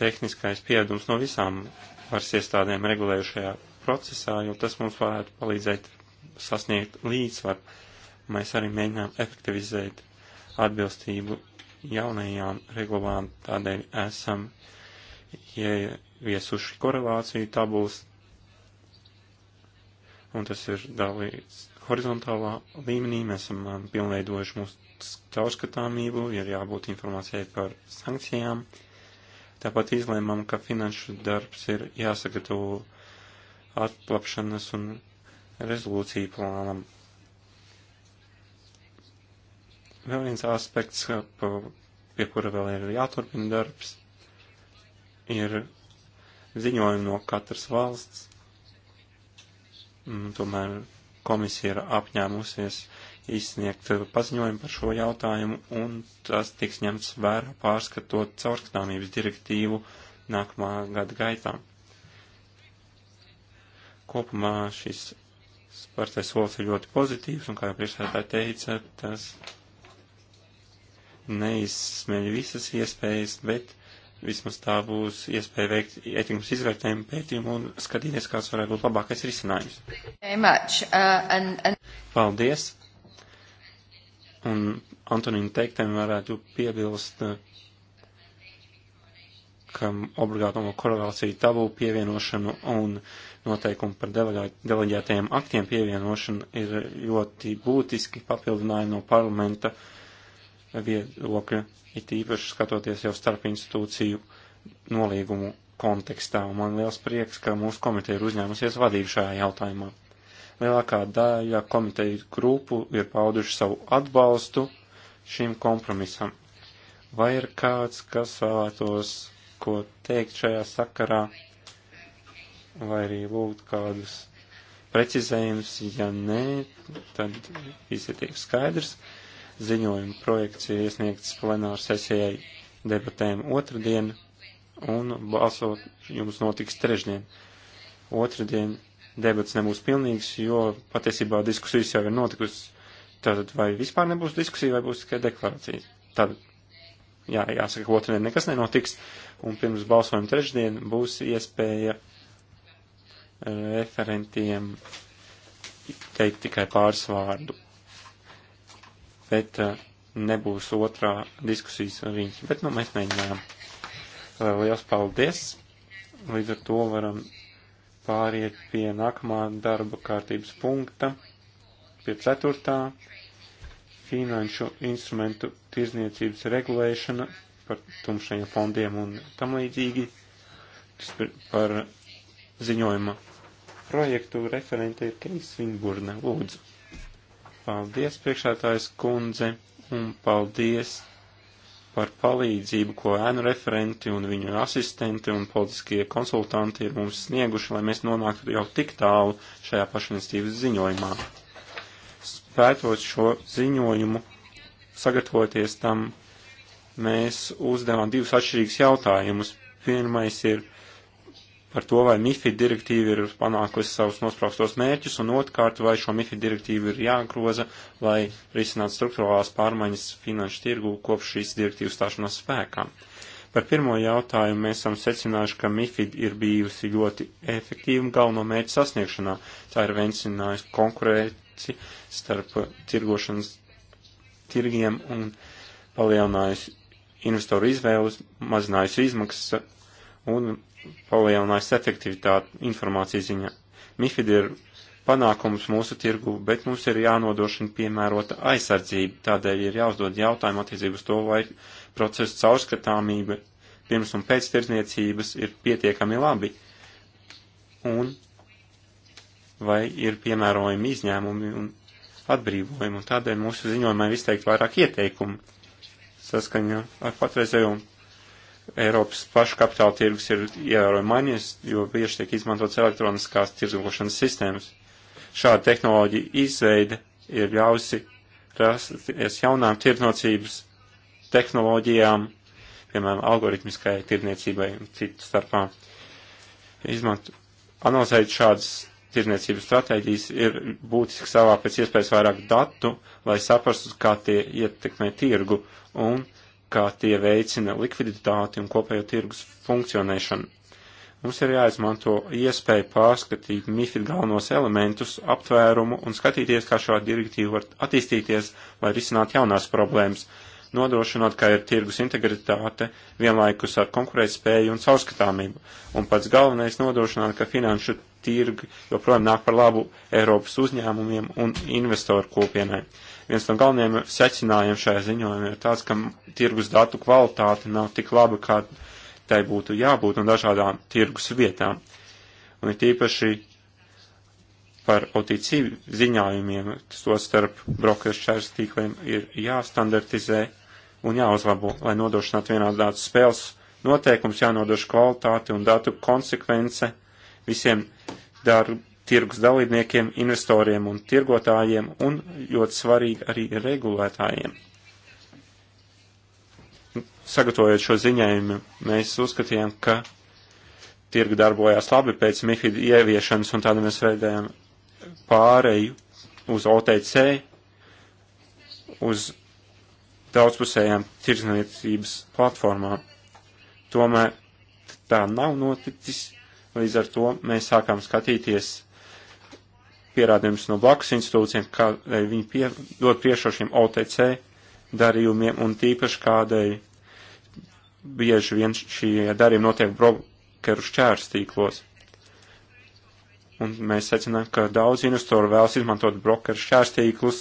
tehniskais pievedums no visām varas iestādēm regulējušajā procesā, jo tas mums varētu palīdzēt sasniegt līdzsvaru. Mēs arī mēģinām efektivizēt atbilstību jaunajām regulām, tādēļ esam ieviesuši korelāciju tabulas, un tas ir dalīts horizontālā līmenī. Mēs esam um, pilnveidojuši mūsu caurskatāmību, ir jābūt informācijai par sankcijām. Tāpat izlēmām, ka finanšu darbs ir jāsagatavo atkopšanas un rezolūciju plānam. Vēl viens aspekts, pie kura vēl ir jāturpina darbs, ir ziņojumi no katras valsts. Mm, tomēr komisija ir apņēmusies izsniegt paziņojumu par šo jautājumu, un tas tiks ņemts vērā pārskatot caurskatāmības direktīvu nākamā gada gaitā. Kopumā šis spērtais solis ir ļoti pozitīvs, un, kā jau priekšsēdētāji teica, tas neizsmeļ visas iespējas, bet vismaz tā būs iespēja veikt ētikas izvērtējumu pētījumu un skatīties, kāds varētu būt labākais risinājums. Much, uh, and, and... Paldies! Un Antonīna teiktam varētu piebilst, kam obligātumu korelāciju tabulu pievienošanu un noteikumu par deleģētajiem aktiem pievienošanu ir ļoti būtiski papildinājumi no parlamenta viedokļa, it īpaši skatoties jau starp institūciju nolīgumu kontekstā. Un man liels prieks, ka mūsu komiteja ir uzņēmusies vadību šajā jautājumā. Lielākā daļa komiteju grupu ir pauduši savu atbalstu šim kompromisam. Vai ir kāds, kas vēlētos ko teikt šajā sakarā, vai arī lūgt kādus precizējumus, ja nē, tad viss ir tiek skaidrs. Ziņojuma projekts ir iesniegts plenāru sesijai debatēm otrdien, un balsot jums notiks trešdien. Otradien debats nebūs pilnīgs, jo patiesībā diskusijas jau ir notikusi. Tātad vai vispār nebūs diskusija, vai būs tikai deklarācijas. Tātad jā, jāsaka, otrdien nekas nenotiks, un pirms balsojuma trešdien būs iespēja eh, referentiem teikt tikai pāris vārdu. Bet eh, nebūs otrā diskusijas riņķa, bet nu mēs mēģinājām. Liels paldies! Līdz ar to varam pāriet pie nākamā darba kārtības punkta, pie ceturtā finanšu instrumentu tirzniecības regulēšana par tumšajiem fondiem un tam līdzīgi par ziņojuma projektu referente ir Keis Vinburne. Lūdzu. Paldies, priekšētājs kundze, un paldies par palīdzību, ko ēnu referenti un viņu asistenti un politiskie konsultanti ir mums snieguši, lai mēs nonāktu jau tik tālu šajā pašinstīvas ziņojumā pētot šo ziņojumu, sagatavoties tam, mēs uzdevām divus atšķirīgus jautājumus. Pirmais ir par to, vai MIFID direktīva ir panākusi savus nospraustos mērķus, un otrkārt, vai šo MIFID direktīvu ir jāgroza, lai risinātu struktūrālās pārmaiņas finanšu tirgu kopš šīs direktīvas stāšanās spēkā. Par pirmo jautājumu mēs esam secinājuši, ka MIFID ir bijusi ļoti efektīva galveno mērķu sasniegšanā. Tā ir veicinājusi konkurēt komerci starp tirgošanas tirgiem un palielinājusi investoru izvēles, mazinājusi izmaksas un palielinājusi efektivitāti informācijas ziņā. MIFID ir panākums mūsu tirgu, bet mums ir jānodrošina piemērota aizsardzība, tādēļ ir jāuzdod jautājumu attiecības to, vai procesa caurskatāmība pirms un pēc tirzniecības ir pietiekami labi un vai ir piemērojami izņēmumi un atbrīvojumi, un tādēļ mūsu ziņojumā ir izteikti vairāk ieteikumu saskaņā ar patreizējo Eiropas pašu kapitāla tirgus ir ievērojami mainījies, jo bieži tiek izmantots elektroniskās tirgošanas sistēmas. Šāda tehnoloģija izveide ir ļausi rasties jaunām tirdzniecības tehnoloģijām, piemēram, algoritmiskajai tirdzniecībai un citu starpā. Izmantot, analizēt šādas tirzniecības stratēģijas ir būtiski savā pēc iespējas vairāk datu, lai saprastu, kā tie ietekmē tirgu un kā tie veicina likviditāti un kopējo tirgus funkcionēšanu. Mums ir jāizmanto iespēja pārskatīt MIFID galvenos elementus, aptvērumu un skatīties, kā šā direktīva var attīstīties, lai risinātu jaunās problēmas, nodrošinot, ka ir tirgus integritāte vienlaikus ar konkurētspēju un caurskatāmību, un pats galvenais nodrošināt, ka finanšu tirgi joprojām nāk par labu Eiropas uzņēmumiem un investoru kopienai. Viens no galvenajiem secinājumiem šajā ziņojumā ir tāds, ka tirgus datu kvalitāte nav tik laba, kā tai būtu jābūt un dažādām tirgus vietām. Un ir tīpaši par OTC ziņājumiem, to starp brokeru šķērs tīkliem ir jāstandartizē un jāuzlabo, lai nodrošinātu vienādādas spēles noteikums, jānodošu kvalitāti un datu konsekvence visiem darba tirgus dalībniekiem, investoriem un tirgotājiem un ļoti svarīgi arī regulētājiem. Sagatavojot šo ziņojumu, mēs uzskatījām, ka tirgi darbojās labi pēc MIFID ieviešanas un tādā mēs veidējām pāreju uz OTC, uz daudzpusējām tirdzniecības platformām. Tomēr tā nav noticis, Līdz ar to mēs sākām skatīties pierādījumus no blakus institūcijiem, kādēļ viņi pie, dod priešošiem OTC darījumiem un tīpaši kādēļ bieži vien šie darījumi notiek brokeru šķērstīklos. Un mēs secinām, ka daudz investoru vēlas izmantot brokeru šķērstīklus,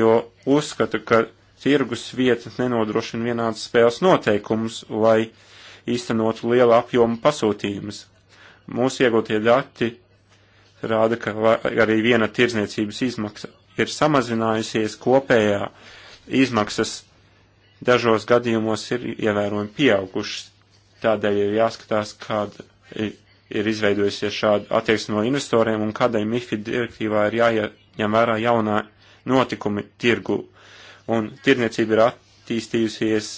jo uzskata, ka tirgus vietas nenodrošina vienādas spēles noteikumus, lai īstenotu liela apjoma pasūtījumus. Mūsu iegūtie dati rāda, ka arī viena tirzniecības izmaksa ir samazinājusies kopējā izmaksas dažos gadījumos ir ievērojami pieaugušas. Tādēļ ir jāskatās, kāda ir izveidojusies šāda attieksme no investoriem un kādai MIFID direktīvā ir jāņem vērā jaunā notikumi tirgu. Un tirniecība ir attīstījusies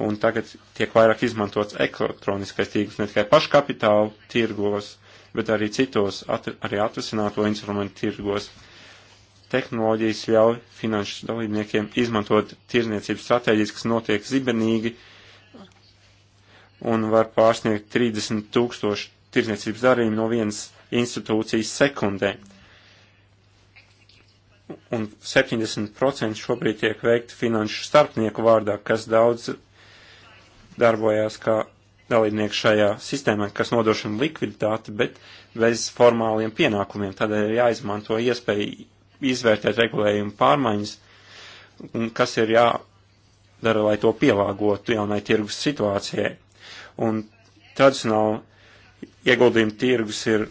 un tagad tiek vairāk izmantots elektroniskais tīkls ne tikai paškapitāla tirgos, bet arī citos, at, arī atrasināto instrumentu tirgos. Tehnoloģijas ļauj finanšu dalībniekiem izmantot tirniecības stratēģijas, kas notiek zibenīgi un var pārsniegt 30 tūkstošu tirniecības darījumu no vienas institūcijas sekundē. Un 70% šobrīd tiek veikti finanšu starpnieku vārdā, kas daudz darbojās kā dalībnieks šajā sistēmā, kas nodrošina likviditāti, bet bez formāliem pienākumiem. Tādēļ ir jāizmanto iespēja izvērtēt regulējumu pārmaiņas, kas ir jādara, lai to pielāgotu jaunai tirgus situācijai. Un tradicionāli ieguldījuma tirgus ir,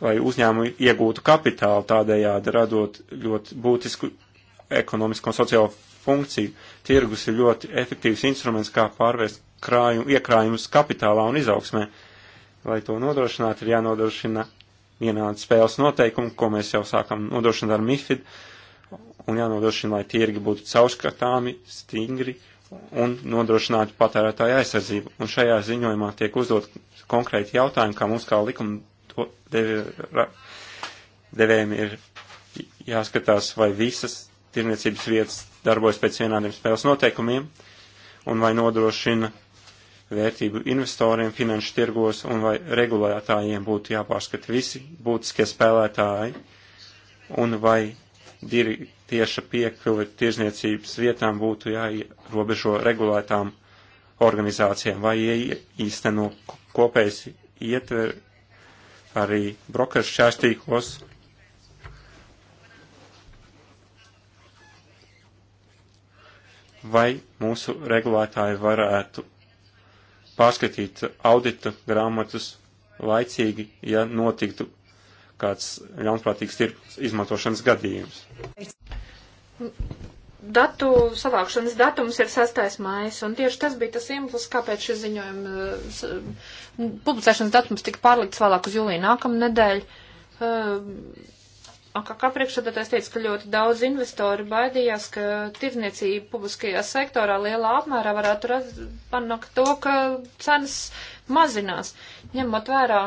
lai uzņēmumi iegūtu kapitālu tādējādi, radot ļoti būtisku ekonomisko un sociālo funkciju. Tirgus ir ļoti efektīvs instruments, kā pārvērst krājumu, iekrājumus kapitālā un izaugsmē. Lai to nodrošinātu, ir jānodrošina vienādi spēles noteikumi, ko mēs jau sākam nodrošināt ar MIFID, un jānodrošina, lai tirgi būtu caurskatāmi, stingri un nodrošinātu patērētāju aizsardzību. Un šajā ziņojumā tiek uzdot konkrēti jautājumi, kā mums kā likuma devējiem ir jāskatās, vai visas tirniecības vietas darbojas pēc vienādiem spēles noteikumiem, un vai nodrošina vērtību investoriem finanšu tirgos un vai regulētājiem būtu jāpārskata visi būtiskie spēlētāji un vai tieša piekļuve tirzniecības vietām būtu jāierobežo regulētām organizācijām vai jāīsteno kopējs ietver arī brokeru šķērstīklos. Vai mūsu regulētāji varētu pārskatīt audita grāmatus laicīgi, ja notiktu kāds ļaunprātīgs tirgus izmantošanas gadījums. Datu savākšanas datums ir 6. mājas, un tieši tas bija tas iemesls, kāpēc šis ziņojums publicēšanas datums tika pārlikts vēlāk uz jūliju nākamnedēļ. Uh, Kā, kā priekšsēdētājs teica, ka ļoti daudz investori baidījās, ka tirdzniecība publiskajā sektorā lielā apmērā varētu panākt to, ka cenas mazinās, ņemot vērā,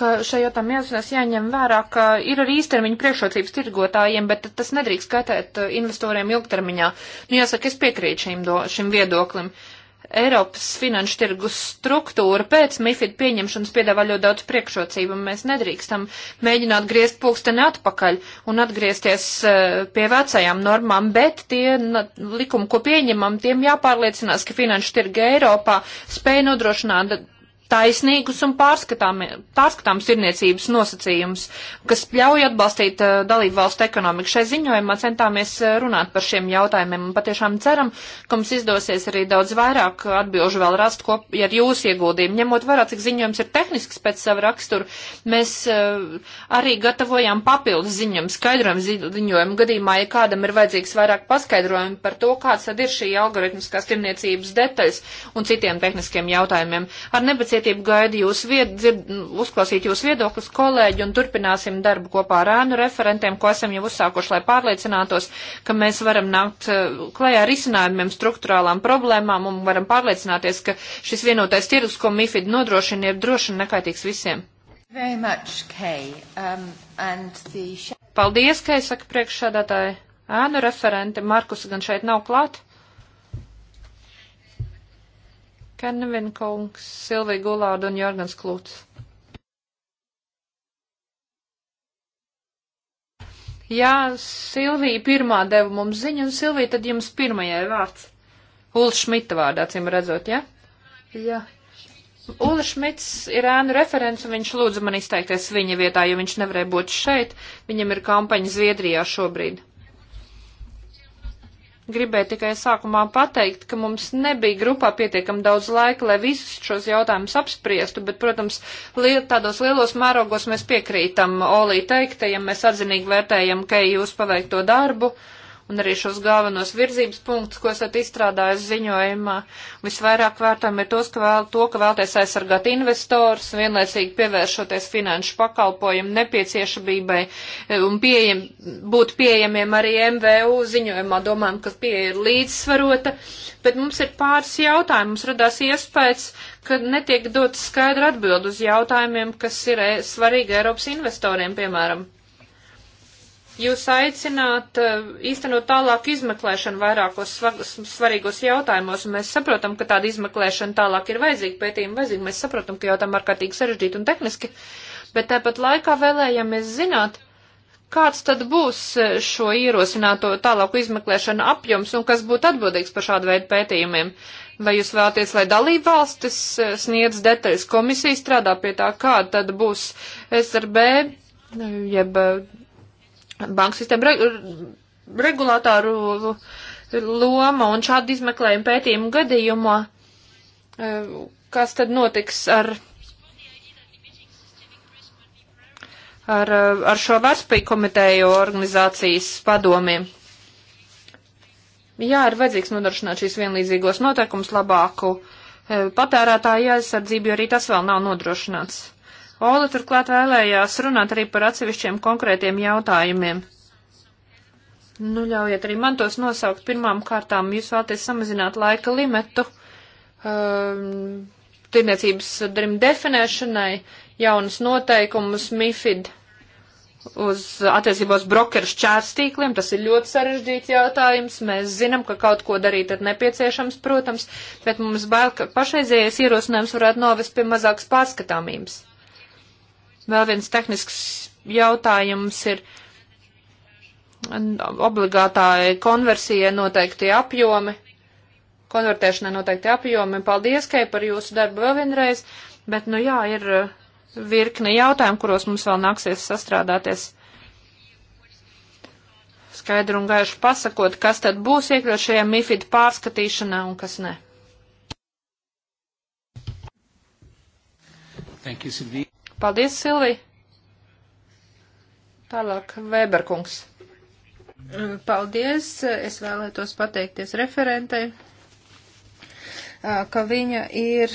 ka šajā jautājumā jāzinās jāņem vērā, ka ir arī īstermiņa priekšrocības tirgotājiem, bet tas nedrīkst skaitēt uh, investoriem ilgtermiņā. Nu, jāsaka, es piekrītu šim, do, šim viedoklim. Uh, Eiropas finanšu tirgus struktūra pēc MIFID pieņemšanas piedāvā ļoti daudz priekšrocību, un mēs nedrīkstam mēģināt griezt pulksteni atpakaļ un atgriezties eh, pie vecajām normām, bet tie likumi, ko pieņemam, tiem jāpārliecinās, ka finanšu tirgi Eiropā spēj nodrošināt taisnīgus un pārskatāms tirniecības nosacījumus, kas ļauj atbalstīt uh, dalību valstu ekonomiku. Šai ziņojumā centāmies eh, runāt par šiem jautājumiem un patiešām ceram, ka mums izdosies arī daudz vairāk atbilžu vēl rast kop, ja ar jūsu ieguldījumu. Ņemot vērā, cik ziņojums ir tehnisks pēc sava rakstura, mēs uh, arī gatavojām papildus ziņojumu, skaidrojumu ziņojumu gadījumā, ja kādam ir vajadzīgs vairāk paskaidrojumu par to, kāds tad ir šī algoritmiskās tirniecības detaļas un citiem tehniskiem jautājumiem. Ar nebeciet nepacietību gaidu jūs vied, dzird, uzklausīt jūs viedokļus, kolēģi, un turpināsim darbu kopā ar ēnu referentiem, ko esam jau uzsākuši, lai pārliecinātos, ka mēs varam nākt eh, klajā ar izcinājumiem struktūrālām problēmām un varam pārliecināties, ka šis vienotais tirgus, ko MIFID nodrošina, ir droši un nekaitīgs visiem. Very much, Kay. Um, and the... Paldies, Kei, saka priekšsādātāji. Ēnu referenti, Markus gan šeit nav klāt. Kennevinkungs, Silvija Gulāda un Jorgans Klūts. Jā, Silvija pirmā deva mums ziņu, un Silvija tad jums pirmajai vārds. Ulla Šmita vārdā, cim redzot, ja? Jā. Ulla Šmits ir ēnu referents, un viņš lūdza man izteikties viņa vietā, jo viņš nevarēja būt šeit. Viņam ir kampaņa Zviedrijā šobrīd. Gribēju tikai sākumā pateikt, ka mums nebija grupā pietiekam daudz laika, lai visus šos jautājumus apspriestu, bet, protams, liel, tādos lielos mērogos mēs piekrītam Olī teiktajam, ja mēs atzinīgi vērtējam, ka jūs paveikto darbu. Uh, un arī šos galvenos virzības punktus, ko esat izstrādājis ziņojumā. Visvairāk vērtām ir tos, ka vēl, to, ka vēlties aizsargāt investors, vienlaicīgi pievēršoties finanšu pakalpojumu nepieciešamībai e, un pieejam, būt pieejamiem arī MVU ziņojumā. Domājam, ka pieeja ir līdzsvarota, bet mums ir pāris jautājumi. Mums radās iespējas, ka netiek dot skaidra atbild uz jautājumiem, kas ir e, svarīgi Eiropas investoriem, piemēram jūs aicināt eh, īstenot tālāk izmeklēšanu vairākos svarīgos jautājumos, un mēs saprotam, ka tāda izmeklēšana tālāk ir vajadzīga, pētījuma vajadzīga, mēs saprotam, ka jautājumi ārkārtīgi sarežģīti un tehniski, bet tāpat laikā vēlējamies zināt, kāds tad būs eh, šo ierosināto tālāku izmeklēšanu apjoms un kas būtu atbildīgs par šādu veidu pētījumiem. Vai jūs vēlaties, lai dalība valstis eh, sniedz detaļas komisija strādā pie tā, kāda tad būs SRB, nu, jeb banku sistēmu re, regulātāru loma un šādu izmeklējumu pētījumu gadījumā, e, kas tad notiks ar, ar, ar šo vērtspēju komiteju organizācijas padomiem? Jā, ir vajadzīgs nodrošināt šīs vienlīdzīgos noteikumus labāku e, patērētāju aizsardzību, jo arī tas vēl nav nodrošināts. Ola turklāt vēlējās runāt arī par atsevišķiem konkrētiem jautājumiem. Nu, ļaujiet arī man tos nosaukt. Pirmām kārtām jūs vēlaties samazināt laika limitu um, tirniecības definēšanai, jaunas noteikumus, MIFID uz attiecībos brokeru šķērstīkliem. Tas ir ļoti sarežģīts jautājums. Mēs zinām, ka kaut ko darīt ir nepieciešams, protams, bet mums bail, ka pašreizējais ierosinājums varētu novest pie mazākas pārskatāmības. Vēl viens tehnisks jautājums ir obligātāji konversijai noteikti apjomi, konvertēšanai noteikti apjomi. Paldies, Kei, par jūsu darbu vēl vienreiz, bet, nu jā, ir uh, virkni jautājumu, kuros mums vēl nāksies sastrādāties. Skaidru un gaišu pasakot, kas tad būs iekļauts šajā MIFID pārskatīšanā un kas ne. Thank you, Silvija. Paldies, Silvija! Tālāk, Vēberkungs. Mm, paldies! Es vēlētos pateikties referentei ka viņa ir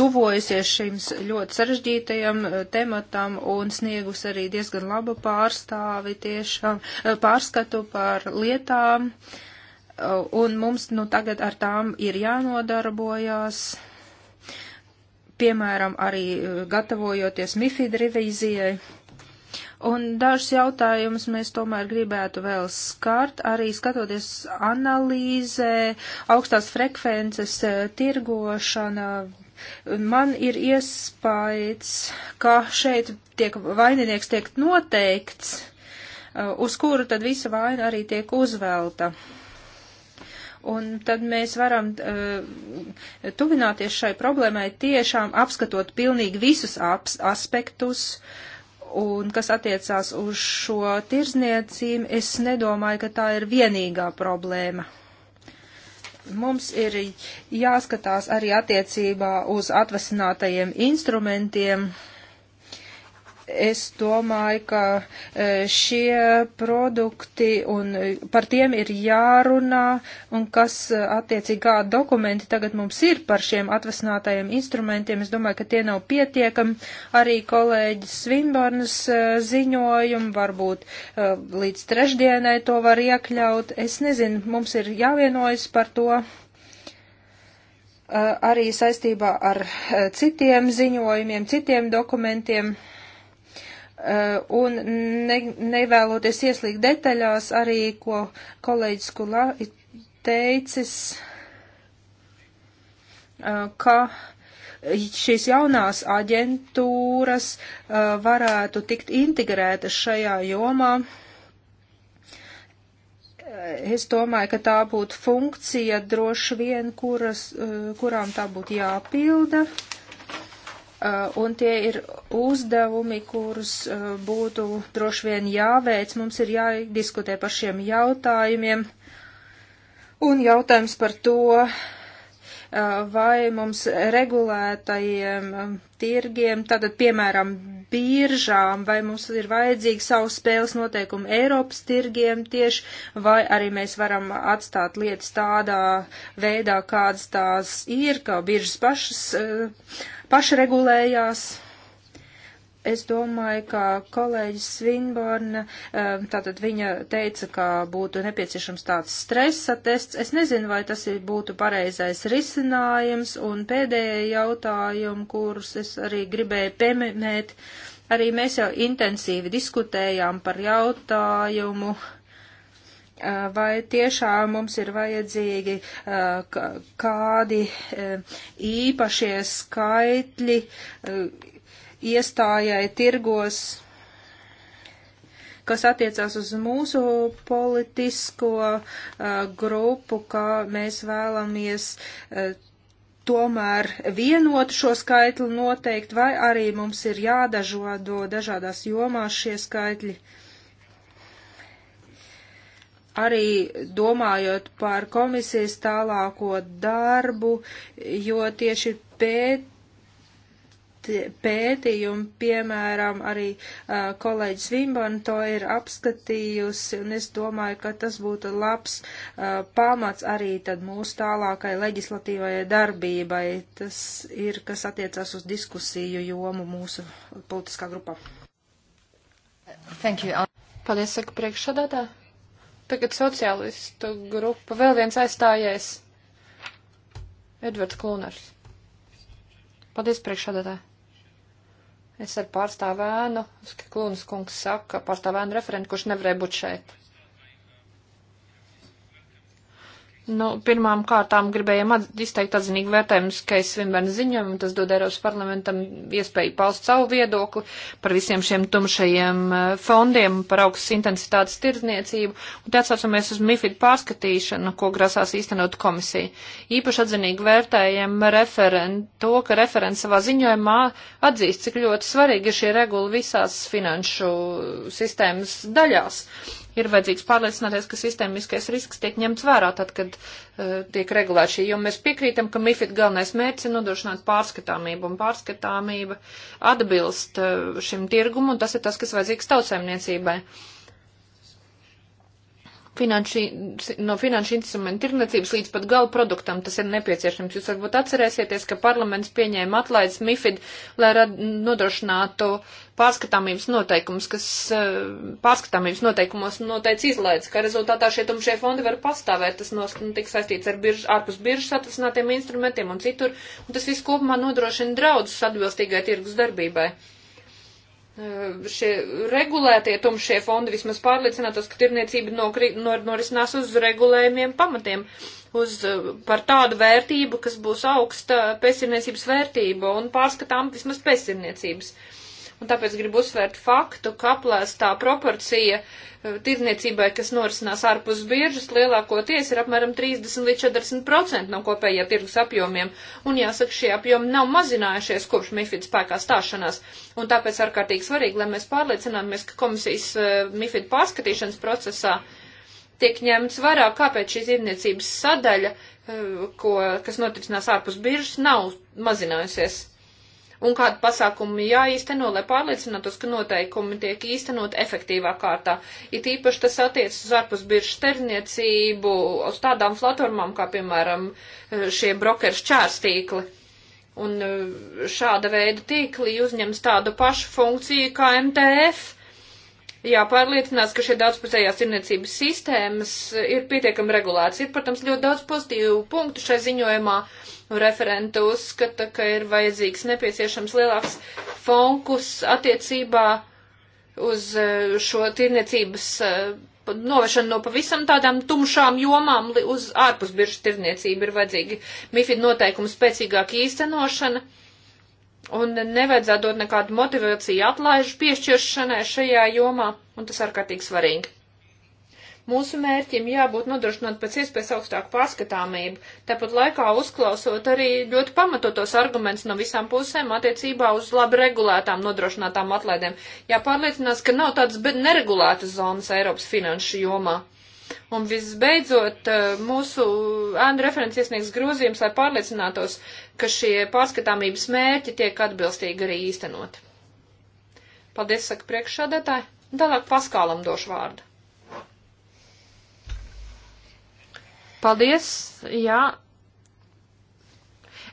tuvojusies šīm ļoti sarežģītajam tematam un sniegus arī diezgan labu pārstāvi tiešām pārskatu par lietām. Un mums nu tagad ar tām ir jānodarbojās piemēram, arī eh, gatavojoties MIFID revīzijai. Un dažus jautājumus mēs tomēr gribētu vēl skart, arī skatoties analīzē, augstās frekvences eh, tirgošana. Man ir iespējas, ka šeit tiek vaininieks tiek noteikts, eh, uz kuru tad visa vaina arī tiek uzvelta. Uh, un tad mēs varam uh, tuvināties šai problēmai tiešām apskatot pilnīgi visus aps, aspektus. Un kas attiecās uz šo tirzniecību, es nedomāju, ka tā ir vienīgā problēma mums ir jāskatās arī attiecībā uz atvasinātajiem instrumentiem es domāju, ka e, šie produkti un e, par tiem ir jārunā un kas e, attiecīgā dokumenti tagad mums ir par šiem atvesinātajiem instrumentiem. Es domāju, ka tie nav pietiekami. Arī kolēģis Svinbarnas ziņojumu varbūt līdz trešdienai to var iekļaut. Es nezinu, mums ir jāvienojas par to arī saistībā ar citiem ziņojumiem, citiem dokumentiem. Eh, un ne, nevēloties ieslīgt detaļās arī, ko kolēģis Kulā teicis, eh, ka šīs jaunās aģentūras eh, varētu tikt integrētas šajā jomā. Es domāju, ka tā būtu funkcija droši vien, kuras, kurām tā būtu jāpilda. Uh, Uh, un tie ir uzdevumi, kurus uh, būtu droši vien jāveic. Mums ir jādiskutē par šiem jautājumiem. Un jautājums par to, uh, vai mums regulētajiem um, tirgiem, tātad piemēram biržām, vai mums ir vajadzīgi savu spēles noteikumu Eiropas tirgiem tieši, vai arī mēs varam atstāt lietas tādā veidā, kādas tās ir, kā biržas pašas uh, pašregulējās. Es domāju, ka kolēģis Svinborna, eh, tātad viņa teica, ka būtu nepieciešams tāds stresa tests. Es nezinu, vai tas būtu pareizais risinājums. Un pēdējie jautājumi, kurus es arī gribēju pieminēt, arī mēs jau intensīvi diskutējām par jautājumu. Uh, vai tiešām mums ir vajadzīgi kādi īpašie skaitļi iestājai tirgos, kas attiecās uz mūsu politisko grupu, ka mēs vēlamies tomēr vienot šo skaitli noteikt, vai arī mums ir jādažodo dažādās jomās šie skaitļi. Uh, arī domājot par komisijas tālāko darbu, jo tieši pēt, pētījumi, piemēram, arī uh, kolēģis Vimban to ir apskatījusi, un es domāju, ka tas būtu labs uh, pamats arī tad mūsu tālākai leģislatīvajai darbībai. Tas ir, kas attiecās uz diskusiju jomu mūsu politiskā grupā. Thank you. Paldies, saka priekšsādātāji. Tagad sociālistu grupa. Vēl viens aizstājies. Edvards Klūners. Paldies priekšādātāji. Es ar pārstāvēnu, Klūnas kungs saka, pārstāvēnu referentu, kurš nevarēja būt šeit. Nu, pirmām kārtām gribējām izteikt atzinīgu vērtējumu Keis Svinbērna ziņojumu, tas dod Eiropas parlamentam iespēju paust savu viedokli par visiem šiem tumšajiem e, fondiem, par augstas intensitātes tirdzniecību, un te atsaucamies uz MIFID pārskatīšanu, ko grasās īstenot komisija. Īpaši atzinīgi vērtējam referen, to, ka referents savā ziņojumā atzīst, cik ļoti svarīgi ir šī regula visās finanšu sistēmas daļās ir vajadzīgs pārliecināties, ka sistēmiskais risks tiek ņemts vērā, tad, kad uh, tiek regulēta šī, jo mēs piekrītam, ka MIFID galvenais mērķis ir nodrošināt pārskatāmību, un pārskatāmība atbilst uh, šim tirgumu, un tas ir tas, kas vajadzīgs tautsēmniecībai. Finanši, no finanšu instrumentu tirnacības līdz pat galu produktam tas ir nepieciešams. Jūs varbūt atcerēsieties, ka parlaments pieņēma atlaides MIFID, lai rad, nodrošinātu uh, pārskatāmības noteikums, kas eh, pārskatāmības noteikumos noteikts izlaids, ka rezultātā šie tumšie fondi var pastāvēt, tas nos, nu, tiks saistīts ar birž, ārpus biržas atrasinātiem instrumentiem un citur, un tas viss kopumā nodrošina draudus atbilstīgai tirgus darbībai. Eh, šie regulētie tumšie fondi vismaz pārliecinātos, ka tirniecība nokri, nor, norisinās uz regulējumiem pamatiem uz, eh, par tādu vērtību, kas būs augsta pēcirniecības vērtība un pārskatām vismaz pēcirniecības. Uh, un tāpēc gribu uzsvērt faktu, ka aplēstā proporcija e, tirdzniecībai, kas norisinās ārpus biežas, lielākoties ir apmēram 30 līdz 40 procenti no kopējā tirgus apjomiem, un jāsaka, šie apjomi nav mazinājušies kopš MIFID spēkā stāšanās, un tāpēc ārkārtīgi svarīgi, lai mēs pārliecināmies, ka komisijas e, MIFID pārskatīšanas procesā tiek ņemts vērā, kāpēc šī tirdzniecības sadaļa, e, ko, kas notricinās ārpus biržas, nav mazinājusies un kādu pasākumu jāīsteno, lai pārliecinātos, ka noteikumi tiek īstenot efektīvā kārtā. It īpaši tas attiecas uz ārpus biržas terniecību, uz tādām platformām kā, piemēram, šie brokeru šķērstīkli. Un eh, šāda veida tīkli uzņems tādu pašu funkciju kā MTF jāpārliecinās, ka šie daudzpusējās tirniecības sistēmas eh, ir pietiekami regulētas. Ir, protams, ļoti daudz pozitīvu punktu šai ziņojumā. Referenta uzskata, ka ir vajadzīgs nepieciešams lielāks fokus attiecībā uz eh, šo tirniecības eh, novēršana no pavisam tādām tumšām jomām uz ārpusbiržu tirdzniecību ir vajadzīga MIFID noteikuma spēcīgāka īstenošana. Uh, un nevajadzētu dot nekādu motivāciju atlaižu piešķiršanai šajā jomā, un tas ārkārtīgi svarīgi. Mūsu mērķim jābūt nodrošināt pēc iespējas augstāku pārskatāmību, tāpat laikā uzklausot arī ļoti pamatotos argumentus no visām pusēm attiecībā uz labi regulētām nodrošinātām atlaidēm. Jāpārliecinās, ka nav tādas neregulētas zonas Eiropas finanšu jomā. Un visbeidzot, eh, mūsu ēnu referents iesniegs grozījums, lai pārliecinātos, ka šie pārskatāmības mērķi tiek atbilstīgi arī īstenot. Paldies, saka priekšsādētāji. Tālāk paskālam došu vārdu. Paldies, jā,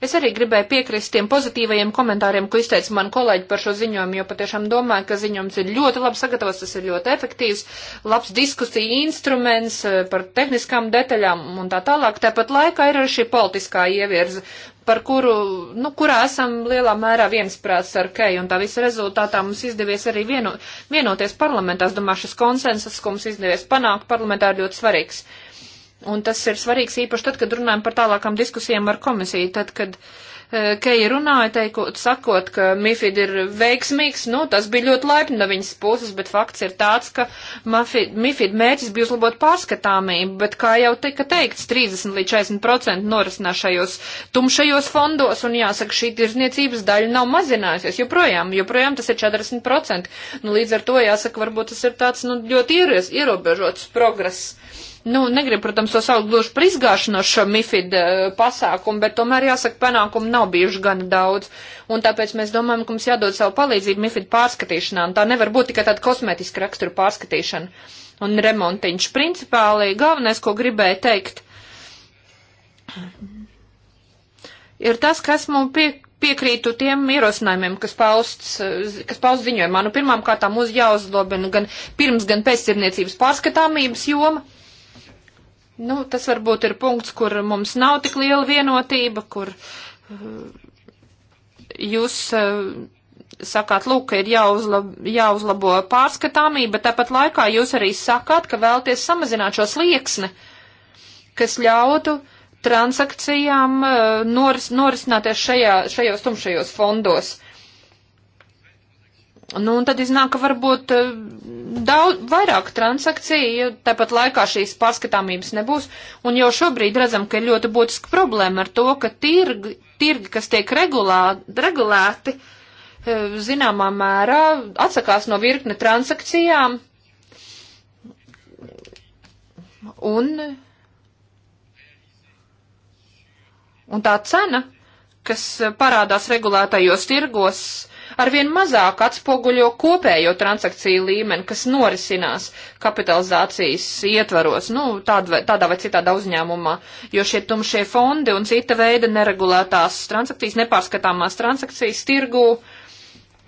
Es arī gribēju piekrist tiem pozitīvajiem komentāriem, ko izteica man kolēģi par šo ziņojumu, jo patiešām domāju, ka ziņojums ir ļoti labi sagatavots, tas ir ļoti efektīvs, labs diskusija instruments eh, par tehniskām detaļām un tā tālāk. Tāpat laikā ir arī šī politiskā ievirza, par kuru, nu, kurā esam lielā mērā viensprāts ar Keju, un tā visa rezultātā mums izdevies arī vieno, vienoties parlamentā. Es domāju, šis konsensus, ko mums izdevies panākt parlamentā, ir ļoti svarīgs. Un tas ir svarīgs īpaši tad, kad runājam par tālākām diskusijām ar komisiju. Tad, kad uh, Keija runāja, teikot, sakot, ka MIFID ir veiksmīgs, nu, tas bija ļoti laipni no viņas puses, bet fakts ir tāds, ka MIFID, MIFID mērķis bija uzlabot pārskatāmību, bet, kā jau tika teikts, 30 līdz 40% norisinās šajos tumšajos fondos, un jāsaka, šī tirzniecības daļa nav mazinājusies, joprojām, joprojām tas ir 40%. Nu, līdz ar to jāsaka, varbūt tas ir tāds, nu, ļoti ierobežots progress Nu, negribu, protams, to saukt gluži par izgāšanos šo MIFID eh, pasākumu, bet tomēr jāsaka, panākumu nav bijuši gana daudz. Un tāpēc mēs domājam, ka mums jādod savu palīdzību MIFID pārskatīšanā. Un tā nevar būt tikai tāda kosmētiska rakstura pārskatīšana un remontiņš. Principāli galvenais, ko gribēju teikt, ir tas, kas mums pie, piekrītu tiem ierosinājumiem, kas pausts, eh, kas pausts ziņojumā. Nu, pirmām kārtām uz jāuzlobina gan pirms, gan pēc tirniecības pārskatāmības joma. Nu, tas varbūt ir punkts, kur mums nav tik liela vienotība, kur eh, jūs eh, sakāt, lūk, ka ir jāuzlab, jāuzlabo pārskatāmība, bet tāpat laikā jūs arī sakāt, ka vēlties samazināt šo slieksni, kas ļautu transakcijām eh, noris, norisināties šajā, šajos tumšajos fondos. Uh, Nu, un tad iznāk, ka varbūt eh, daudz vairāk transakciju, jo tāpat laikā šīs pārskatāmības nebūs. Un jau šobrīd redzam, ka ir ļoti būtiska problēma ar to, ka tirgi, tirgi kas tiek regulā, regulēti, eh, zināmā mērā atsakās no virkne transakcijām. Un, un tā cena, kas parādās regulētajos tirgos, arvien mazāk atspoguļo kopējo transakciju līmeni, kas norisinās kapitalizācijas ietvaros, nu, tād, tādā vai citādā uzņēmumā, jo šie tumšie fondi un cita veida neregulētās transakcijas, nepārskatāmās transakcijas tirgū,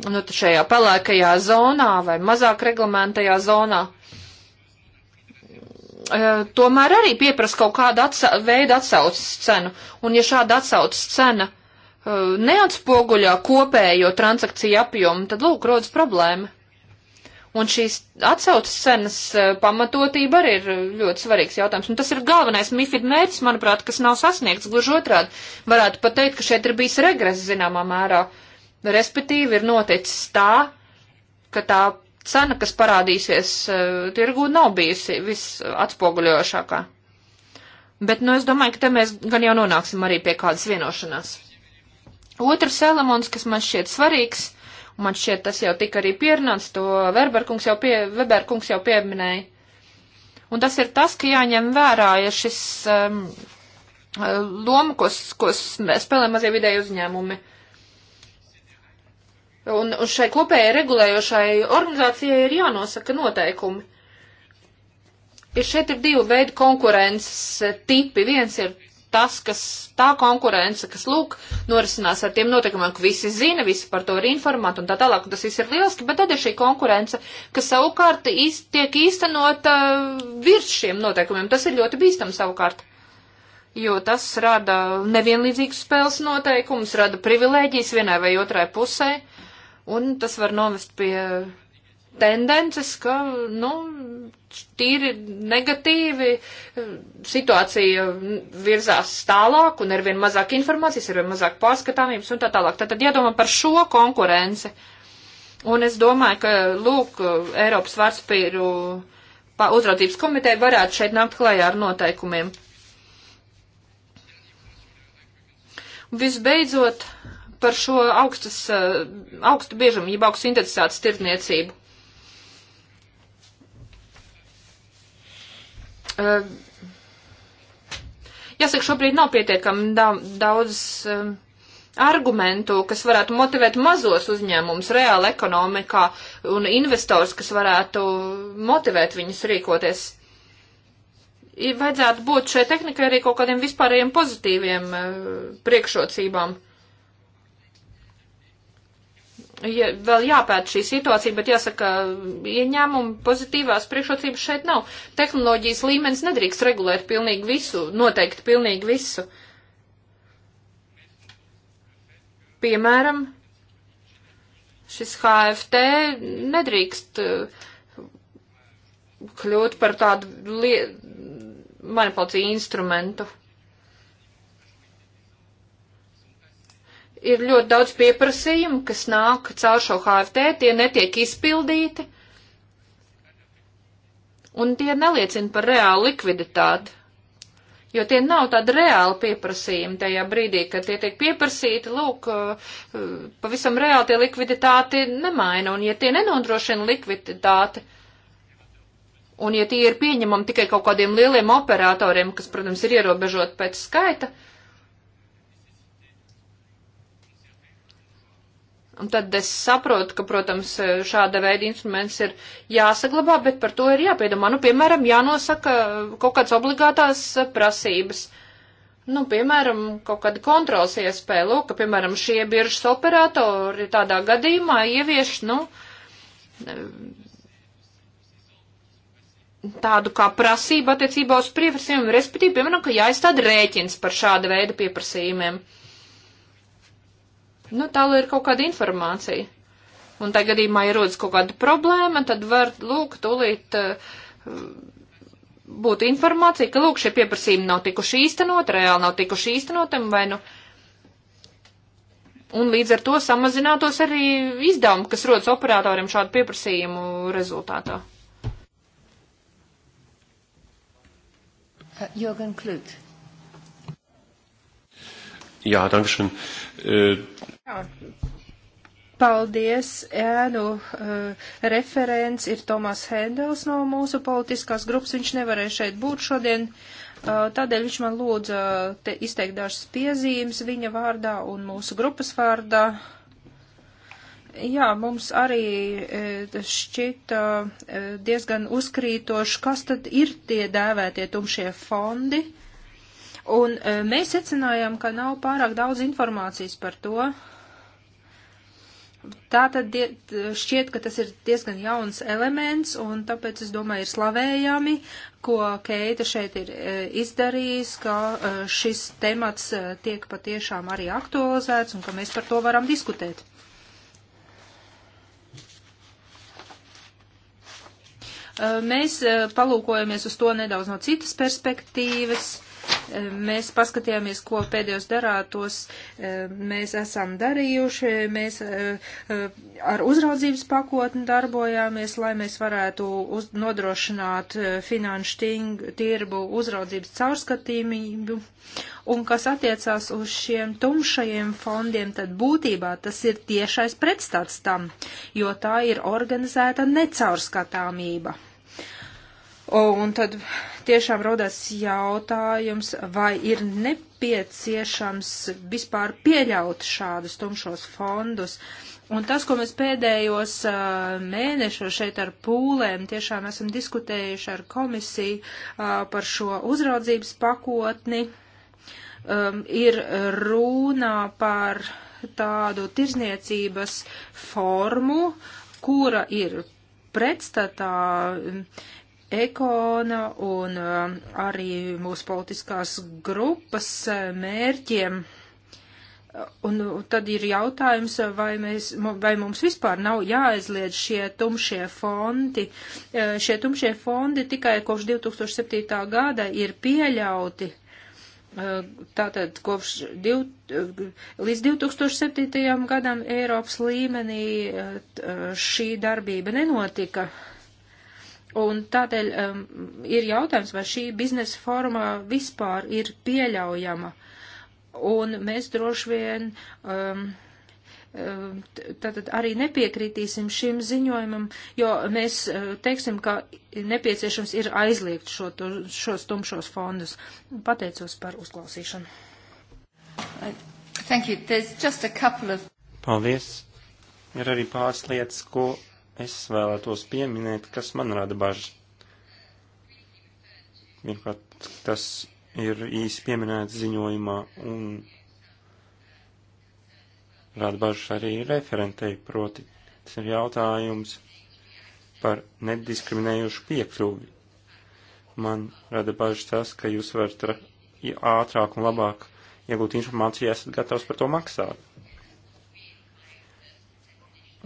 nu, šajā pelēkajā zonā vai mazāk reglamentajā zonā e, tomēr arī pieprasa kaut kādu atsa veidu atsaucas cenu. Un ja šāda atsaucas cena Uh, neatspoguļā kopējo transakciju apjomu, tad lūk, rodas problēma. Un šīs atsaucas cenas uh, pamatotība arī ir ļoti svarīgs jautājums. Un tas ir galvenais MIFID mērķis, manuprāt, kas nav sasniegts. Gluži otrādi, varētu pat teikt, ka šeit ir bijis regress zināmā mērā. Respektīvi ir noticis tā, ka tā cena, kas parādīsies uh, tirgū, nav bijusi visatspoguļojošākā. Bet, nu, es domāju, ka te mēs gan jau nonāksim arī pie kādas vienošanās. Otrs elements, kas man šķiet svarīgs, un man šķiet tas jau tika arī pierunāts, to Weberkungs jau, pie, Weberkungs jau pieminēja. Un tas ir tas, ka jāņem vērā, ja šis um, uh, loma, ko, ko spēlē mazie vidēji uzņēmumi. Un, un šai kopējai regulējošai organizācijai ir jānosaka noteikumi. Ja šeit ir divi veidi konkurences tipi. Viens ir tas, kas tā konkurence, kas lūk, norisinās ar tiem notikumiem, ka visi zina, visi par to ir informēti un tā tālāk, un tas viss ir lieliski, bet tad ir šī konkurence, kas savukārt īst, tiek īstenota virs šiem notikumiem. Tas ir ļoti bīstam savukārt jo tas rada nevienlīdzīgus spēles noteikumus, rada privilēģijas vienai vai otrai pusē, un tas var novest pie tendences, ka, nu, tīri negatīvi eh, situācija virzās tālāk un ar vien mazāk informācijas, ar vien mazāk pārskatāmības un tā tālāk. Tātad jādomā par šo konkurenci. Un es domāju, ka, lūk, Eiropas vārtspīru uzraudzības komiteja varētu šeit nākt klajā ar noteikumiem. Visbeidzot, par šo augstas, eh, augstu biežumu, jeb augstu intensitātes tirdzniecību. Eh, jāsaka, šobrīd nav pietiekami daudz eh, argumentu, kas varētu motivēt mazos uzņēmumus reāli ekonomikā un investors, kas varētu motivēt viņus rīkoties. Vajadzētu būt šai tehnikai arī kaut kādiem vispārējiem pozitīviem eh, priekšrocībām. Uh, ja, vēl jāpēta šī situācija, bet jāsaka, ieņēmumu pozitīvās priekšrocības šeit nav. Tehnoloģijas līmenis nedrīkst regulēt pilnīgi visu, noteikti pilnīgi visu. Piemēram, šis HFT nedrīkst eh, kļūt par tādu manipulāciju instrumentu. ir ļoti daudz pieprasījumu, kas nāk caur šo HFT, tie netiek izpildīti, un tie neliecina par reālu likviditāti, jo tie nav tādi reāli pieprasījumi tajā brīdī, kad tie tiek pieprasīti, lūk, uh, pavisam reāli tie likviditāti nemaina, un ja tie nenodrošina likviditāti, un ja tie ir pieņemami tikai kaut kādiem lieliem operatoriem, kas, protams, ir ierobežot pēc skaita, Un tad es saprotu, ka, protams, šāda veida instruments ir jāsaglabā, bet par to ir jāpiedomā. Nu, piemēram, jānosaka kaut kādas obligātās prasības. Nu, piemēram, kaut kāda kontrols iespēja, lūk, ka, piemēram, šie biržas operatori tādā gadījumā ievieš, nu, tādu kā prasību attiecībā uz pieprasījumiem, respektīvi, piemēram, ka jāizstāda rēķins par šāda veida pieprasījumiem. Nu, tālāk ir kaut kāda informācija. Un tajā gadījumā ierodas kaut kāda problēma, tad var, lūk, tūlīt uh, būt informācija, ka, lūk, šie pieprasījumi nav tikuši īstenot, reāli nav tikuši īstenotam vai nu. Un līdz ar to samazinātos arī izdevumi, kas rodas operatoriem šādu pieprasījumu rezultātā. Uh, Jürgen Klut. Jā, dankšan. Uh... Äh, Jā. Paldies, ēnu uh, referents ir Tomas Hendels no mūsu politiskās grupas. Viņš nevarēja šeit būt šodien, uh, tādēļ viņš man lūdza uh, te izteikt dažas piezīmes viņa vārdā un mūsu grupas vārdā. Jā, mums arī uh, šķita uh, diezgan uzkrītoši, kas tad ir tie dēvētie tumšie fondi. Uh, Un e, mēs secinājām, ka nav pārāk daudz informācijas par to. Tā tad šķiet, ka tas ir diezgan jauns elements, un tāpēc, es domāju, ir slavējami, ko Keita šeit ir e, izdarījis, ka e, šis temats tiek patiešām arī aktualizēts un ka mēs par to varam diskutēt. Mēs palūkojamies uz to nedaudz no citas perspektīvas Mēs paskatījāmies, ko pēdējos darātos eh, mēs esam darījuši. Mēs eh, eh, ar uzraudzības pakotni darbojāmies, lai mēs varētu uz, nodrošināt finanšu tirbu uzraudzības caurskatīmību. Un kas attiecās uz šiem tumšajiem fondiem, tad būtībā tas ir tiešais pretstats tam, jo tā ir organizēta necaurskatāmība. Un tad tiešām rodas jautājums, vai ir nepieciešams vispār pieļaut šādus tumšos fondus. Un tas, ko mēs pēdējos mēnešos šeit ar pūlēm tiešām esam diskutējuši ar komisiju par šo uzraudzības pakotni, ir runa par tādu tirzniecības formu, kura ir pretstatā ekona un eh, arī mūsu politiskās grupas eh, mērķiem. Eh, un tad ir jautājums, vai, mēs, vai mums vispār nav jāaizliedz šie tumšie fondi. Šie tumšie fondi tikai kopš 2007. gada ir pieļauti. Tātad kopš div, līdz 2007. gadam Eiropas līmenī šī darbība nenotika. Un tādēļ um, ir jautājums, vai šī biznesa forma vispār ir pieļaujama. Un mēs droši vien um, um tātad arī nepiekritīsim šim ziņojumam, jo mēs uh, teiksim, ka nepieciešams ir aizliegt šo, šos tumšos fondus. Pateicos par uzklausīšanu. Thank you. There's just a couple of. Paldies. Ir arī pāris lietas, ko es vēlētos pieminēt, kas man rada bažas. Vienkārt, tas ir īsi pieminēts ziņojumā un rada bažas arī referentei, proti, tas ir jautājums par nediskriminējušu piekļuvi. Man rada bažas tas, ka jūs varat ātrāk un labāk iegūt informāciju, esat gatavs par to maksāt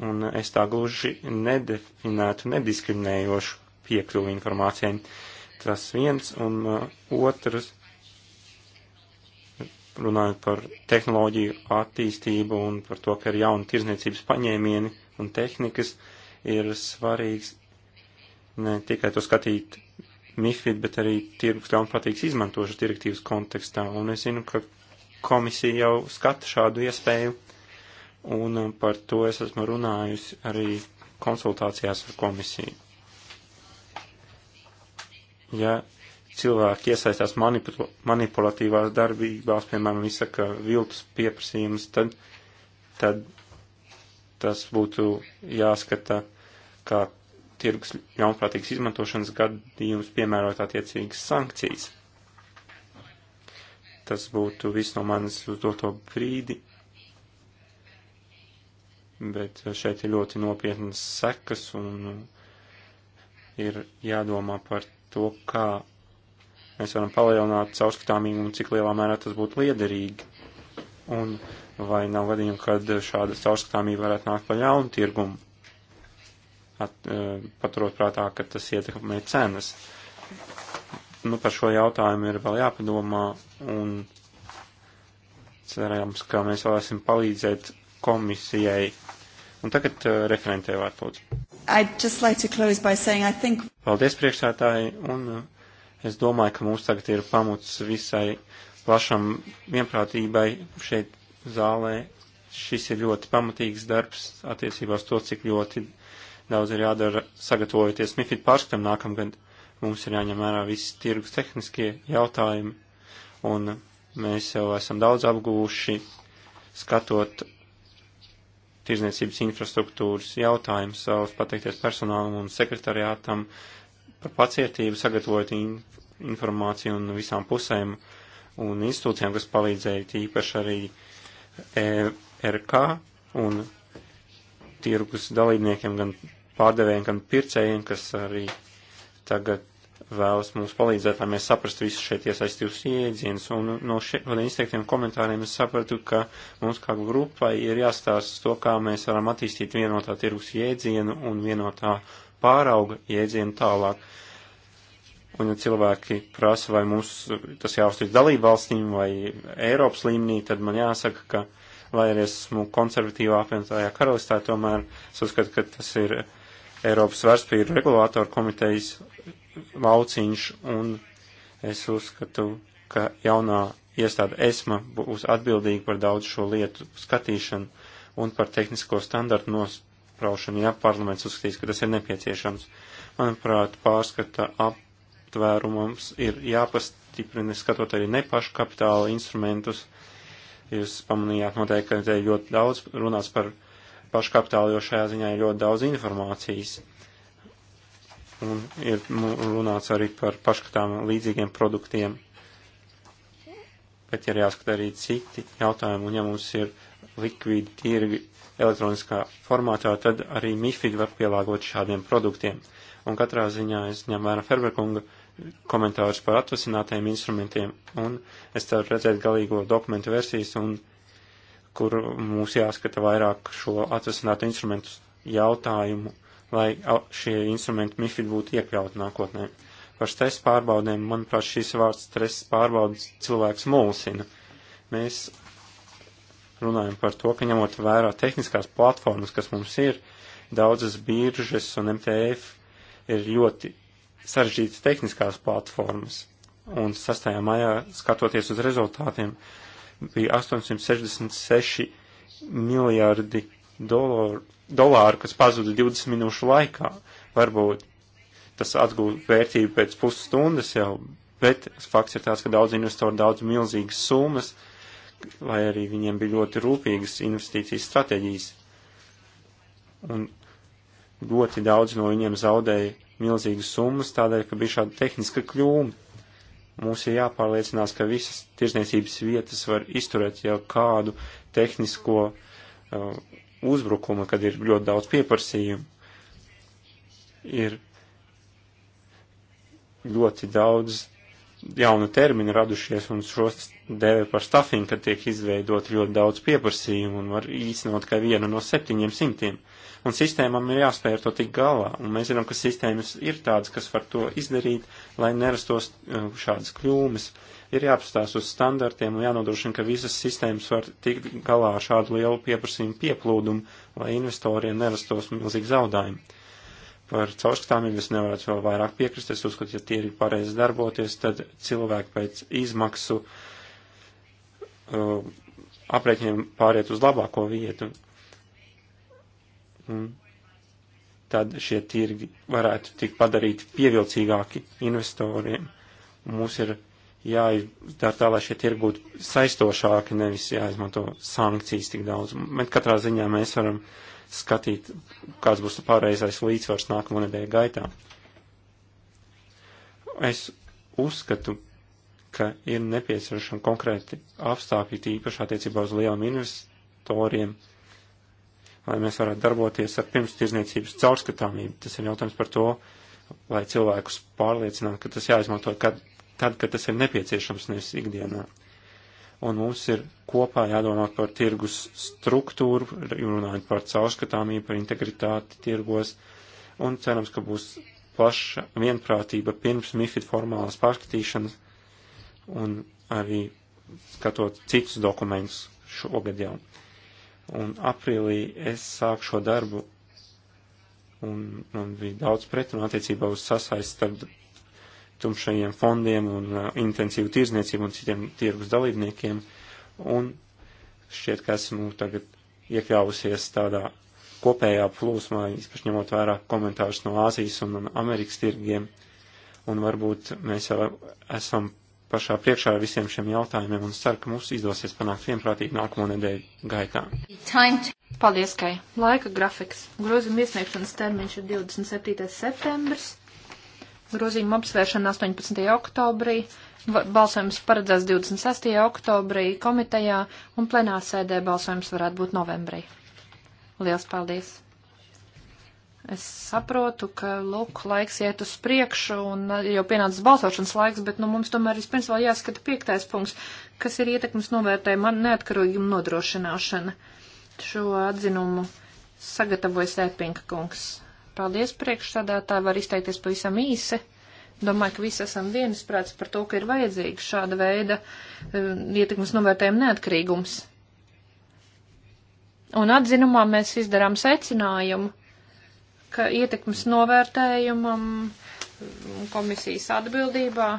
un es tā gluži nedefinētu nediskriminējošu piekļuvi informācijai. Tas viens, un uh, otrs, runājot par tehnoloģiju attīstību un par to, ka ir jauni tirzniecības paņēmieni un tehnikas, ir svarīgs ne tikai to skatīt MIFID, bet arī tirgus ļaunprātīgas izmantošanas direktīvas kontekstā. Un es zinu, ka komisija jau skata šādu iespēju un par to es esmu runājusi arī konsultācijās ar komisiju. Ja cilvēki iesaistās manipul manipulatīvās darbībās, piemēram, izsaka viltus pieprasījumus, tad, tad tas būtu jāskata kā tirgus ļaunprātīgas izmantošanas gadījums, piemērot attiecīgas sankcijas. Tas būtu viss no manis uz doto brīdi bet šeit ir ļoti nopietnas sekas un ir jādomā par to, kā mēs varam palielināt caurskatāmību un cik lielā mērā tas būtu liederīgi. Un vai nav gadījumu, kad šāda caurskatāmība varētu nākt par ļaunu tirgumu, At, e, paturot prātā, ka tas ietekmē cenas. Nu, par šo jautājumu ir vēl jāpadomā un cerams, ka mēs varēsim palīdzēt komisijai. Un tagad uh, referentē vārds lūdzu. Like saying, think... Paldies priekšsētāji, un uh, es domāju, ka mums tagad ir pamats visai plašam vienprātībai šeit zālē. Šis ir ļoti pamatīgs darbs attiecībā uz to, cik ļoti daudz ir jādara sagatavojoties MIFID pārskatam nākamgad. Mums ir jāņem vērā visi tirgus tehniskie jautājumi, un mēs jau esam daudz apguvuši skatot tirzniecības infrastruktūras jautājums, savus pateikties personālam un sekretariātam par pacietību, sagatavot in informāciju un visām pusēm un institūcijām, kas palīdzēja tīpaši arī e RK un tirgus dalībniekiem, gan pārdevējiem, gan pircējiem, kas arī tagad vēlas mums palīdzēt, lai mēs saprastu visus šeit iesaistītus iedzienus. Un no šiem izteiktiem komentāriem es sapratu, ka mums kā grupai ir jāstāsta to, kā mēs varam attīstīt vienotā tirgus iedzienu un vienotā pārauga iedzienu tālāk. Un ja cilvēki prasa, vai mums tas jāuztic dalību valstīm vai Eiropas līmenī, tad man jāsaka, ka, lai arī esmu konservatīvā apvienotājā karalistā, tomēr es uzskatu, ka tas ir Eiropas vērtspīru regulātoru komitejas lauciņš, un es uzskatu, ka jaunā iestāde ESMA būs atbildīga par daudz šo lietu skatīšanu un par tehnisko standartu nospraušanu, ja parlaments uzskatīs, ka tas ir nepieciešams. Manuprāt, pārskata aptvērumams ir jāpastiprina, skatot arī nepašu kapitāla instrumentus. Jūs pamanījāt noteikti, ka te ļoti daudz runās par pašu kapitālu, jo šajā ziņā ir ļoti daudz informācijas un ir nu, runāts arī par paškatām līdzīgiem produktiem, bet ir jāskat arī citi jautājumi, un ja mums ir likvīdi tirgi elektroniskā formātā, tad arī MIFID var pielāgot šādiem produktiem. Un katrā ziņā es ņem vērā Ferberkunga komentārus par atvasinātajiem instrumentiem, un es ceru redzēt galīgo dokumentu versijas, un kur mums jāskata vairāk šo atvasinātu instrumentu jautājumu lai šie instrumenti MIFID būtu iekļauti nākotnē. Par stresa pārbaudēm, manuprāt, šīs vārds stresa pārbaudas cilvēks mulsina. Mēs runājam par to, ka ņemot vērā tehniskās platformas, kas mums ir, daudzas biržas un MTF ir ļoti sarežģītas tehniskās platformas. Un 6. maijā, skatoties uz rezultātiem, bija 866 miljārdi dolāru, dolāru kas pazuda 20 minūšu laikā. Varbūt tas atgūst vērtību pēc pusstundas jau, bet fakts ir tāds, ka daudz investori daudz milzīgas summas, vai arī viņiem bija ļoti rūpīgas investīcijas stratēģijas. Un ļoti daudz no viņiem zaudēja milzīgas summas tādēļ, ka bija šāda tehniska kļūma. Mums ir jāpārliecinās, ka visas tirzniecības vietas var izturēt jau kādu tehnisko uh, uzbrukuma, kad ir ļoti daudz pieprasījumu. Ir ļoti daudz jaunu terminu radušies un šos dēvē par stafinu, kad tiek izveidot ļoti daudz pieprasījumu un var īstenot tikai vienu no septiņiem simtiem. Un sistēmām ir jāspēj ar to tik galā, un mēs zinām, ka sistēmas ir tādas, kas var to izdarīt, lai nerastos uh, šādas kļūmes ir jāapstās uz standartiem un jānodrošina, ka visas sistēmas var tikt galā ar šādu lielu pieprasījumu pieplūdumu, lai investoriem nerastos milzīgi zaudējumi. Par caurskatāmību es nevarētu vēl vairāk piekrist, es uzskatu, ja tie ir pareizi darboties, tad cilvēki pēc izmaksu uh, aprēķiniem pāriet uz labāko vietu. Un tad šie tirgi varētu tikt padarīti pievilcīgāki investoriem. Mums ir jāizdara tā, lai šie tirgi būtu saistošāki, nevis jāizmanto sankcijas tik daudz. Bet katrā ziņā mēs varam skatīt, kāds būs pārējais līdzsvars nākamo nedēļu gaitā. Es uzskatu, ka ir nepieciešami konkrēti apstākļi, tīpaši attiecībā uz lieliem investoriem, lai mēs varētu darboties ar pirmstirzniecības caurskatāmību. Tas ir jautājums par to, lai cilvēkus pārliecinātu, ka tas jāizmanto, kad tad, kad tas ir nepieciešams, nevis ikdienā. Un mums ir kopā jādomā par tirgus struktūru, runājot par caurskatāmību, par integritāti tirgos, un cerams, ka būs plaša vienprātība pirms MIFID formālas pārskatīšanas, un arī skatot citus dokumentus šogad jau. Un aprīlī es sāku šo darbu, un man bija daudz pretrunu attiecībā uz sasaist starp tumšajiem fondiem un uh, intensīvu tirzniecību un citiem tirgus dalībniekiem. Un šķiet, ka esmu tagad iekļāvusies tādā kopējā plūsmā, īpaši ņemot vērā komentārus no Āzijas un Amerikas tirgiem. Un varbūt mēs jau esam pašā priekšā ar visiem šiem jautājumiem un ceru, ka mums izdosies panākt vienprātīgi nākamo nedēļu gaitā. Paldies, Kai. Laika grafiks. Grozījuma iesniegšanas termiņš ir 27. septembris. Grozījuma apsvēršana 18. oktobrī, balsojums paredzēts 26. oktobrī komitejā un plenārsēdē balsojums varētu būt novembrī. Liels paldies! Es saprotu, ka, lūk, laiks iet uz priekšu un jau pienācis balsošanas laiks, bet, nu, mums tomēr vispirms vēl jāskata piektais punkts, kas ir ietekmes novērtējuma neatkarīguma nodrošināšana. Šo atzinumu sagatavoja Sēpinka kungs. Paldies priekšsādātāji, var izteikties pavisam īsi. Domāju, ka visi esam viensprāts par to, ka ir vajadzīgs šāda veida eh, ietekmes novērtējuma neatkarīgums. Un atzinumā mēs izdarām secinājumu, ka ietekmes novērtējumam mm, komisijas atbildībā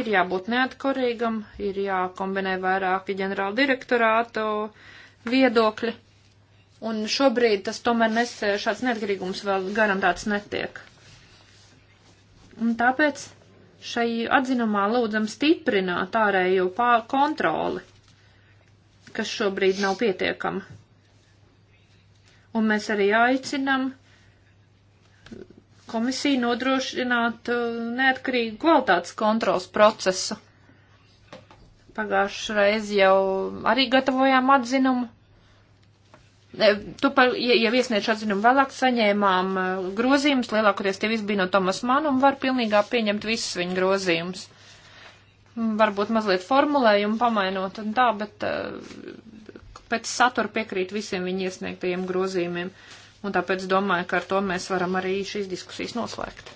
ir jābūt neatkarīgam, ir jākombinē vairāki ģenerāla direktorātu viedokļi. Un šobrīd tas tomēr nes, eh, šāds neatkarīgums vēl garantēts netiek. Un tāpēc šai atzinumā lūdzam stiprināt ārējo kontroli, kas šobrīd nav pietiekama. Un mēs arī aicinam komisiju nodrošināt eh, neatkarīgu kvalitātes kontrols procesu. Pagājušreiz jau arī gatavojām atzinumu E, tu par, ja, ja iesniedz atzinumu vēlāk, saņēmām e, grozījumus, lielākoties tie visi bija no Tomas Manu un var pilnīgā pieņemt visus viņa grozījumus. Mm, varbūt mazliet formulējumu pamainot un tā, bet e, pēc satura piekrīt visiem viņa iesniegtajiem grozījumiem. Un tāpēc domāju, ka ar to mēs varam arī šīs diskusijas noslēgt.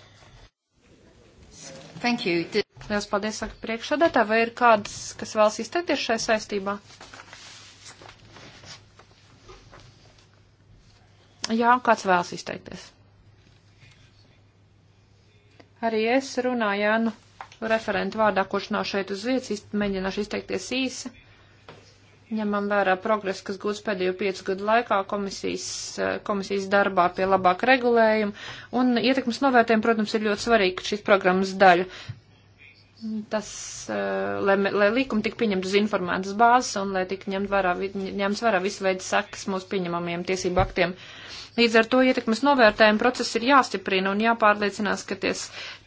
Thank you. Lielas paldies, saka priekšsādētā, vai ir kāds, kas vēlas izteikties šai saistībā? Jā, kāds vēlas izteikties? Arī es runāju Jānu referentu vārdā, kurš nav šeit uz vietas, izt, mēģināšu izteikties īsi. Ņemam vērā progresu, kas gūs pēdējo piecu gadu laikā komisijas, eh, komisijas darbā pie labāka regulējuma, un ietekmes novērtējuma, protams, ir ļoti svarīga šīs programmas daļa tas, eh, lai, lai likumi tik pieņemt uz informētas bāzes un lai tik ņemt vērā, ņemts vērā visu veidu sakas mūsu pieņemamajiem tiesību aktiem. Līdz ar to ietekmes novērtējuma process ir jāstiprina un jāpārliecinās, ka ties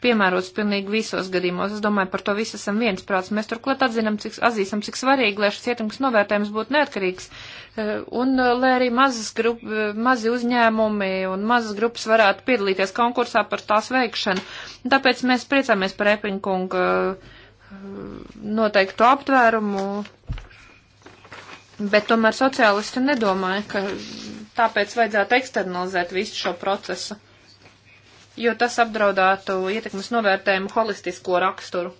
piemērots pilnīgi visos gadījumos. Es domāju, par to visi esam viensprāts. Mēs turklāt atzinam, cik, atzīstam, cik svarīgi, lai šis ietekmes novērtējums būtu neatkarīgs eh, un eh, lai arī mazas grup, eh, mazi uzņēmumi un mazas grupas varētu piedalīties konkursā par tās veikšanu. Tāpēc mēs priecāmies par Epiņkunga noteiktu aptvērumu, bet tomēr sociālisti nedomāja, ka tāpēc vajadzētu eksternalizēt visu šo procesu, jo tas apdraudētu ietekmes novērtējumu holistisko raksturu.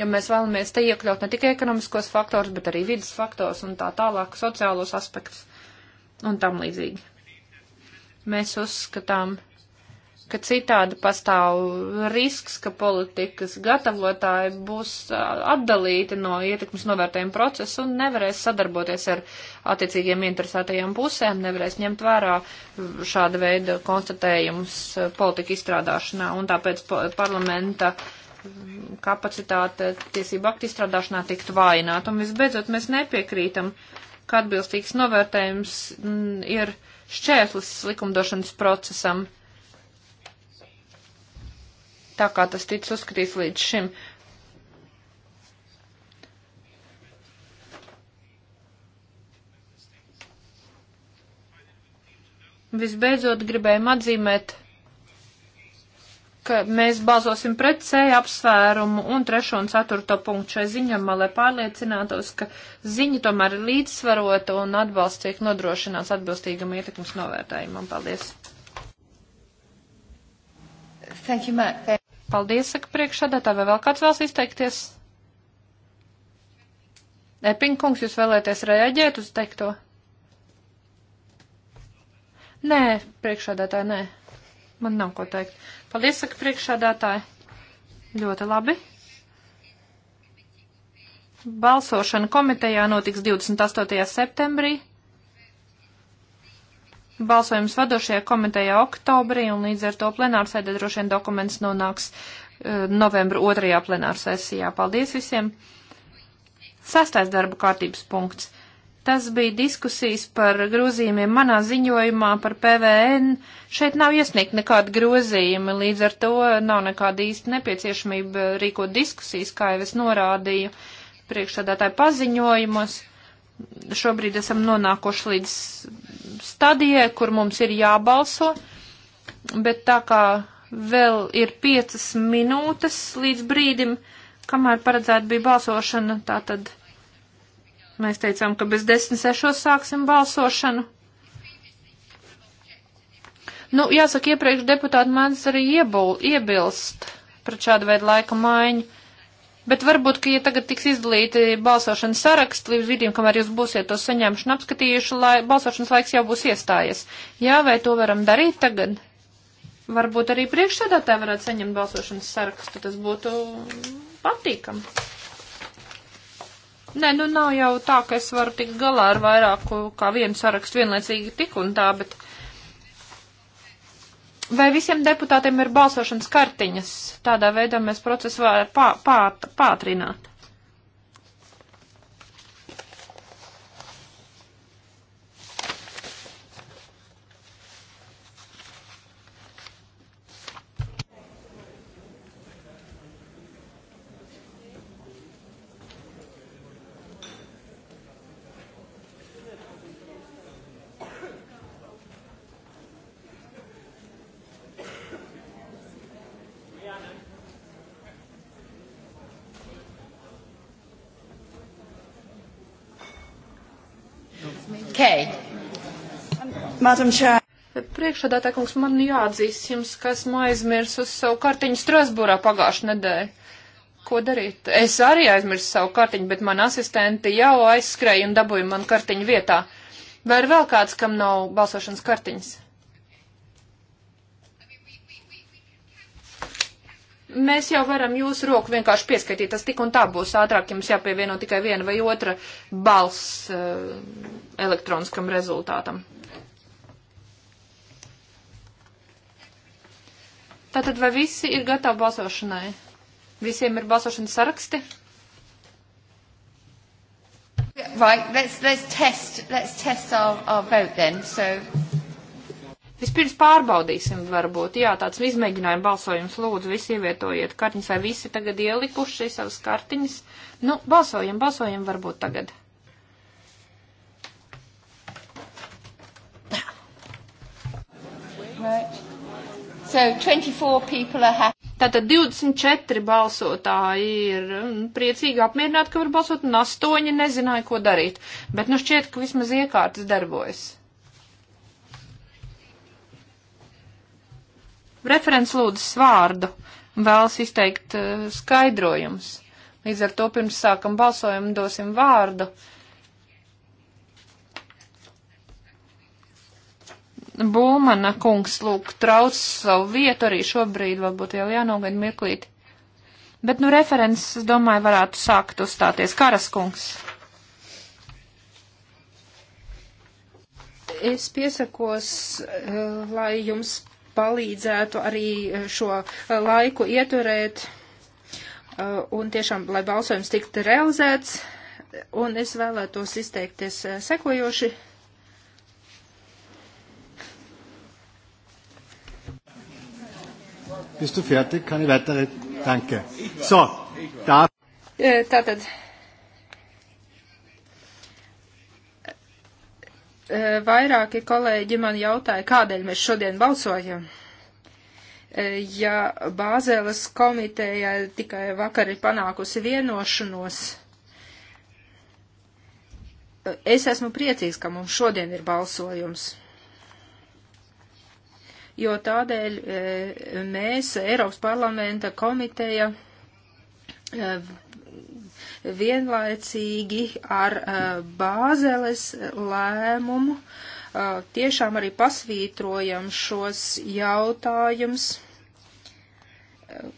Ja mēs vēlamies te iekļaut ne tikai ekonomiskos faktors, bet arī vidas faktors un tā tālāk sociālos aspektus un tam līdzīgi. Mēs uzskatām, ka citādi pastāv risks, ka politikas gatavotāji būs atdalīti no ietekmes novērtējuma procesa un nevarēs sadarboties ar attiecīgiem interesētajām pusēm, nevarēs ņemt vērā šāda veida konstatējumus politika izstrādāšanā un tāpēc parlamenta kapacitāte tiesību aktu izstrādāšanā tiktu vājināta. Un visbeidzot, mēs nepiekrītam, ka atbilstīgs novērtējums mm, ir šķērslis likumdošanas procesam tā kā tas tic uzskatīts līdz šim. Visbeidzot, gribējām atzīmēt, ka mēs balsosim pret C apsvērumu un 3 un 4 punktu šai ziņamā, lai pārliecinātos, ka ziņa tomēr ir līdzsvarota un atbalsts tiek nodrošināts atbilstīgam ietekmes novērtējumam. Paldies! Thank you, Matt. Paldies, saka priekšsādātā. Vai vēl kāds vēlas izteikties? Epinkungs, jūs vēlēties reaģēt uz teikto? Nē, priekšādātāji, nē. Man nav ko teikt. Paldies, saka priekšādātāji. Ļoti labi. Balsošana komitejā notiks 28. septembrī balsojums vadošajā komitejā oktobrī, un līdz ar to plenārsēdē droši vien dokuments nonāks uh, novembra otrajā plenārsēsijā. Paldies visiem! Sastais darba kārtības punkts. Tas bija diskusijas par grozījumiem manā ziņojumā par PVN. Šeit nav iesniegt nekāda grozījuma, līdz ar to nav nekāda īsta nepieciešamība rīkot diskusijas, kā jau es norādīju priekšsādātāju paziņojumos šobrīd esam nonākuši līdz stadijai, kur mums ir jābalso, bet tā kā vēl ir piecas minūtes līdz brīdim, kamēr paredzēta bija balsošana, tā tad mēs teicām, ka bez desmit sešos sāksim balsošanu. Nu, jāsaka, iepriekš deputāti mēdz arī iebul, iebilst pret šādu veidu laika maiņu. Bet varbūt, ka, ja tagad tiks izdalīti balsošanas saraksti līdz vidim, kamēr jūs būsiet to saņēmuši un apskatījuši, lai balsošanas laiks jau būs iestājies. Jā, vai to varam darīt tagad? Varbūt arī priekšsēdētāji varētu saņemt balsošanas sarakstu, tas būtu patīkam. Nē, nu nav jau tā, ka es varu tikt galā ar vairāku kā vienu sarakstu vienlaicīgi tik un tā, bet. Uh, Vai visiem deputātiem ir balsošanas kartiņas? Tādā veidā mēs procesu varam pā, pā, pātrināt. Okay. Madam Chair. Priekšādā tā kungs man jāatzīst jums, ka esmu aizmirsus savu kartiņu Strasbūrā pagājušajā nedēļā. Ko darīt? Es arī aizmirsu savu kartiņu, bet man asistenti jau aizskrēja un dabūja man kartiņu vietā. Vai ir vēl kāds, kam nav balsošanas kartiņas? mēs jau varam jūsu roku vienkārši pieskaitīt. Tas tik un tā būs ātrāk, jums jāpievieno tikai viena vai otra balss uh, elektroniskam rezultātam. Tātad vai visi ir gatavi balsošanai? Visiem ir balsošanas saraksti? Right, let's, let's test, let's test our, our vote then. So Vispirms pārbaudīsim, varbūt, jā, tāds izmēģinājuma balsojums lūdzu, visi ievietojiet kartiņas, vai visi tagad ielikuši savas kartiņas. Nu, balsojam, balsojam varbūt tagad. Right. So 24 people are happy. Tātad 24 balsotāji ir mm, priecīgi apmierināti, ka var balsot, un 8 nezināja, ko darīt. Bet nu šķiet, ka vismaz iekārtas darbojas. Referents lūdzas vārdu un vēlas izteikt uh, eh, skaidrojums. Līdz ar to pirms sākam balsojumu dosim vārdu. Būmana kungs lūk trauc savu vietu arī šobrīd, varbūt jau jānogaida mirklīti. Bet, nu, referents, es domāju, varētu sākt uzstāties Karaskungs. es piesakos, eh, lai jums palīdzētu arī eh, šo eh, laiku ieturēt eh, un tiešām, lai balsojums tiktu realizēts. Un es vēlētos izteikties sekojoši. Bist du fertig? Kann ich weiterreden? Danke. So, da. Tātad E, vairāki kolēģi man jautāja, kādēļ mēs šodien balsojam. E, ja Bāzēlas komiteja tikai vakar ir panākusi vienošanos, es esmu priecīgs, ka mums šodien ir balsojums jo tādēļ e, mēs, Eiropas parlamenta komiteja, vienlaicīgi ar uh, Bāzeles lēmumu uh, tiešām arī pasvītrojam šos jautājumus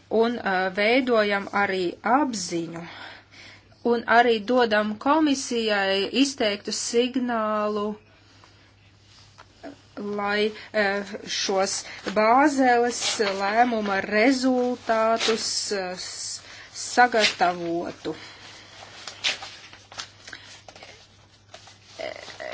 un uh, veidojam arī apziņu un arī dodam komisijai izteiktu signālu, lai šos bāzeles lēmuma rezultātus sagatavotu.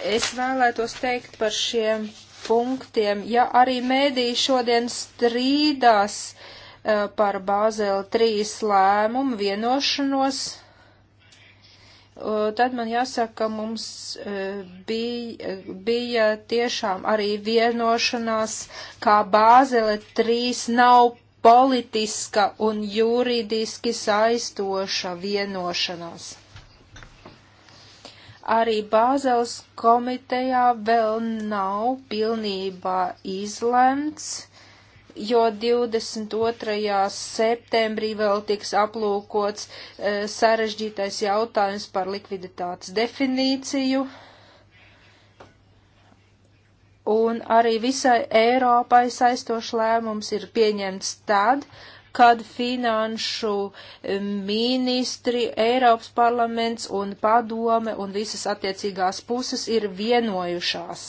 es vēlētos teikt par šiem punktiem. Ja arī mēdī šodien strīdās uh, par Bāzeli 3 lēmumu vienošanos, uh, tad man jāsaka, ka mums uh, bija, bija tiešām arī vienošanās, kā Bāzele 3 nav politiska un juridiski saistoša vienošanās. Arī Bāzels komitejā vēl nav pilnībā izlemts, jo 22. septembrī vēl tiks aplūkots e, sarežģītais jautājums par likviditātes definīciju. Un arī visai Eiropai saistošs lēmums ir pieņemts tad, kad finanšu eh, ministri, Eiropas parlaments un padome un visas attiecīgās puses ir vienojušās.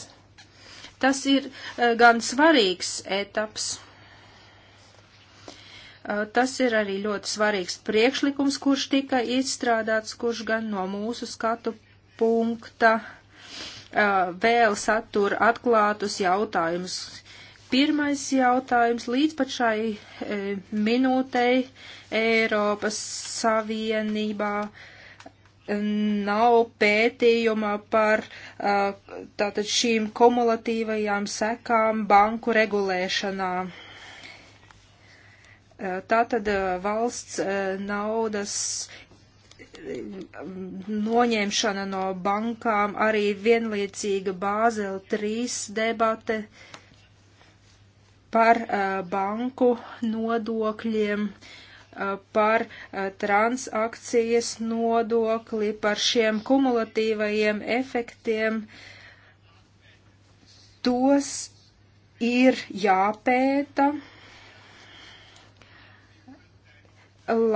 Tas ir eh, gan svarīgs etaps. Eh, tas ir arī ļoti svarīgs priekšlikums, kurš tika izstrādāts, kurš gan no mūsu skatu punkta vēl satura atklātus jautājumus, Pirmais jautājums līdz pat šai e, minūtei Eiropas Savienībā e, nav pētījuma par e, tātad šīm kumulatīvajām sekām banku regulēšanā. E, tātad valsts naudas noņemšana no bankām arī vienlīdzīga Bāzela 3 debate. Uh, par uh, banku nodokļiem, uh, par uh, transakcijas nodokli, par šiem kumulatīvajiem efektiem. Tos ir jāpēta,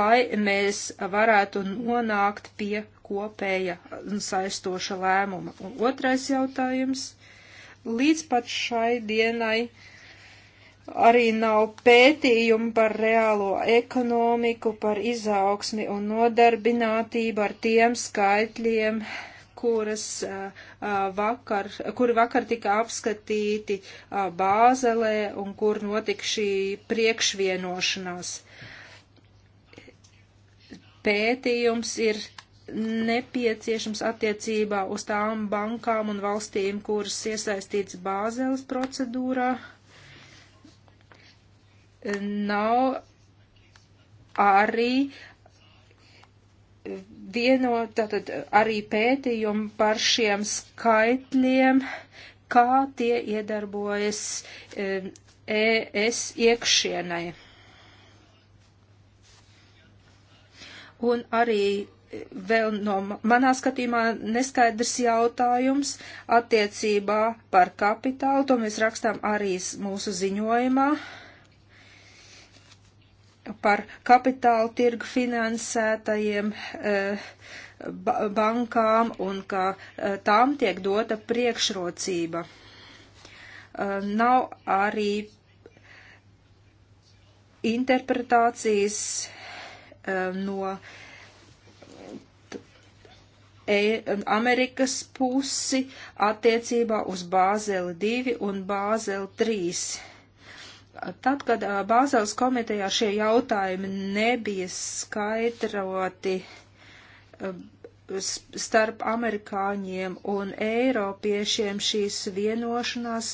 lai mēs varētu nonākt pie kopēja saistoša lēmuma. Un otrais jautājums. Līdz pat šai dienai uh, Arī nav pētījumu par reālo ekonomiku, par izaugsmi un nodarbinātību ar tiem skaitļiem, kuras uh, vakar, kuri vakar tika apskatīti uh, Bāzelē un kur notika šī priekšvienošanās. Pētījums ir nepieciešams attiecībā uz tām bankām un valstīm, kuras iesaistīts Bāzeles procedūrā. Uh, nav arī vieno, tātad arī pētījumu par šiem skaitļiem, kā tie iedarbojas ES e iekšienai. Un arī vēl no manā skatījumā neskaidrs jautājums attiecībā par kapitālu, to mēs rakstām arī mūsu ziņojumā. Uh, par kapitāla tirgu finansētajiem eh, ba bankām un ka eh, tām tiek dota priekšrocība. Eh, nav arī interpretācijas no e, Amerikas pusi attiecībā uz Bāzeli 2 un Bāzeli 3 Tad, kad Bāzeles komitejā šie jautājumi nebija skaidroti starp amerikāņiem un eiropiešiem šīs vienošanās,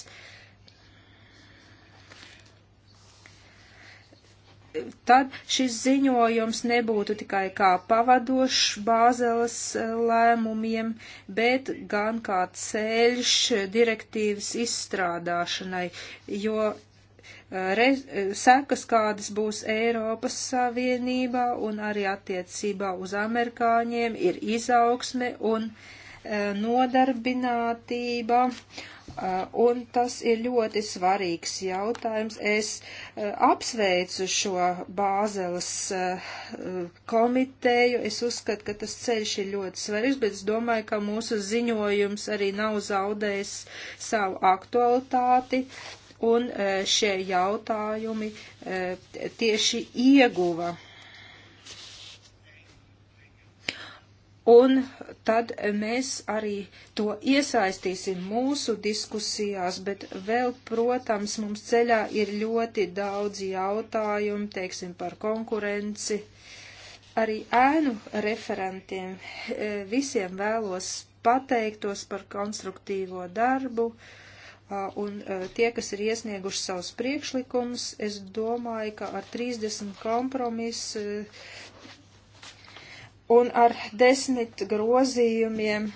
tad šis ziņojums nebūtu tikai kā pavadošs bāzeles lēmumiem, bet gan kā ceļš direktīvas izstrādāšanai, jo rez, sekas, kādas būs Eiropas Savienībā un arī attiecībā uz amerikāņiem, ir izaugsme un e, nodarbinātība. E, un tas ir ļoti svarīgs jautājums. Es e, apsveicu šo Bāzeles komiteju. Es uzskatu, ka tas ceļš ir ļoti svarīgs, bet es domāju, ka mūsu ziņojums arī nav zaudējis savu aktualitāti un e, šie jautājumi e, tieši ieguva. Un tad mēs arī to iesaistīsim mūsu diskusijās, bet vēl, protams, mums ceļā ir ļoti daudz jautājumu, teiksim, par konkurenci. Arī ēnu referentiem e, visiem vēlos pateiktos par konstruktīvo darbu. Uh, un tie, kas ir iesnieguši savus priekšlikumus, es domāju, ka ar 30 kompromisu un ar 10 grozījumiem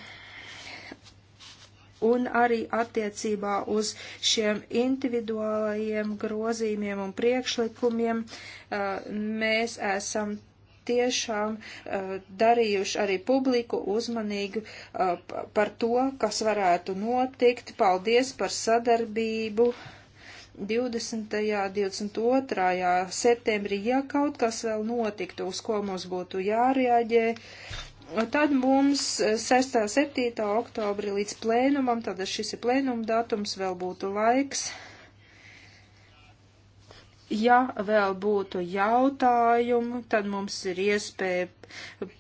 un arī attiecībā uz šiem individuālajiem grozījumiem un priekšlikumiem mēs esam tiešām eh, darījuši arī publiku uzmanīgu eh, par to, kas varētu notikt. Paldies par sadarbību. 20. 22. septembrī, ja kaut kas vēl notiktu, uz ko mums būtu jārēģē, Tad mums 6. un 7. oktobri līdz plēnumam, tad šis ir plēnuma datums, vēl būtu laiks Ja vēl būtu jautājumi, tad mums ir iespēja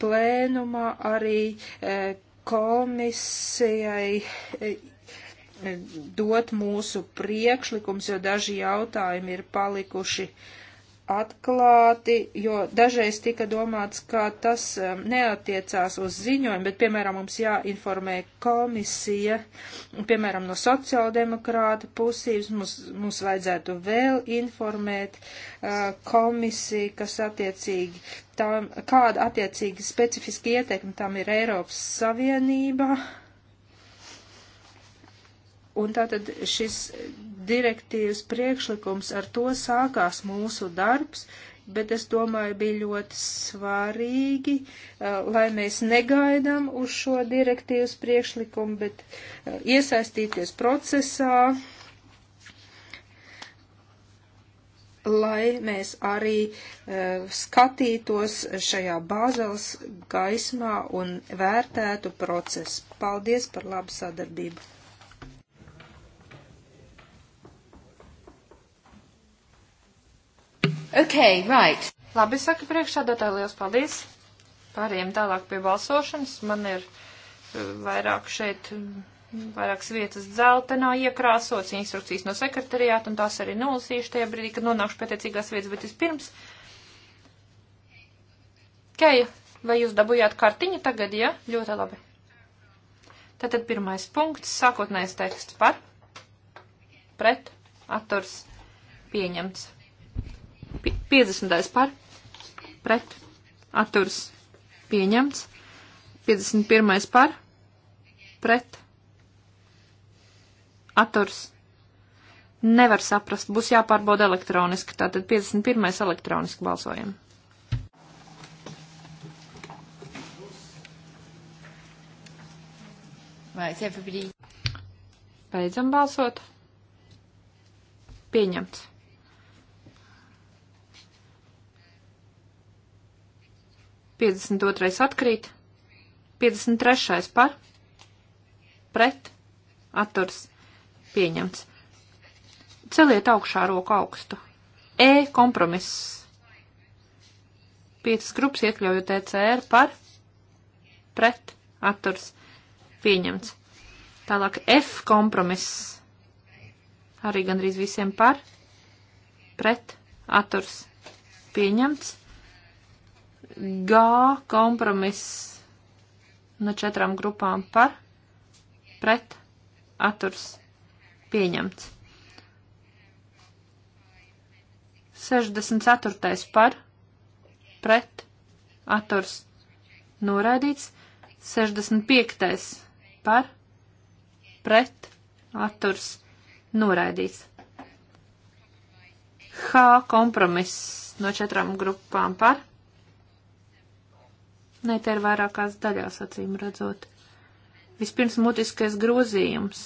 plēnumā arī e, komisijai e, dot mūsu priekšlikums, jo daži jautājumi ir palikuši uh, atklāti, jo dažreiz tika domāts, ka tas um, neatiecās uz ziņojumu, bet, piemēram, mums jāinformē komisija, piemēram, no sociāldemokrāta pusības, mums, mums vajadzētu vēl informēt uh, komisiju, kas attiecīgi, tam, kāda attiecīgi specifiski ietekme tam ir Eiropas Savienībā. Un tātad šis direktīvas priekšlikums, ar to sākās mūsu darbs, bet es domāju, bija ļoti svarīgi, eh, lai mēs negaidām uz šo direktīvas priekšlikumu, bet eh, iesaistīties procesā, lai mēs arī eh, skatītos šajā bāzels gaismā un vērtētu procesu. Paldies par labu sadarbību! Okay, right. Labi, saka priekšsādātāji, liels paldies. Pārējiem tālāk pie balsošanas. Man ir eh, vairāk šeit, mm, vairākas vietas dzeltenā iekrāsots, instrukcijas no sekretariāta, un tās arī nolasīšu tajā brīdī, kad nonākšu pie tiecīgās vietas, bet vispirms. Keja, vai jūs dabujāt kartiņu tagad, ja? Ļoti labi. Tātad pirmais punkts, sākotnējais teksts par, pret, atturs, pieņemts. 50. par pret atturs pieņemts. 51. par pret atturs nevar saprast. Būs jāpārbauda elektroniski. Tātad 51. elektroniski balsojam. Right, everybody. Beidzam balsot. Pieņemts. 52. atkrīt, 53. par, pret, atturs, pieņemts. Celiet augšā roku augstu. E kompromiss. Piecas grupas iekļaujot ECR par, pret, atturs, pieņemts. Tālāk F kompromiss. Arī gandrīz visiem par, pret, atturs, pieņemts. G kompromiss no četrām grupām par, pret, atturs, pieņemts. 64. par, pret, atturs, noraidīts. 65. par, pret, atturs, noraidīts. H kompromiss no četrām grupām par, Nē, te ir vairākās daļās, acīm redzot. Vispirms mutiskais grozījums.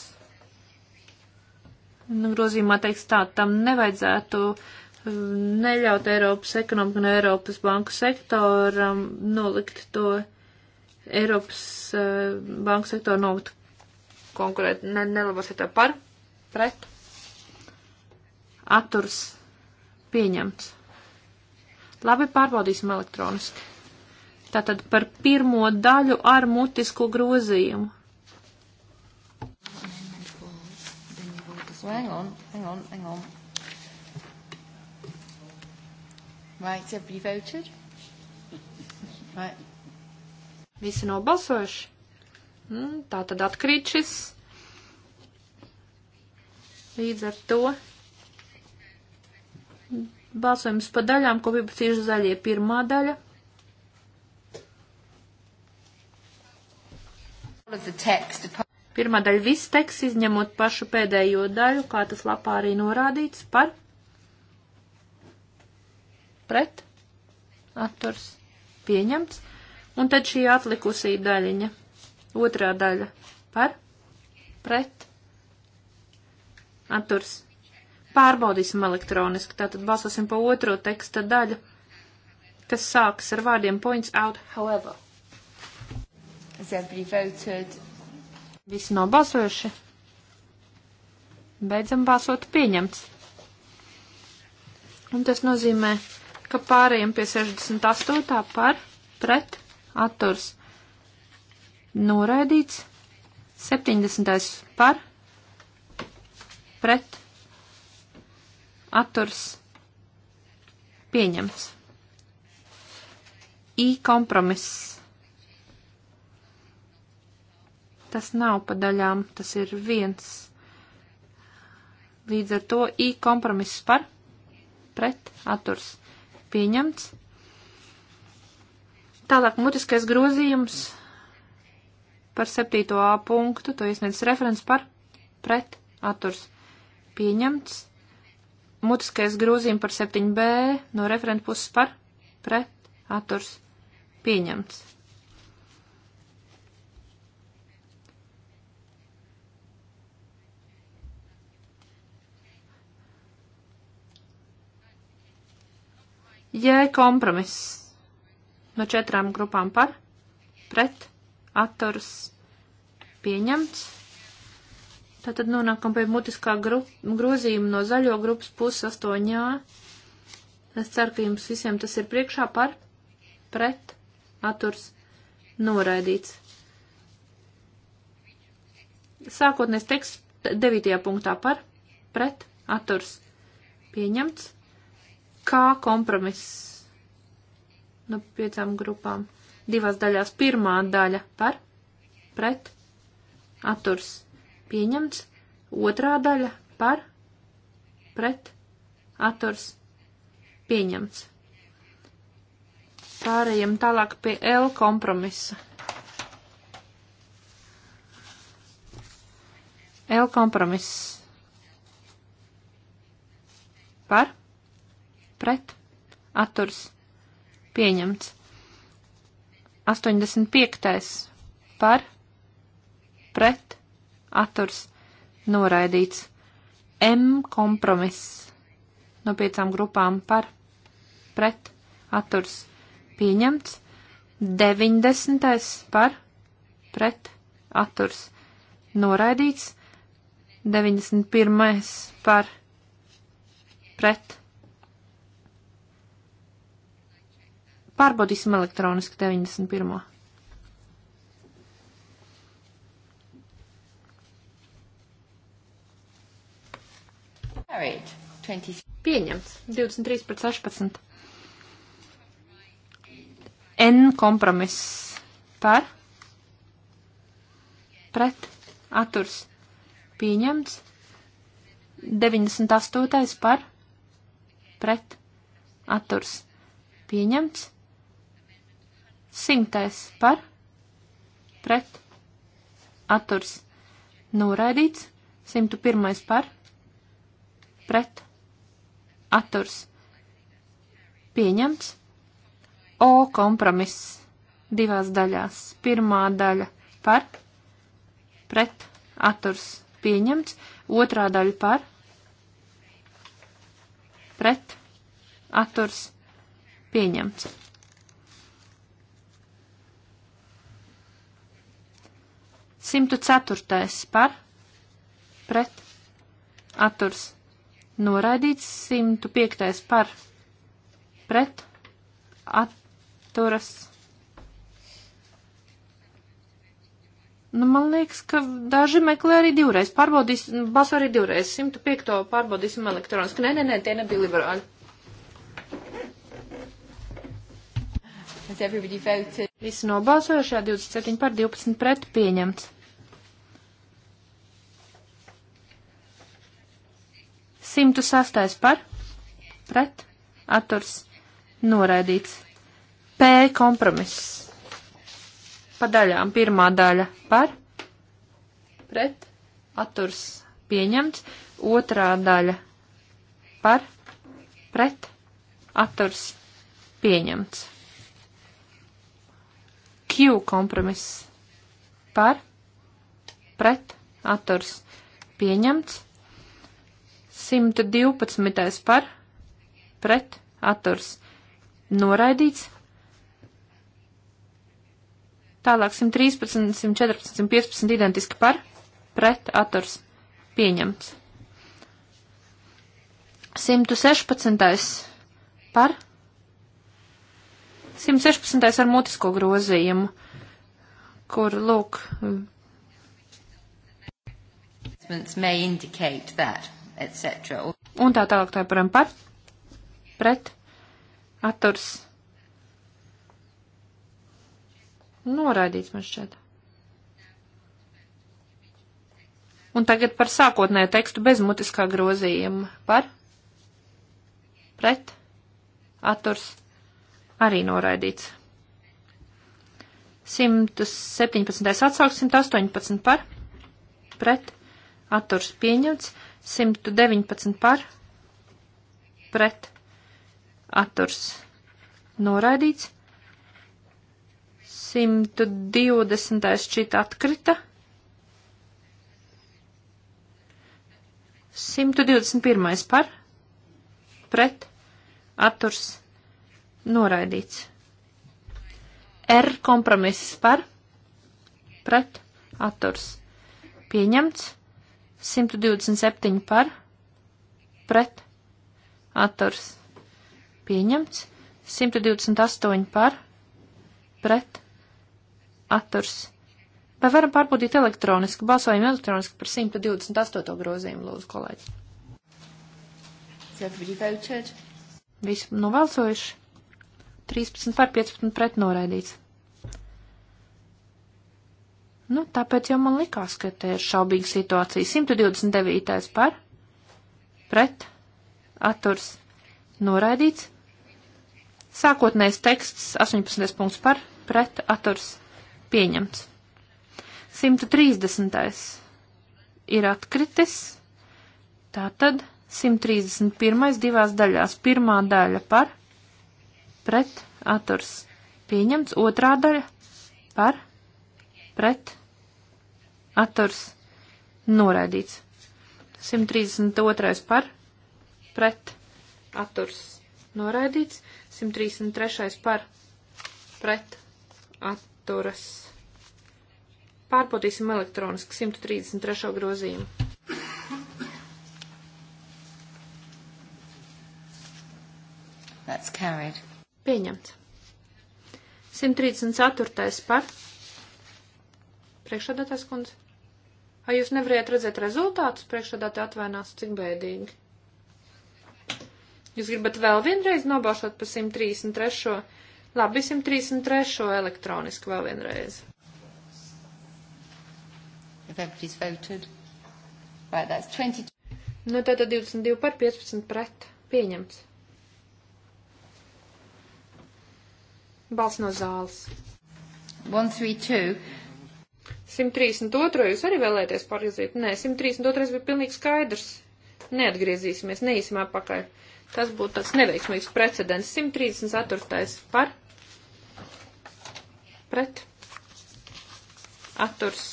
Nu, grozījumā teiks tā, tam nevajadzētu um, neļaut Eiropas ekonomiku un Eiropas banku sektoram nolikt to Eiropas uh, banku sektoru nolikt konkurēt ne, nelabos ir par, pret, atturs pieņemts. Labi, pārbaudīsim elektroniski. Tātad par pirmo daļu ar mutisko grozījumu. So hang on, hang on, hang on. Right, everybody voted? Right. Visi nobalsojuši? Mm, tā tad atkrīt šis. Līdz ar to balsojums pa daļām, ko pieprasījuši zaļie pirmā daļa. Pirmā daļa viss teksts, izņemot pašu pēdējo daļu, kā tas lapā arī norādīts, par pret atturs pieņemts. Un tad šī atlikusī daļiņa, otrā daļa par pret atturs. Pārbaudīsim elektroniski, tātad balsosim pa otro teksta daļu, kas sāks ar vārdiem points out however. Has everybody voted? Visi nobalsojuši. Beidzam balsot pieņemts. Un tas nozīmē, ka pārējiem pie 68. par pret atturs noraidīts, 70. par pret atturs pieņemts. I kompromiss Tas nav pa daļām, tas ir viens. Līdz ar to I kompromiss par pret atturs pieņemts. Tālāk mutiskais grozījums par 7. A punktu, to iesniedz referents par pret atturs pieņemts. Mutiskais grozījums par 7. B no referenta puses par pret atturs pieņemts. J kompromiss no četrām grupām par, pret, atturs, pieņemts. Tātad nonākam pie mutiskā gru, grozījuma no zaļo grupas puses astoņā. Es ceru, ka jums visiem tas ir priekšā par, pret, atturs, noraidīts. Sākotnēs teksts devītajā punktā par, pret, atturs, pieņemts kā kompromiss no nu, piecām grupām. Divās daļās. Pirmā daļa par, pret, atturs pieņemts. Otrā daļa par, pret, atturs pieņemts. Pārējiem tālāk pie L kompromisa. L kompromiss. Par? pret, atturs, pieņemts. 85. par, pret, atturs, noraidīts. M kompromiss no piecām grupām par, pret, atturs, pieņemts. 90. par, pret, atturs, noraidīts. 91. par, pret, Pārbaudīsim elektroniski 91. Pieņemts. 23 pret 16. N kompromiss par, pret, aturs, pieņemts. 98 par, pret, aturs, pieņemts. Simtais par, pret, atturs, noraidīts. 101 par, pret, atturs, pieņemts. O kompromiss divās daļās. Pirmā daļa par, pret, atturs, pieņemts. Otrā daļa par, pret, atturs, pieņemts. 104. par pret atturs noraidīts, 105. par pret atturas. Nu, man liekas, ka daži meklē arī divreiz. Pārbaudīs, basu arī divreiz. 105. pārbaudīsim elektroniski. Nē, nē, nē, tie nebija liberāļi. Visi nobalsojušie 27 par 12 pret pieņemts. 106. par, pret, atturs, noraidīts. P kompromiss. Pa daļām. Pirmā daļa par, pret, atturs, pieņemts. Otrā daļa par, pret, atturs, pieņemts. Q kompromiss par, pret, atturs, pieņemts. 112. par pret atturs noraidīts. Tālāk 113, 114, 115 identiski par pret atturs pieņemts. 116. par 116. ar mutisko grozījumu, kur lūk. May indicate that etc. Un tā tālāk tā param par, pret, atturs. Noraidīts man šķiet. Un tagad par sākotnēju tekstu bez mutiskā grozījuma. Par? Pret? Atturs? Arī noraidīts. 117. atsauks, 118 par? Pret? Atturs pieņemts. 119 par, pret, atturs noraidīts. 120. šķiet atkrita. 121. par, pret, atturs noraidīts. R kompromiss par, pret, atturs pieņemts. 127 par, pret, atturs, pieņemts, 128 par, pret, atturs. Vai varam pārbaudīt elektroniski, balsojam elektroniski par 128 grozījumu, lūdzu, kolēģi. Visi novalsojuši. 13 par 15 pret noraidīts. Nu, tāpēc jau man likās, ka te ir šaubīga situācija. 129. par, pret, atturs, noraidīts. Sākotnējais teksts, 18. punkts par, pret, atturs, pieņemts. 130. ir atkritis, tātad 131. divās daļās. Pirmā daļa par, pret, atturs, pieņemts. Otrā daļa par, pret, atturs atturs noraidīts. 132. par pret atturs noraidīts. 133. par pret atturas. Pārpotīsim elektroniski 133. grozījumu. That's carried. Pieņemts. 134. par Priekšādātājs kundze. Vai jūs nevarējāt redzēt rezultātus? Priekšādātāji atvainās, cik bēdīgi. Jūs gribat vēl vienreiz nobalsot par 133. Labi, 133. elektroniski vēl vienreiz. Right, nu, tātad 22 par 15 pret. Pieņemts. Balsts no zāles. 132. 132. jūs arī vēlēties pārgriezīt? Nē, 132. bija pilnīgi skaidrs. Neatgriezīsimies, neīsim apakaļ. Tas būtu tāds neveiksmīgs precedents. 134. par pret atturs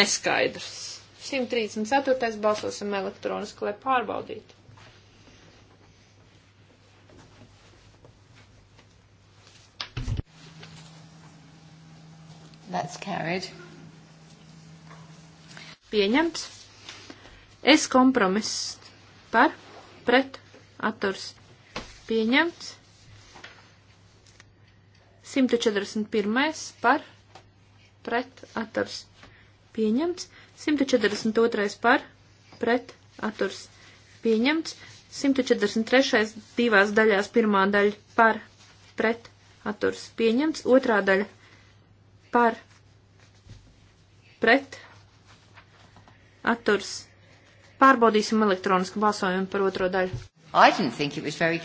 neskaidrs. 134. balsosim elektroniski, lai pārbaudītu. That's carried. Pieņemts. Es kompromiss par, pret, atturs. Pieņemts. 141. par, pret, atturs. Pieņemts. 142. par, pret, atturs. Pieņemts. 143. divās daļās pirmā daļa par, pret, atturs. Pieņemts. Otrā daļa par, pret, atturs. Pārbaudīsim elektronisku balsojumu par otro daļu. Very...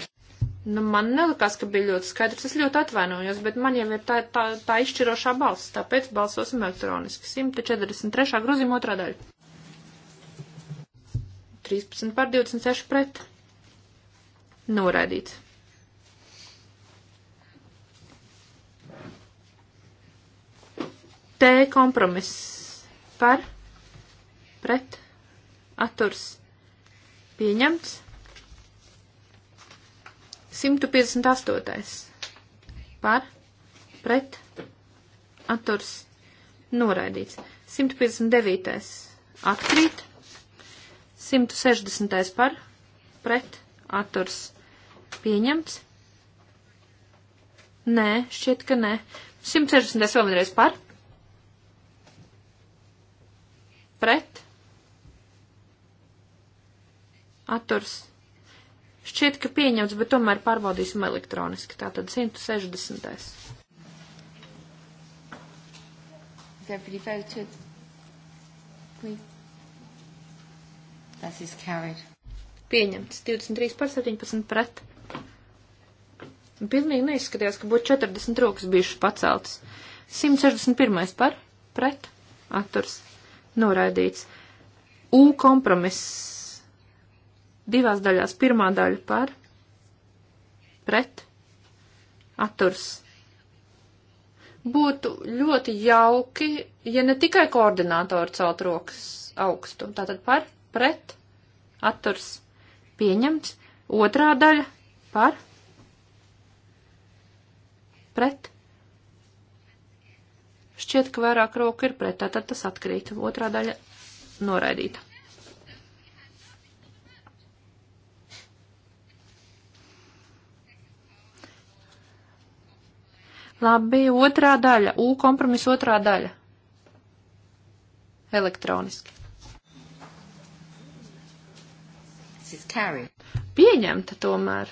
Nu, man nelikās, ka bija ļoti skaidrs. Es ļoti atvainojos, bet man jau ir tā, tā, tā izšķirošā balss, tāpēc balsosim elektroniski. 143. grozījuma otrā daļa. 13 par 26 pret. Noraidīts. T kompromiss par pret atturs pieņemts. 158. par pret atturs noraidīts. 159. atkrīt. 160. par pret atturs pieņemts. Nē, šķiet, ka nē. 160. vēl vienreiz par pret, atturs. Šķiet, ka pieņemts, bet tomēr pārbaudīsim elektroniski. Tātad 160. Pieņemts 23 par 17 pret. Pilnīgi neizskatījās, ka būtu 40 rokas bijušas paceltas. 161 par pret atturs noraidīts. U kompromiss divās daļās. Pirmā daļa par, pret, atturs. Būtu ļoti jauki, ja ne tikai koordinātori celt rokas augstu. Tātad par, pret, atturs pieņemts. Otrā daļa par, pret, Šķiet, ka vairāk roku ir pret, tātad tas atkrīt. Otrā daļa noraidīta. Labi, otrā daļa. U kompromis otrā daļa. Elektroniski. Pieņemta tomēr.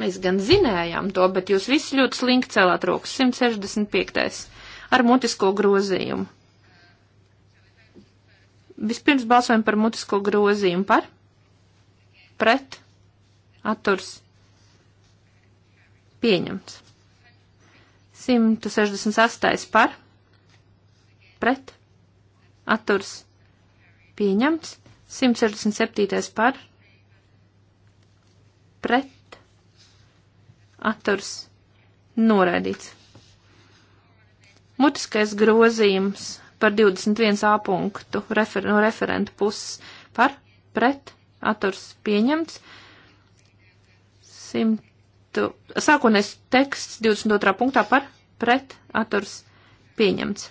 Mēs gan zinājām to, bet jūs visi ļoti slinki celāt rokas. 165 ar mutisko grozījumu. Vispirms balsojam par mutisko grozījumu par, pret, atturs, pieņemts. 168 par, pret, atturs, pieņemts. 167 par, pret, atturs, noraidīts. Mutiskais grozījums par 21a punktu refer no referenta puses par pret atturs pieņemts. Simtu, sākotnēs teksts 22. punktā par pret atturs pieņemts.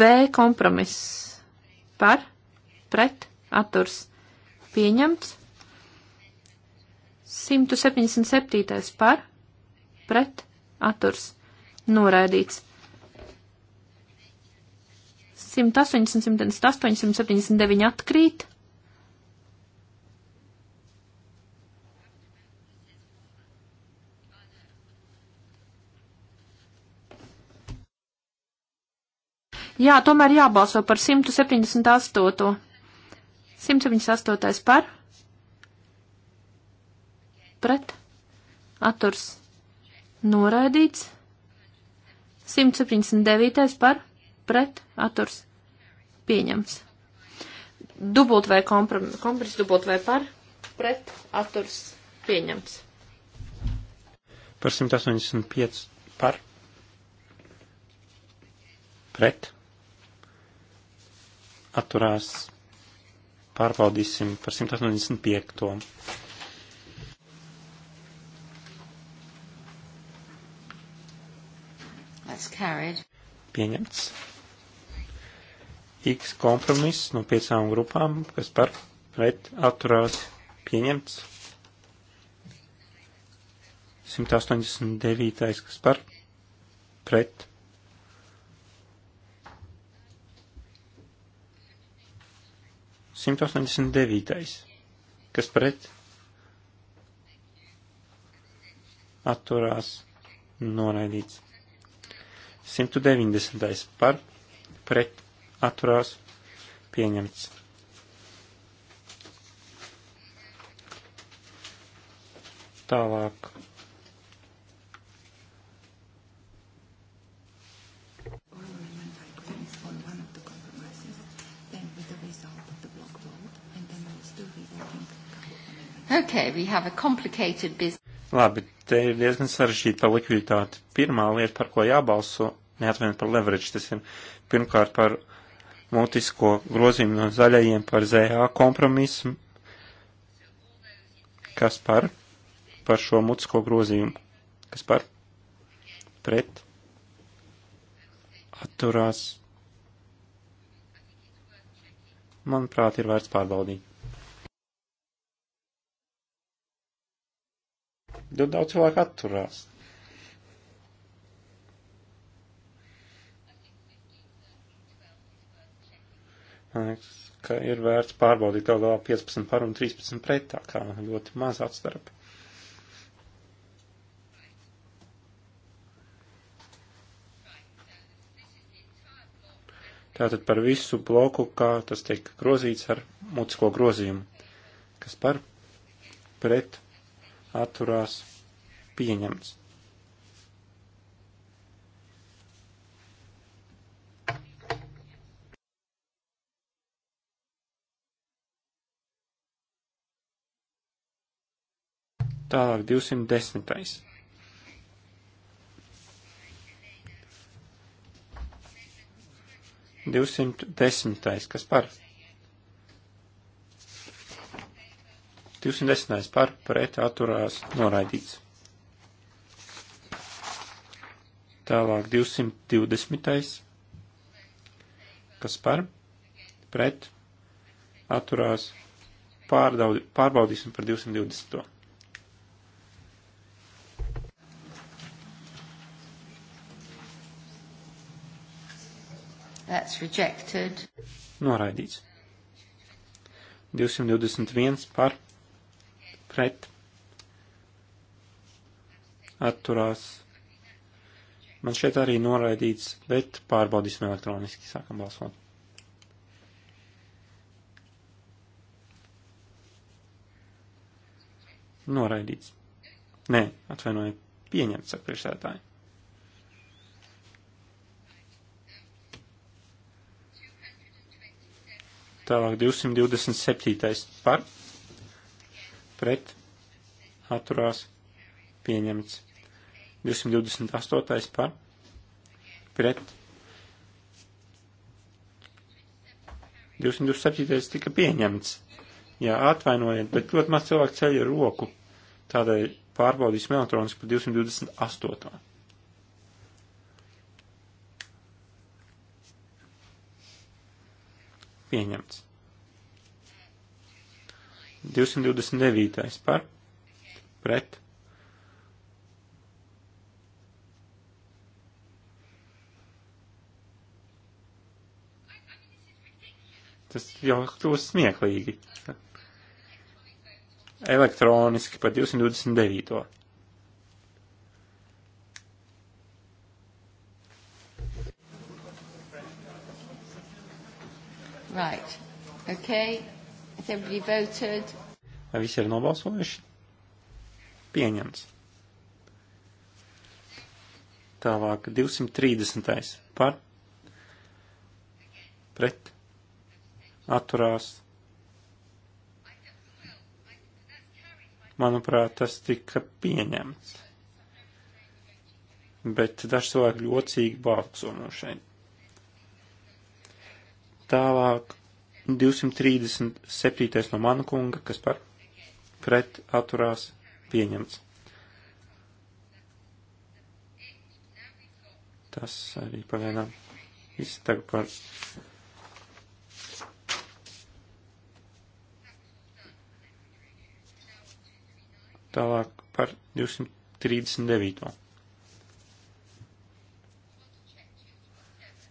V kompromiss par pret atturs pieņemts. 177. par pret atturs noraidīts. 180, 178, 179 atkrīt. Jā, tomēr jābalso par 178. 178. par? Pret? Atturs noraidīts. 179. par pret atturs pieņems. Dubult vai kompromis, kompromis dubult vai par pret atturs pieņems. Par 185 par pret atturās pārbaudīsim par 185. Pieņemts. X kompromiss no piecām grupām, kas par pret atturās pieņemts. 189. kas par pret. Simt astoņdesmit devītais, kas pret atturās noraidīts. 190. par pret atturās pieņemts. Tālāk. Okay, we have a complicated business. Labi, te ir diezgan sarežģīta par likviditāti. Pirmā lieta, par ko jābalso, neatvienot par leverage, tas ir pirmkārt par mutisko grozījumu no zaļajiem par ZA kompromisu. Kas par? Par šo mutisko grozījumu. Kas par? Pret? Atturās. Manuprāt, ir vērts pārbaudīt. Ļoti daudz cilvēku atturās. Man liekas, ka ir vērts pārbaudīt galu galā 15 par un 13 pretā, kā ļoti maz atstarpi. Tātad par visu bloku, kā tas tiek grozīts ar mutisko grozījumu, kas par pret atturās pieņemts. Tālāk 210. Divsimt desmitais, kas par? 210. par pret atturās noraidīts. Tālāk 220. kas par pret atturās pārdaudi, pārbaudīsim par 220. That's rejected. Noraidīts. 221 par pret atturās. Man šeit arī noraidīts, bet pārbaudīsim elektroniski, sākam balsot. Noraidīts. Nē, atvainojiet, pieņemts, saka priekšsētāji. 227. par pret atturās pieņemts. 228. par pret 227. tika pieņemts. Jā, atvainojiet, bet ļoti maz cilvēku ceļ ar roku. Tādēļ pārbaudīsim elektroniski par 228. Pieņemts. 229. par pret. Tas jau kļūst smieklīgi. Elektroniski par 229. Right. Okay. Has everybody voted? Vai visi ir nobalsojuši? Pieņemts. Tālāk 230. par pret atturās. Manuprāt, tas tika pieņemts. Bet daži cilvēki ļocīgi balso no šeit. Tālāk 237. no mana kunga, kas par pret atturās pieņemts. Tas arī pagaidām viss tagad par tālāk par 239.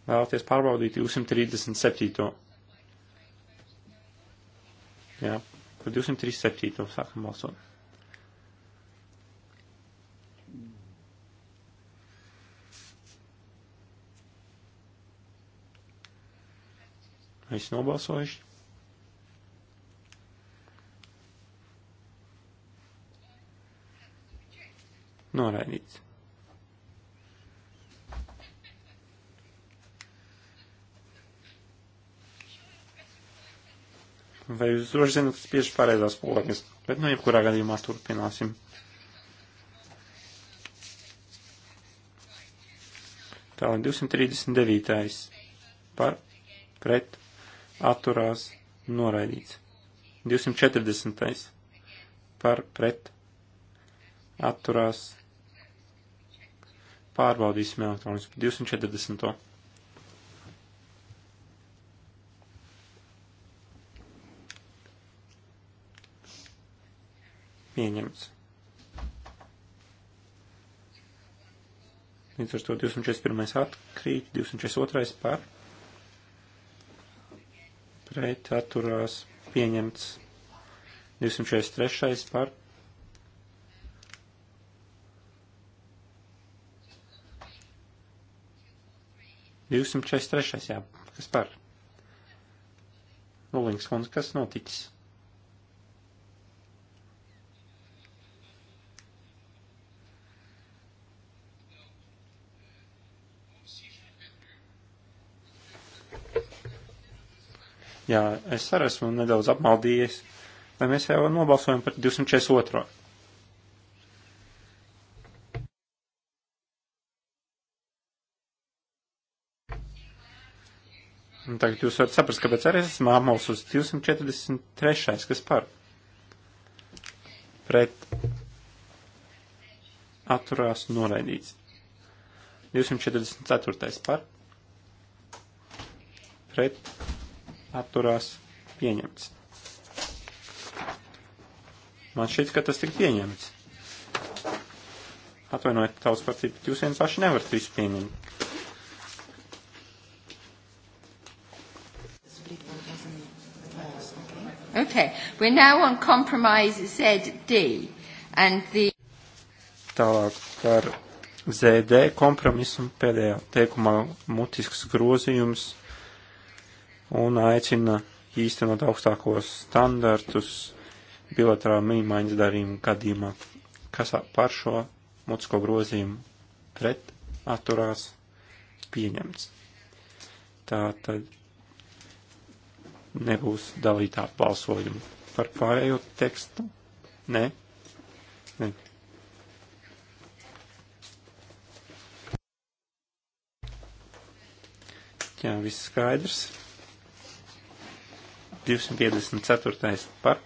Vēlaties pārbaudīt 237. Jā, par 237. sākam balsot. Visi nobalsojuši. Noraidīts. vai jūs droši zinat, kas tieši pareizās pogas, bet nu jebkurā gadījumā turpināsim. Tā, 239. par pret atturās noraidīts. 240. par pret atturās pārbaudīsim elektroniski 240. pieņemts. Līdz ar to 241. atkrīt, 242. par pret atturās pieņemts, 243. par Divsimt četrdesmit trešais, jā, kas par? Lulīgs kundze, kas noticis? Jā, es arī esmu nedaudz apmaldījies, vai mēs jau nobalsojam par 242. Un tagad jūs varat saprast, kāpēc arī es esmu apmals uz 243. kas par pret atturās noraidīts. 244. par pret atturās pieņemts. Man šķiet, ka tas tik pieņemts. Atvainojiet, tavs partīt, bet jūs vien paši nevarat visu pieņemt. Okay, we're now on compromise ZD and the. Tālāk par ZD kompromisu pēdējā teikumā mutisks grozījums un aicina īstenot augstākos standartus bilaterāla mīmaiņas darījuma gadījumā, kas par šo mutisko grozījumu pret atturās pieņemts. Tā tad nebūs dalītā balsojuma par pārējo tekstu. Nē. Nē. Jā, viss skaidrs. 254. par.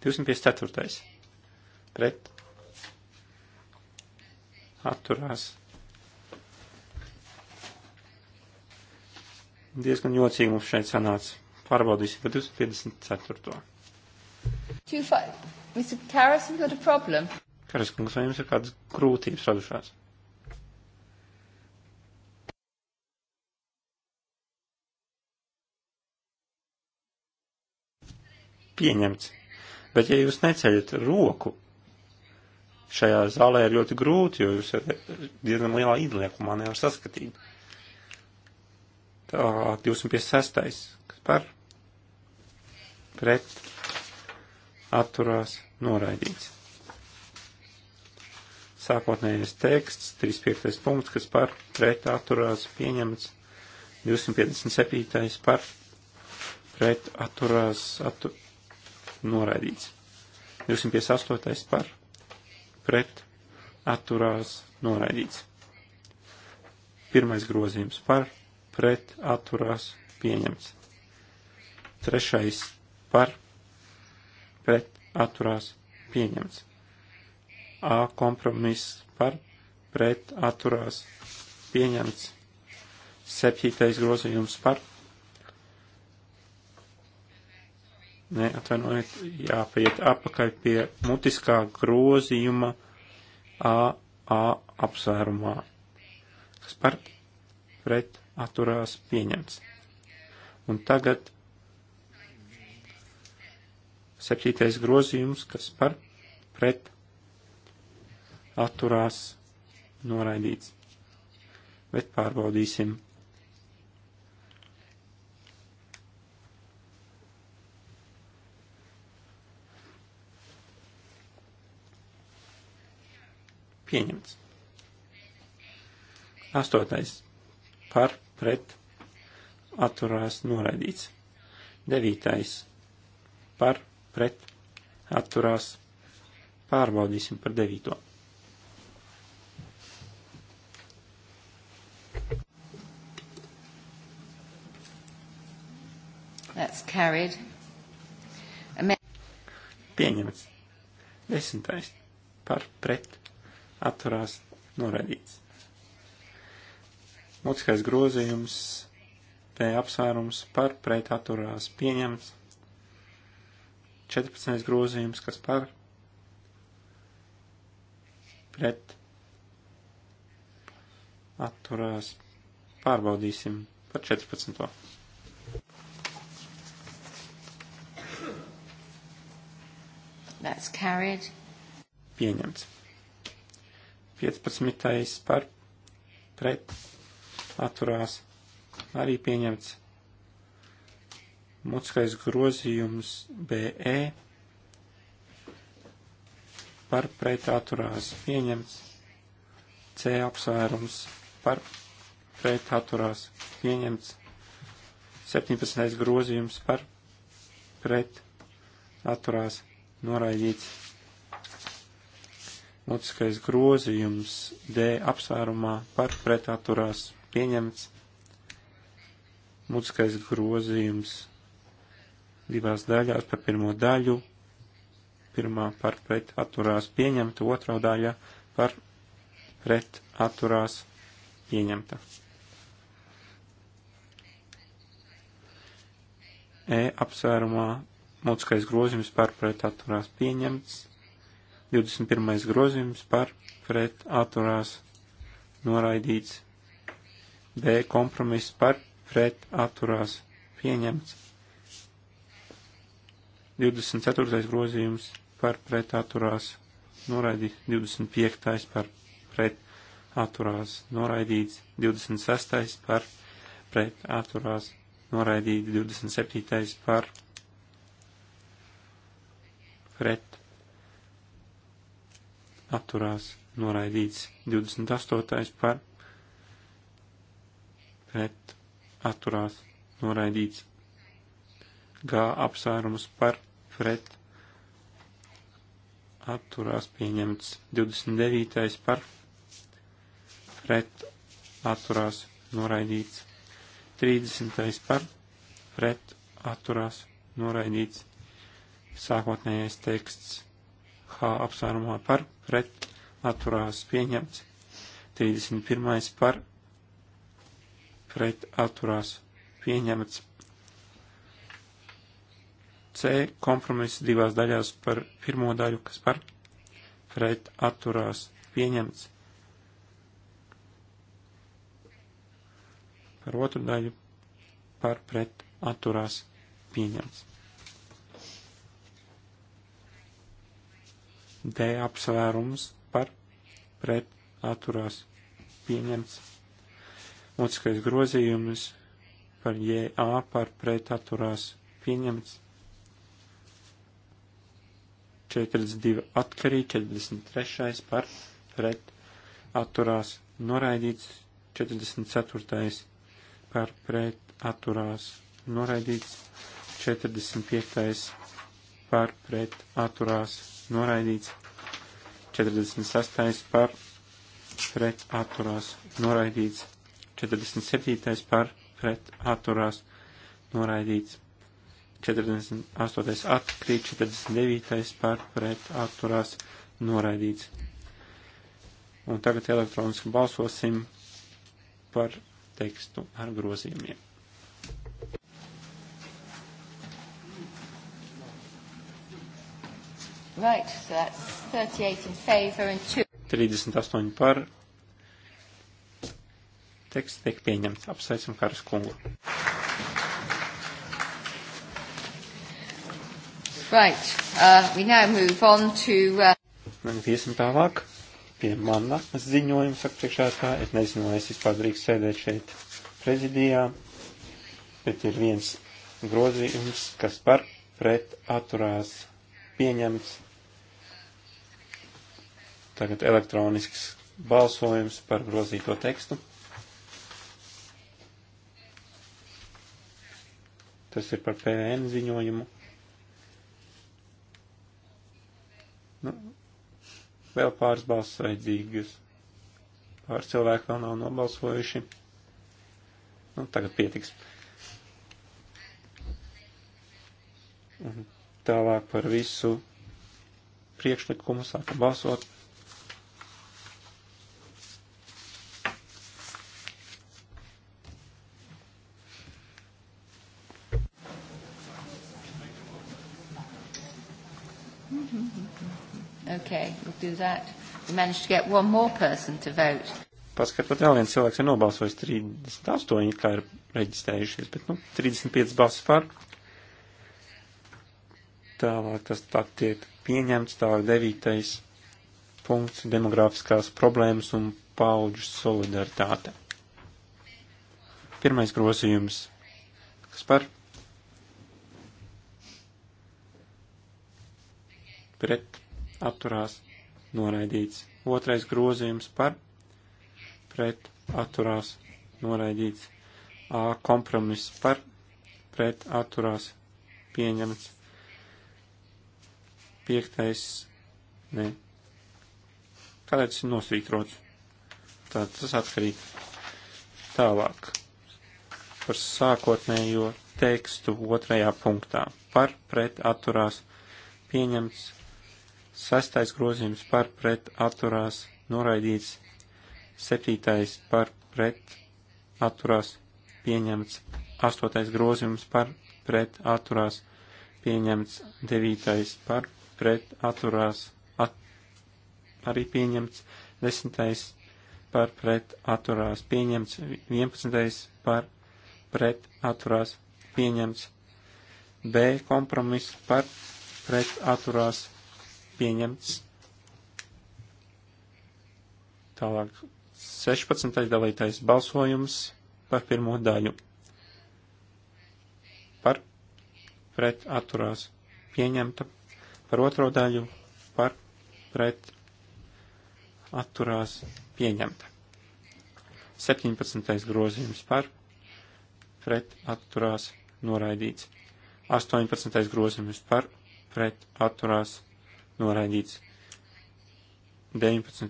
254. pret. Atturās. Diezgan jocīgi mums šeit sanāca. Pārbaudīsim par 254. Mr. Karas, you got a problem? Karas kungs, vai jums ir kādas grūtības radušās? pieņemts. Bet ja jūs neceļat roku, šajā zālē ir ļoti grūti, jo jūs diezgan lielā idliekumā nevar saskatīt. Tā, 256. kas par pret atturās noraidīts. Sākotnējais teksts, 35. punkts, kas par pret atturās pieņemts, 257. par pret atturās atturās noraidīts. 258. par pret atturās noraidīts. Pirmais grozījums par pret atturās pieņemts. Trešais par pret atturās pieņemts. A kompromiss par pret atturās pieņemts. Septītais grozījums par Nē, atvainojiet, jāpaiet apakaļ pie mutiskā grozījuma AA apsvērumā, kas par pret atturās pieņemts. Un tagad septītais grozījums, kas par pret atturās noraidīts. Bet pārbaudīsim pieņemts. Astotais par pret atturās noraidīts. Devītais par pret atturās pārbaudīsim par devīto. That's carried. Pieņemts. Desmitais par pret atturās noraidīts. Mutiskais grozījums P apsvērums par pret atturās pieņemts. 14. grozījums, kas par pret atturās pārbaudīsim par 14. That's carried. Pieņemts. 15. par pret atturās arī pieņemts. Mutskais grozījums BE par pret atturās pieņemts. C apsvērums par pret atturās pieņemts. 17. grozījums par pret atturās noraidīts mutiskais grozījums D apsvērumā par pretāturās pieņemts, mutiskais grozījums divās daļās par pirmo daļu, pirmā par pret atturās pieņemta, otrā daļa par pret atturās pieņemta. E apsvērumā mutiskais grozījums par pret atturās pieņemts, 21. grozījums par pret atturās noraidīts. B kompromiss par pret atturās pieņemts. 24. grozījums par pret atturās noraidīts. 25. par pret atturās noraidīts. 26. par pret atturās noraidīts. 27. par pret atturās noraidīts 28. par pret atturās noraidīts G apsvērums par pret atturās pieņemts 29. par pret atturās noraidīts 30. par pret atturās noraidīts sākotnējais teksts H apsvērumā par pret pret atturās pieņemts. 31. par pret atturās pieņemts. C kompromiss divās daļās par pirmo daļu, kas par pret atturās pieņemts. Par otru daļu par pret atturās pieņemts. D apsvērums par pret atturās pieņemts. Mūtiskais grozījums par JA par pret atturās pieņemts. 42 atkarī, 43 par pret atturās noraidīts, 44 par pret atturās noraidīts, 45 par pret atturās noraidīts, 46. par pret atturās noraidīts, 47. par pret atturās noraidīts, 48. atkrīt, 49. par pret atturās noraidīts. Un tagad elektroniski balsosim par tekstu ar grozījumiem. Right, so that's 38 in favor and 2. 38 par. Teksts tiek pieņemts. Apsveicam Karas kungu. Right, uh, we now move on to... Uh... Tagad iesim tālāk pie manas ziņojuma, saka priekšētā. Es nezinu, vai es vispār drīkst sēdēt šeit prezidijā, bet ir viens grozījums, kas par pret atturās pieņemts Tagad elektronisks balsojums par grozīto tekstu. Tas ir par PVN ziņojumu. Nu, vēl pāris balss vajadzīgas. Pāris cilvēki vēl nav nobalsojuši. Nu, tagad pietiks. Un tālāk par visu priekšlikumu sākam balsot. do that. We managed to get one more person to vote. Paskatot, vēl viens cilvēks ir nobalsojis 38, kā ir reģistrējušies, bet, nu, 35 balsis par. Tālāk tas tā tiek pieņemts, tālāk devītais punkts - demografiskās problēmas un paudžu solidaritāte. Pirmais grozījums. Kas par? Pret. Atturās noraidīts. Otrais grozījums par pret atturās noraidīts. A kompromiss par pret atturās pieņemts. Piektais, ne. Kādēļ tas ir nosvītrots? Tātad tas atkarīt tālāk par sākotnējo tekstu otrajā punktā. Par pret atturās pieņemts Sastais grozījums par pret atturās noraidīts. Septītais par pret atturās pieņemts. Astotais grozījums par pret atturās pieņemts. Devītais par pret atturās at, arī pieņemts. Desmitais par pret atturās pieņemts. Vienpadsmitais par pret atturās pieņemts. B kompromiss par pret atturās pieņemts pieņemts. Tālāk 16. dalītais balsojums par pirmo daļu. Par pret atturās pieņemta. Par otro daļu par pret atturās pieņemta. 17. grozījums par pret atturās noraidīts. 18. grozījums par pret atturās noraidīts. 19.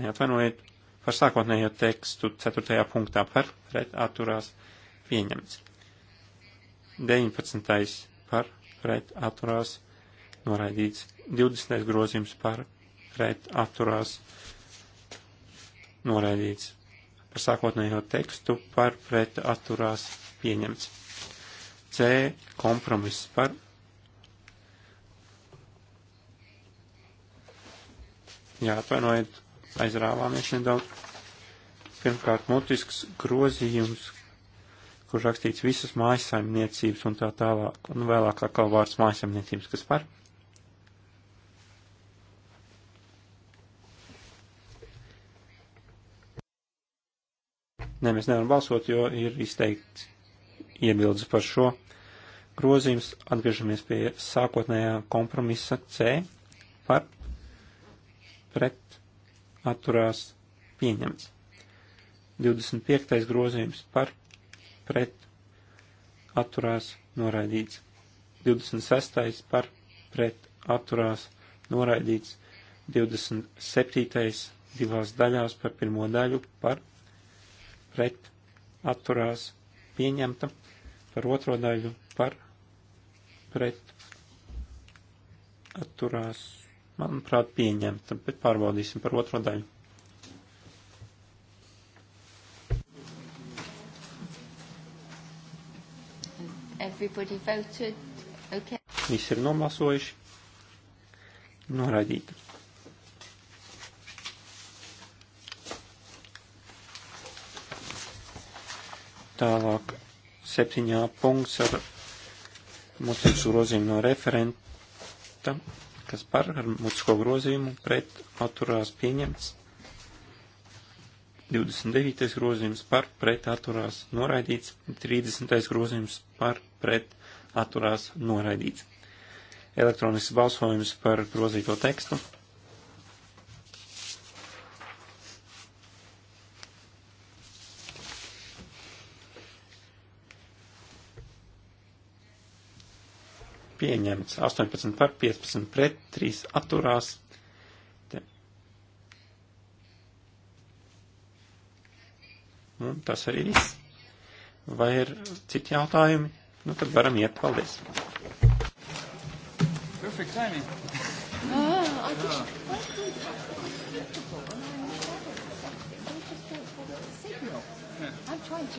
Neatvainojiet par sākotnējo tekstu 4. punktā par pret atturās pieņemts. 19. par pret atturās noraidīts. 20. grozījums par pret atturās noraidīts. Par sākotnējo tekstu par pret atturās pieņemts. C. kompromiss par Jā, atvainojiet, aizrāvāmies nedaudz. Pirmkārt, mutisks grozījums, kur rakstīts visas mājasaimniecības un tā tālāk, un vēlāk atkal vārds mājasaimniecības, kas par. Nē, mēs nevaram balsot, jo ir izteikts iebildes par šo. Grozījums atgriežamies pie sākotnējā kompromisa C par pret atturās pieņemts. 25. grozījums par pret atturās noraidīts. 26. par pret atturās noraidīts. 27. divās daļās par pirmo daļu par pret atturās pieņemta. Par otro daļu par pret atturās manuprāt, pieņemta, bet pārbaudīsim par otro daļu. Okay. Visi ir nobalsojuši. Noraidīta. Tālāk septiņā punkts ar mūsu grozījumu no referenta kas par ar mutisko grozījumu pret atturās pieņemts. 29. grozījums par pret atturās noraidīts, 30. grozījums par pret atturās noraidīts. Elektronisks balsojums par grozīto tekstu. pieņemts. 18 par 15 pret 3 atturās. Te. Un nu, tas arī viss. Vai ir citi jautājumi? Nu, tad varam iet. Paldies. Perfect timing. ah, I just, that's good. That's beautiful. And I was that accepting. They just don't for the signal. Yeah. I'm trying to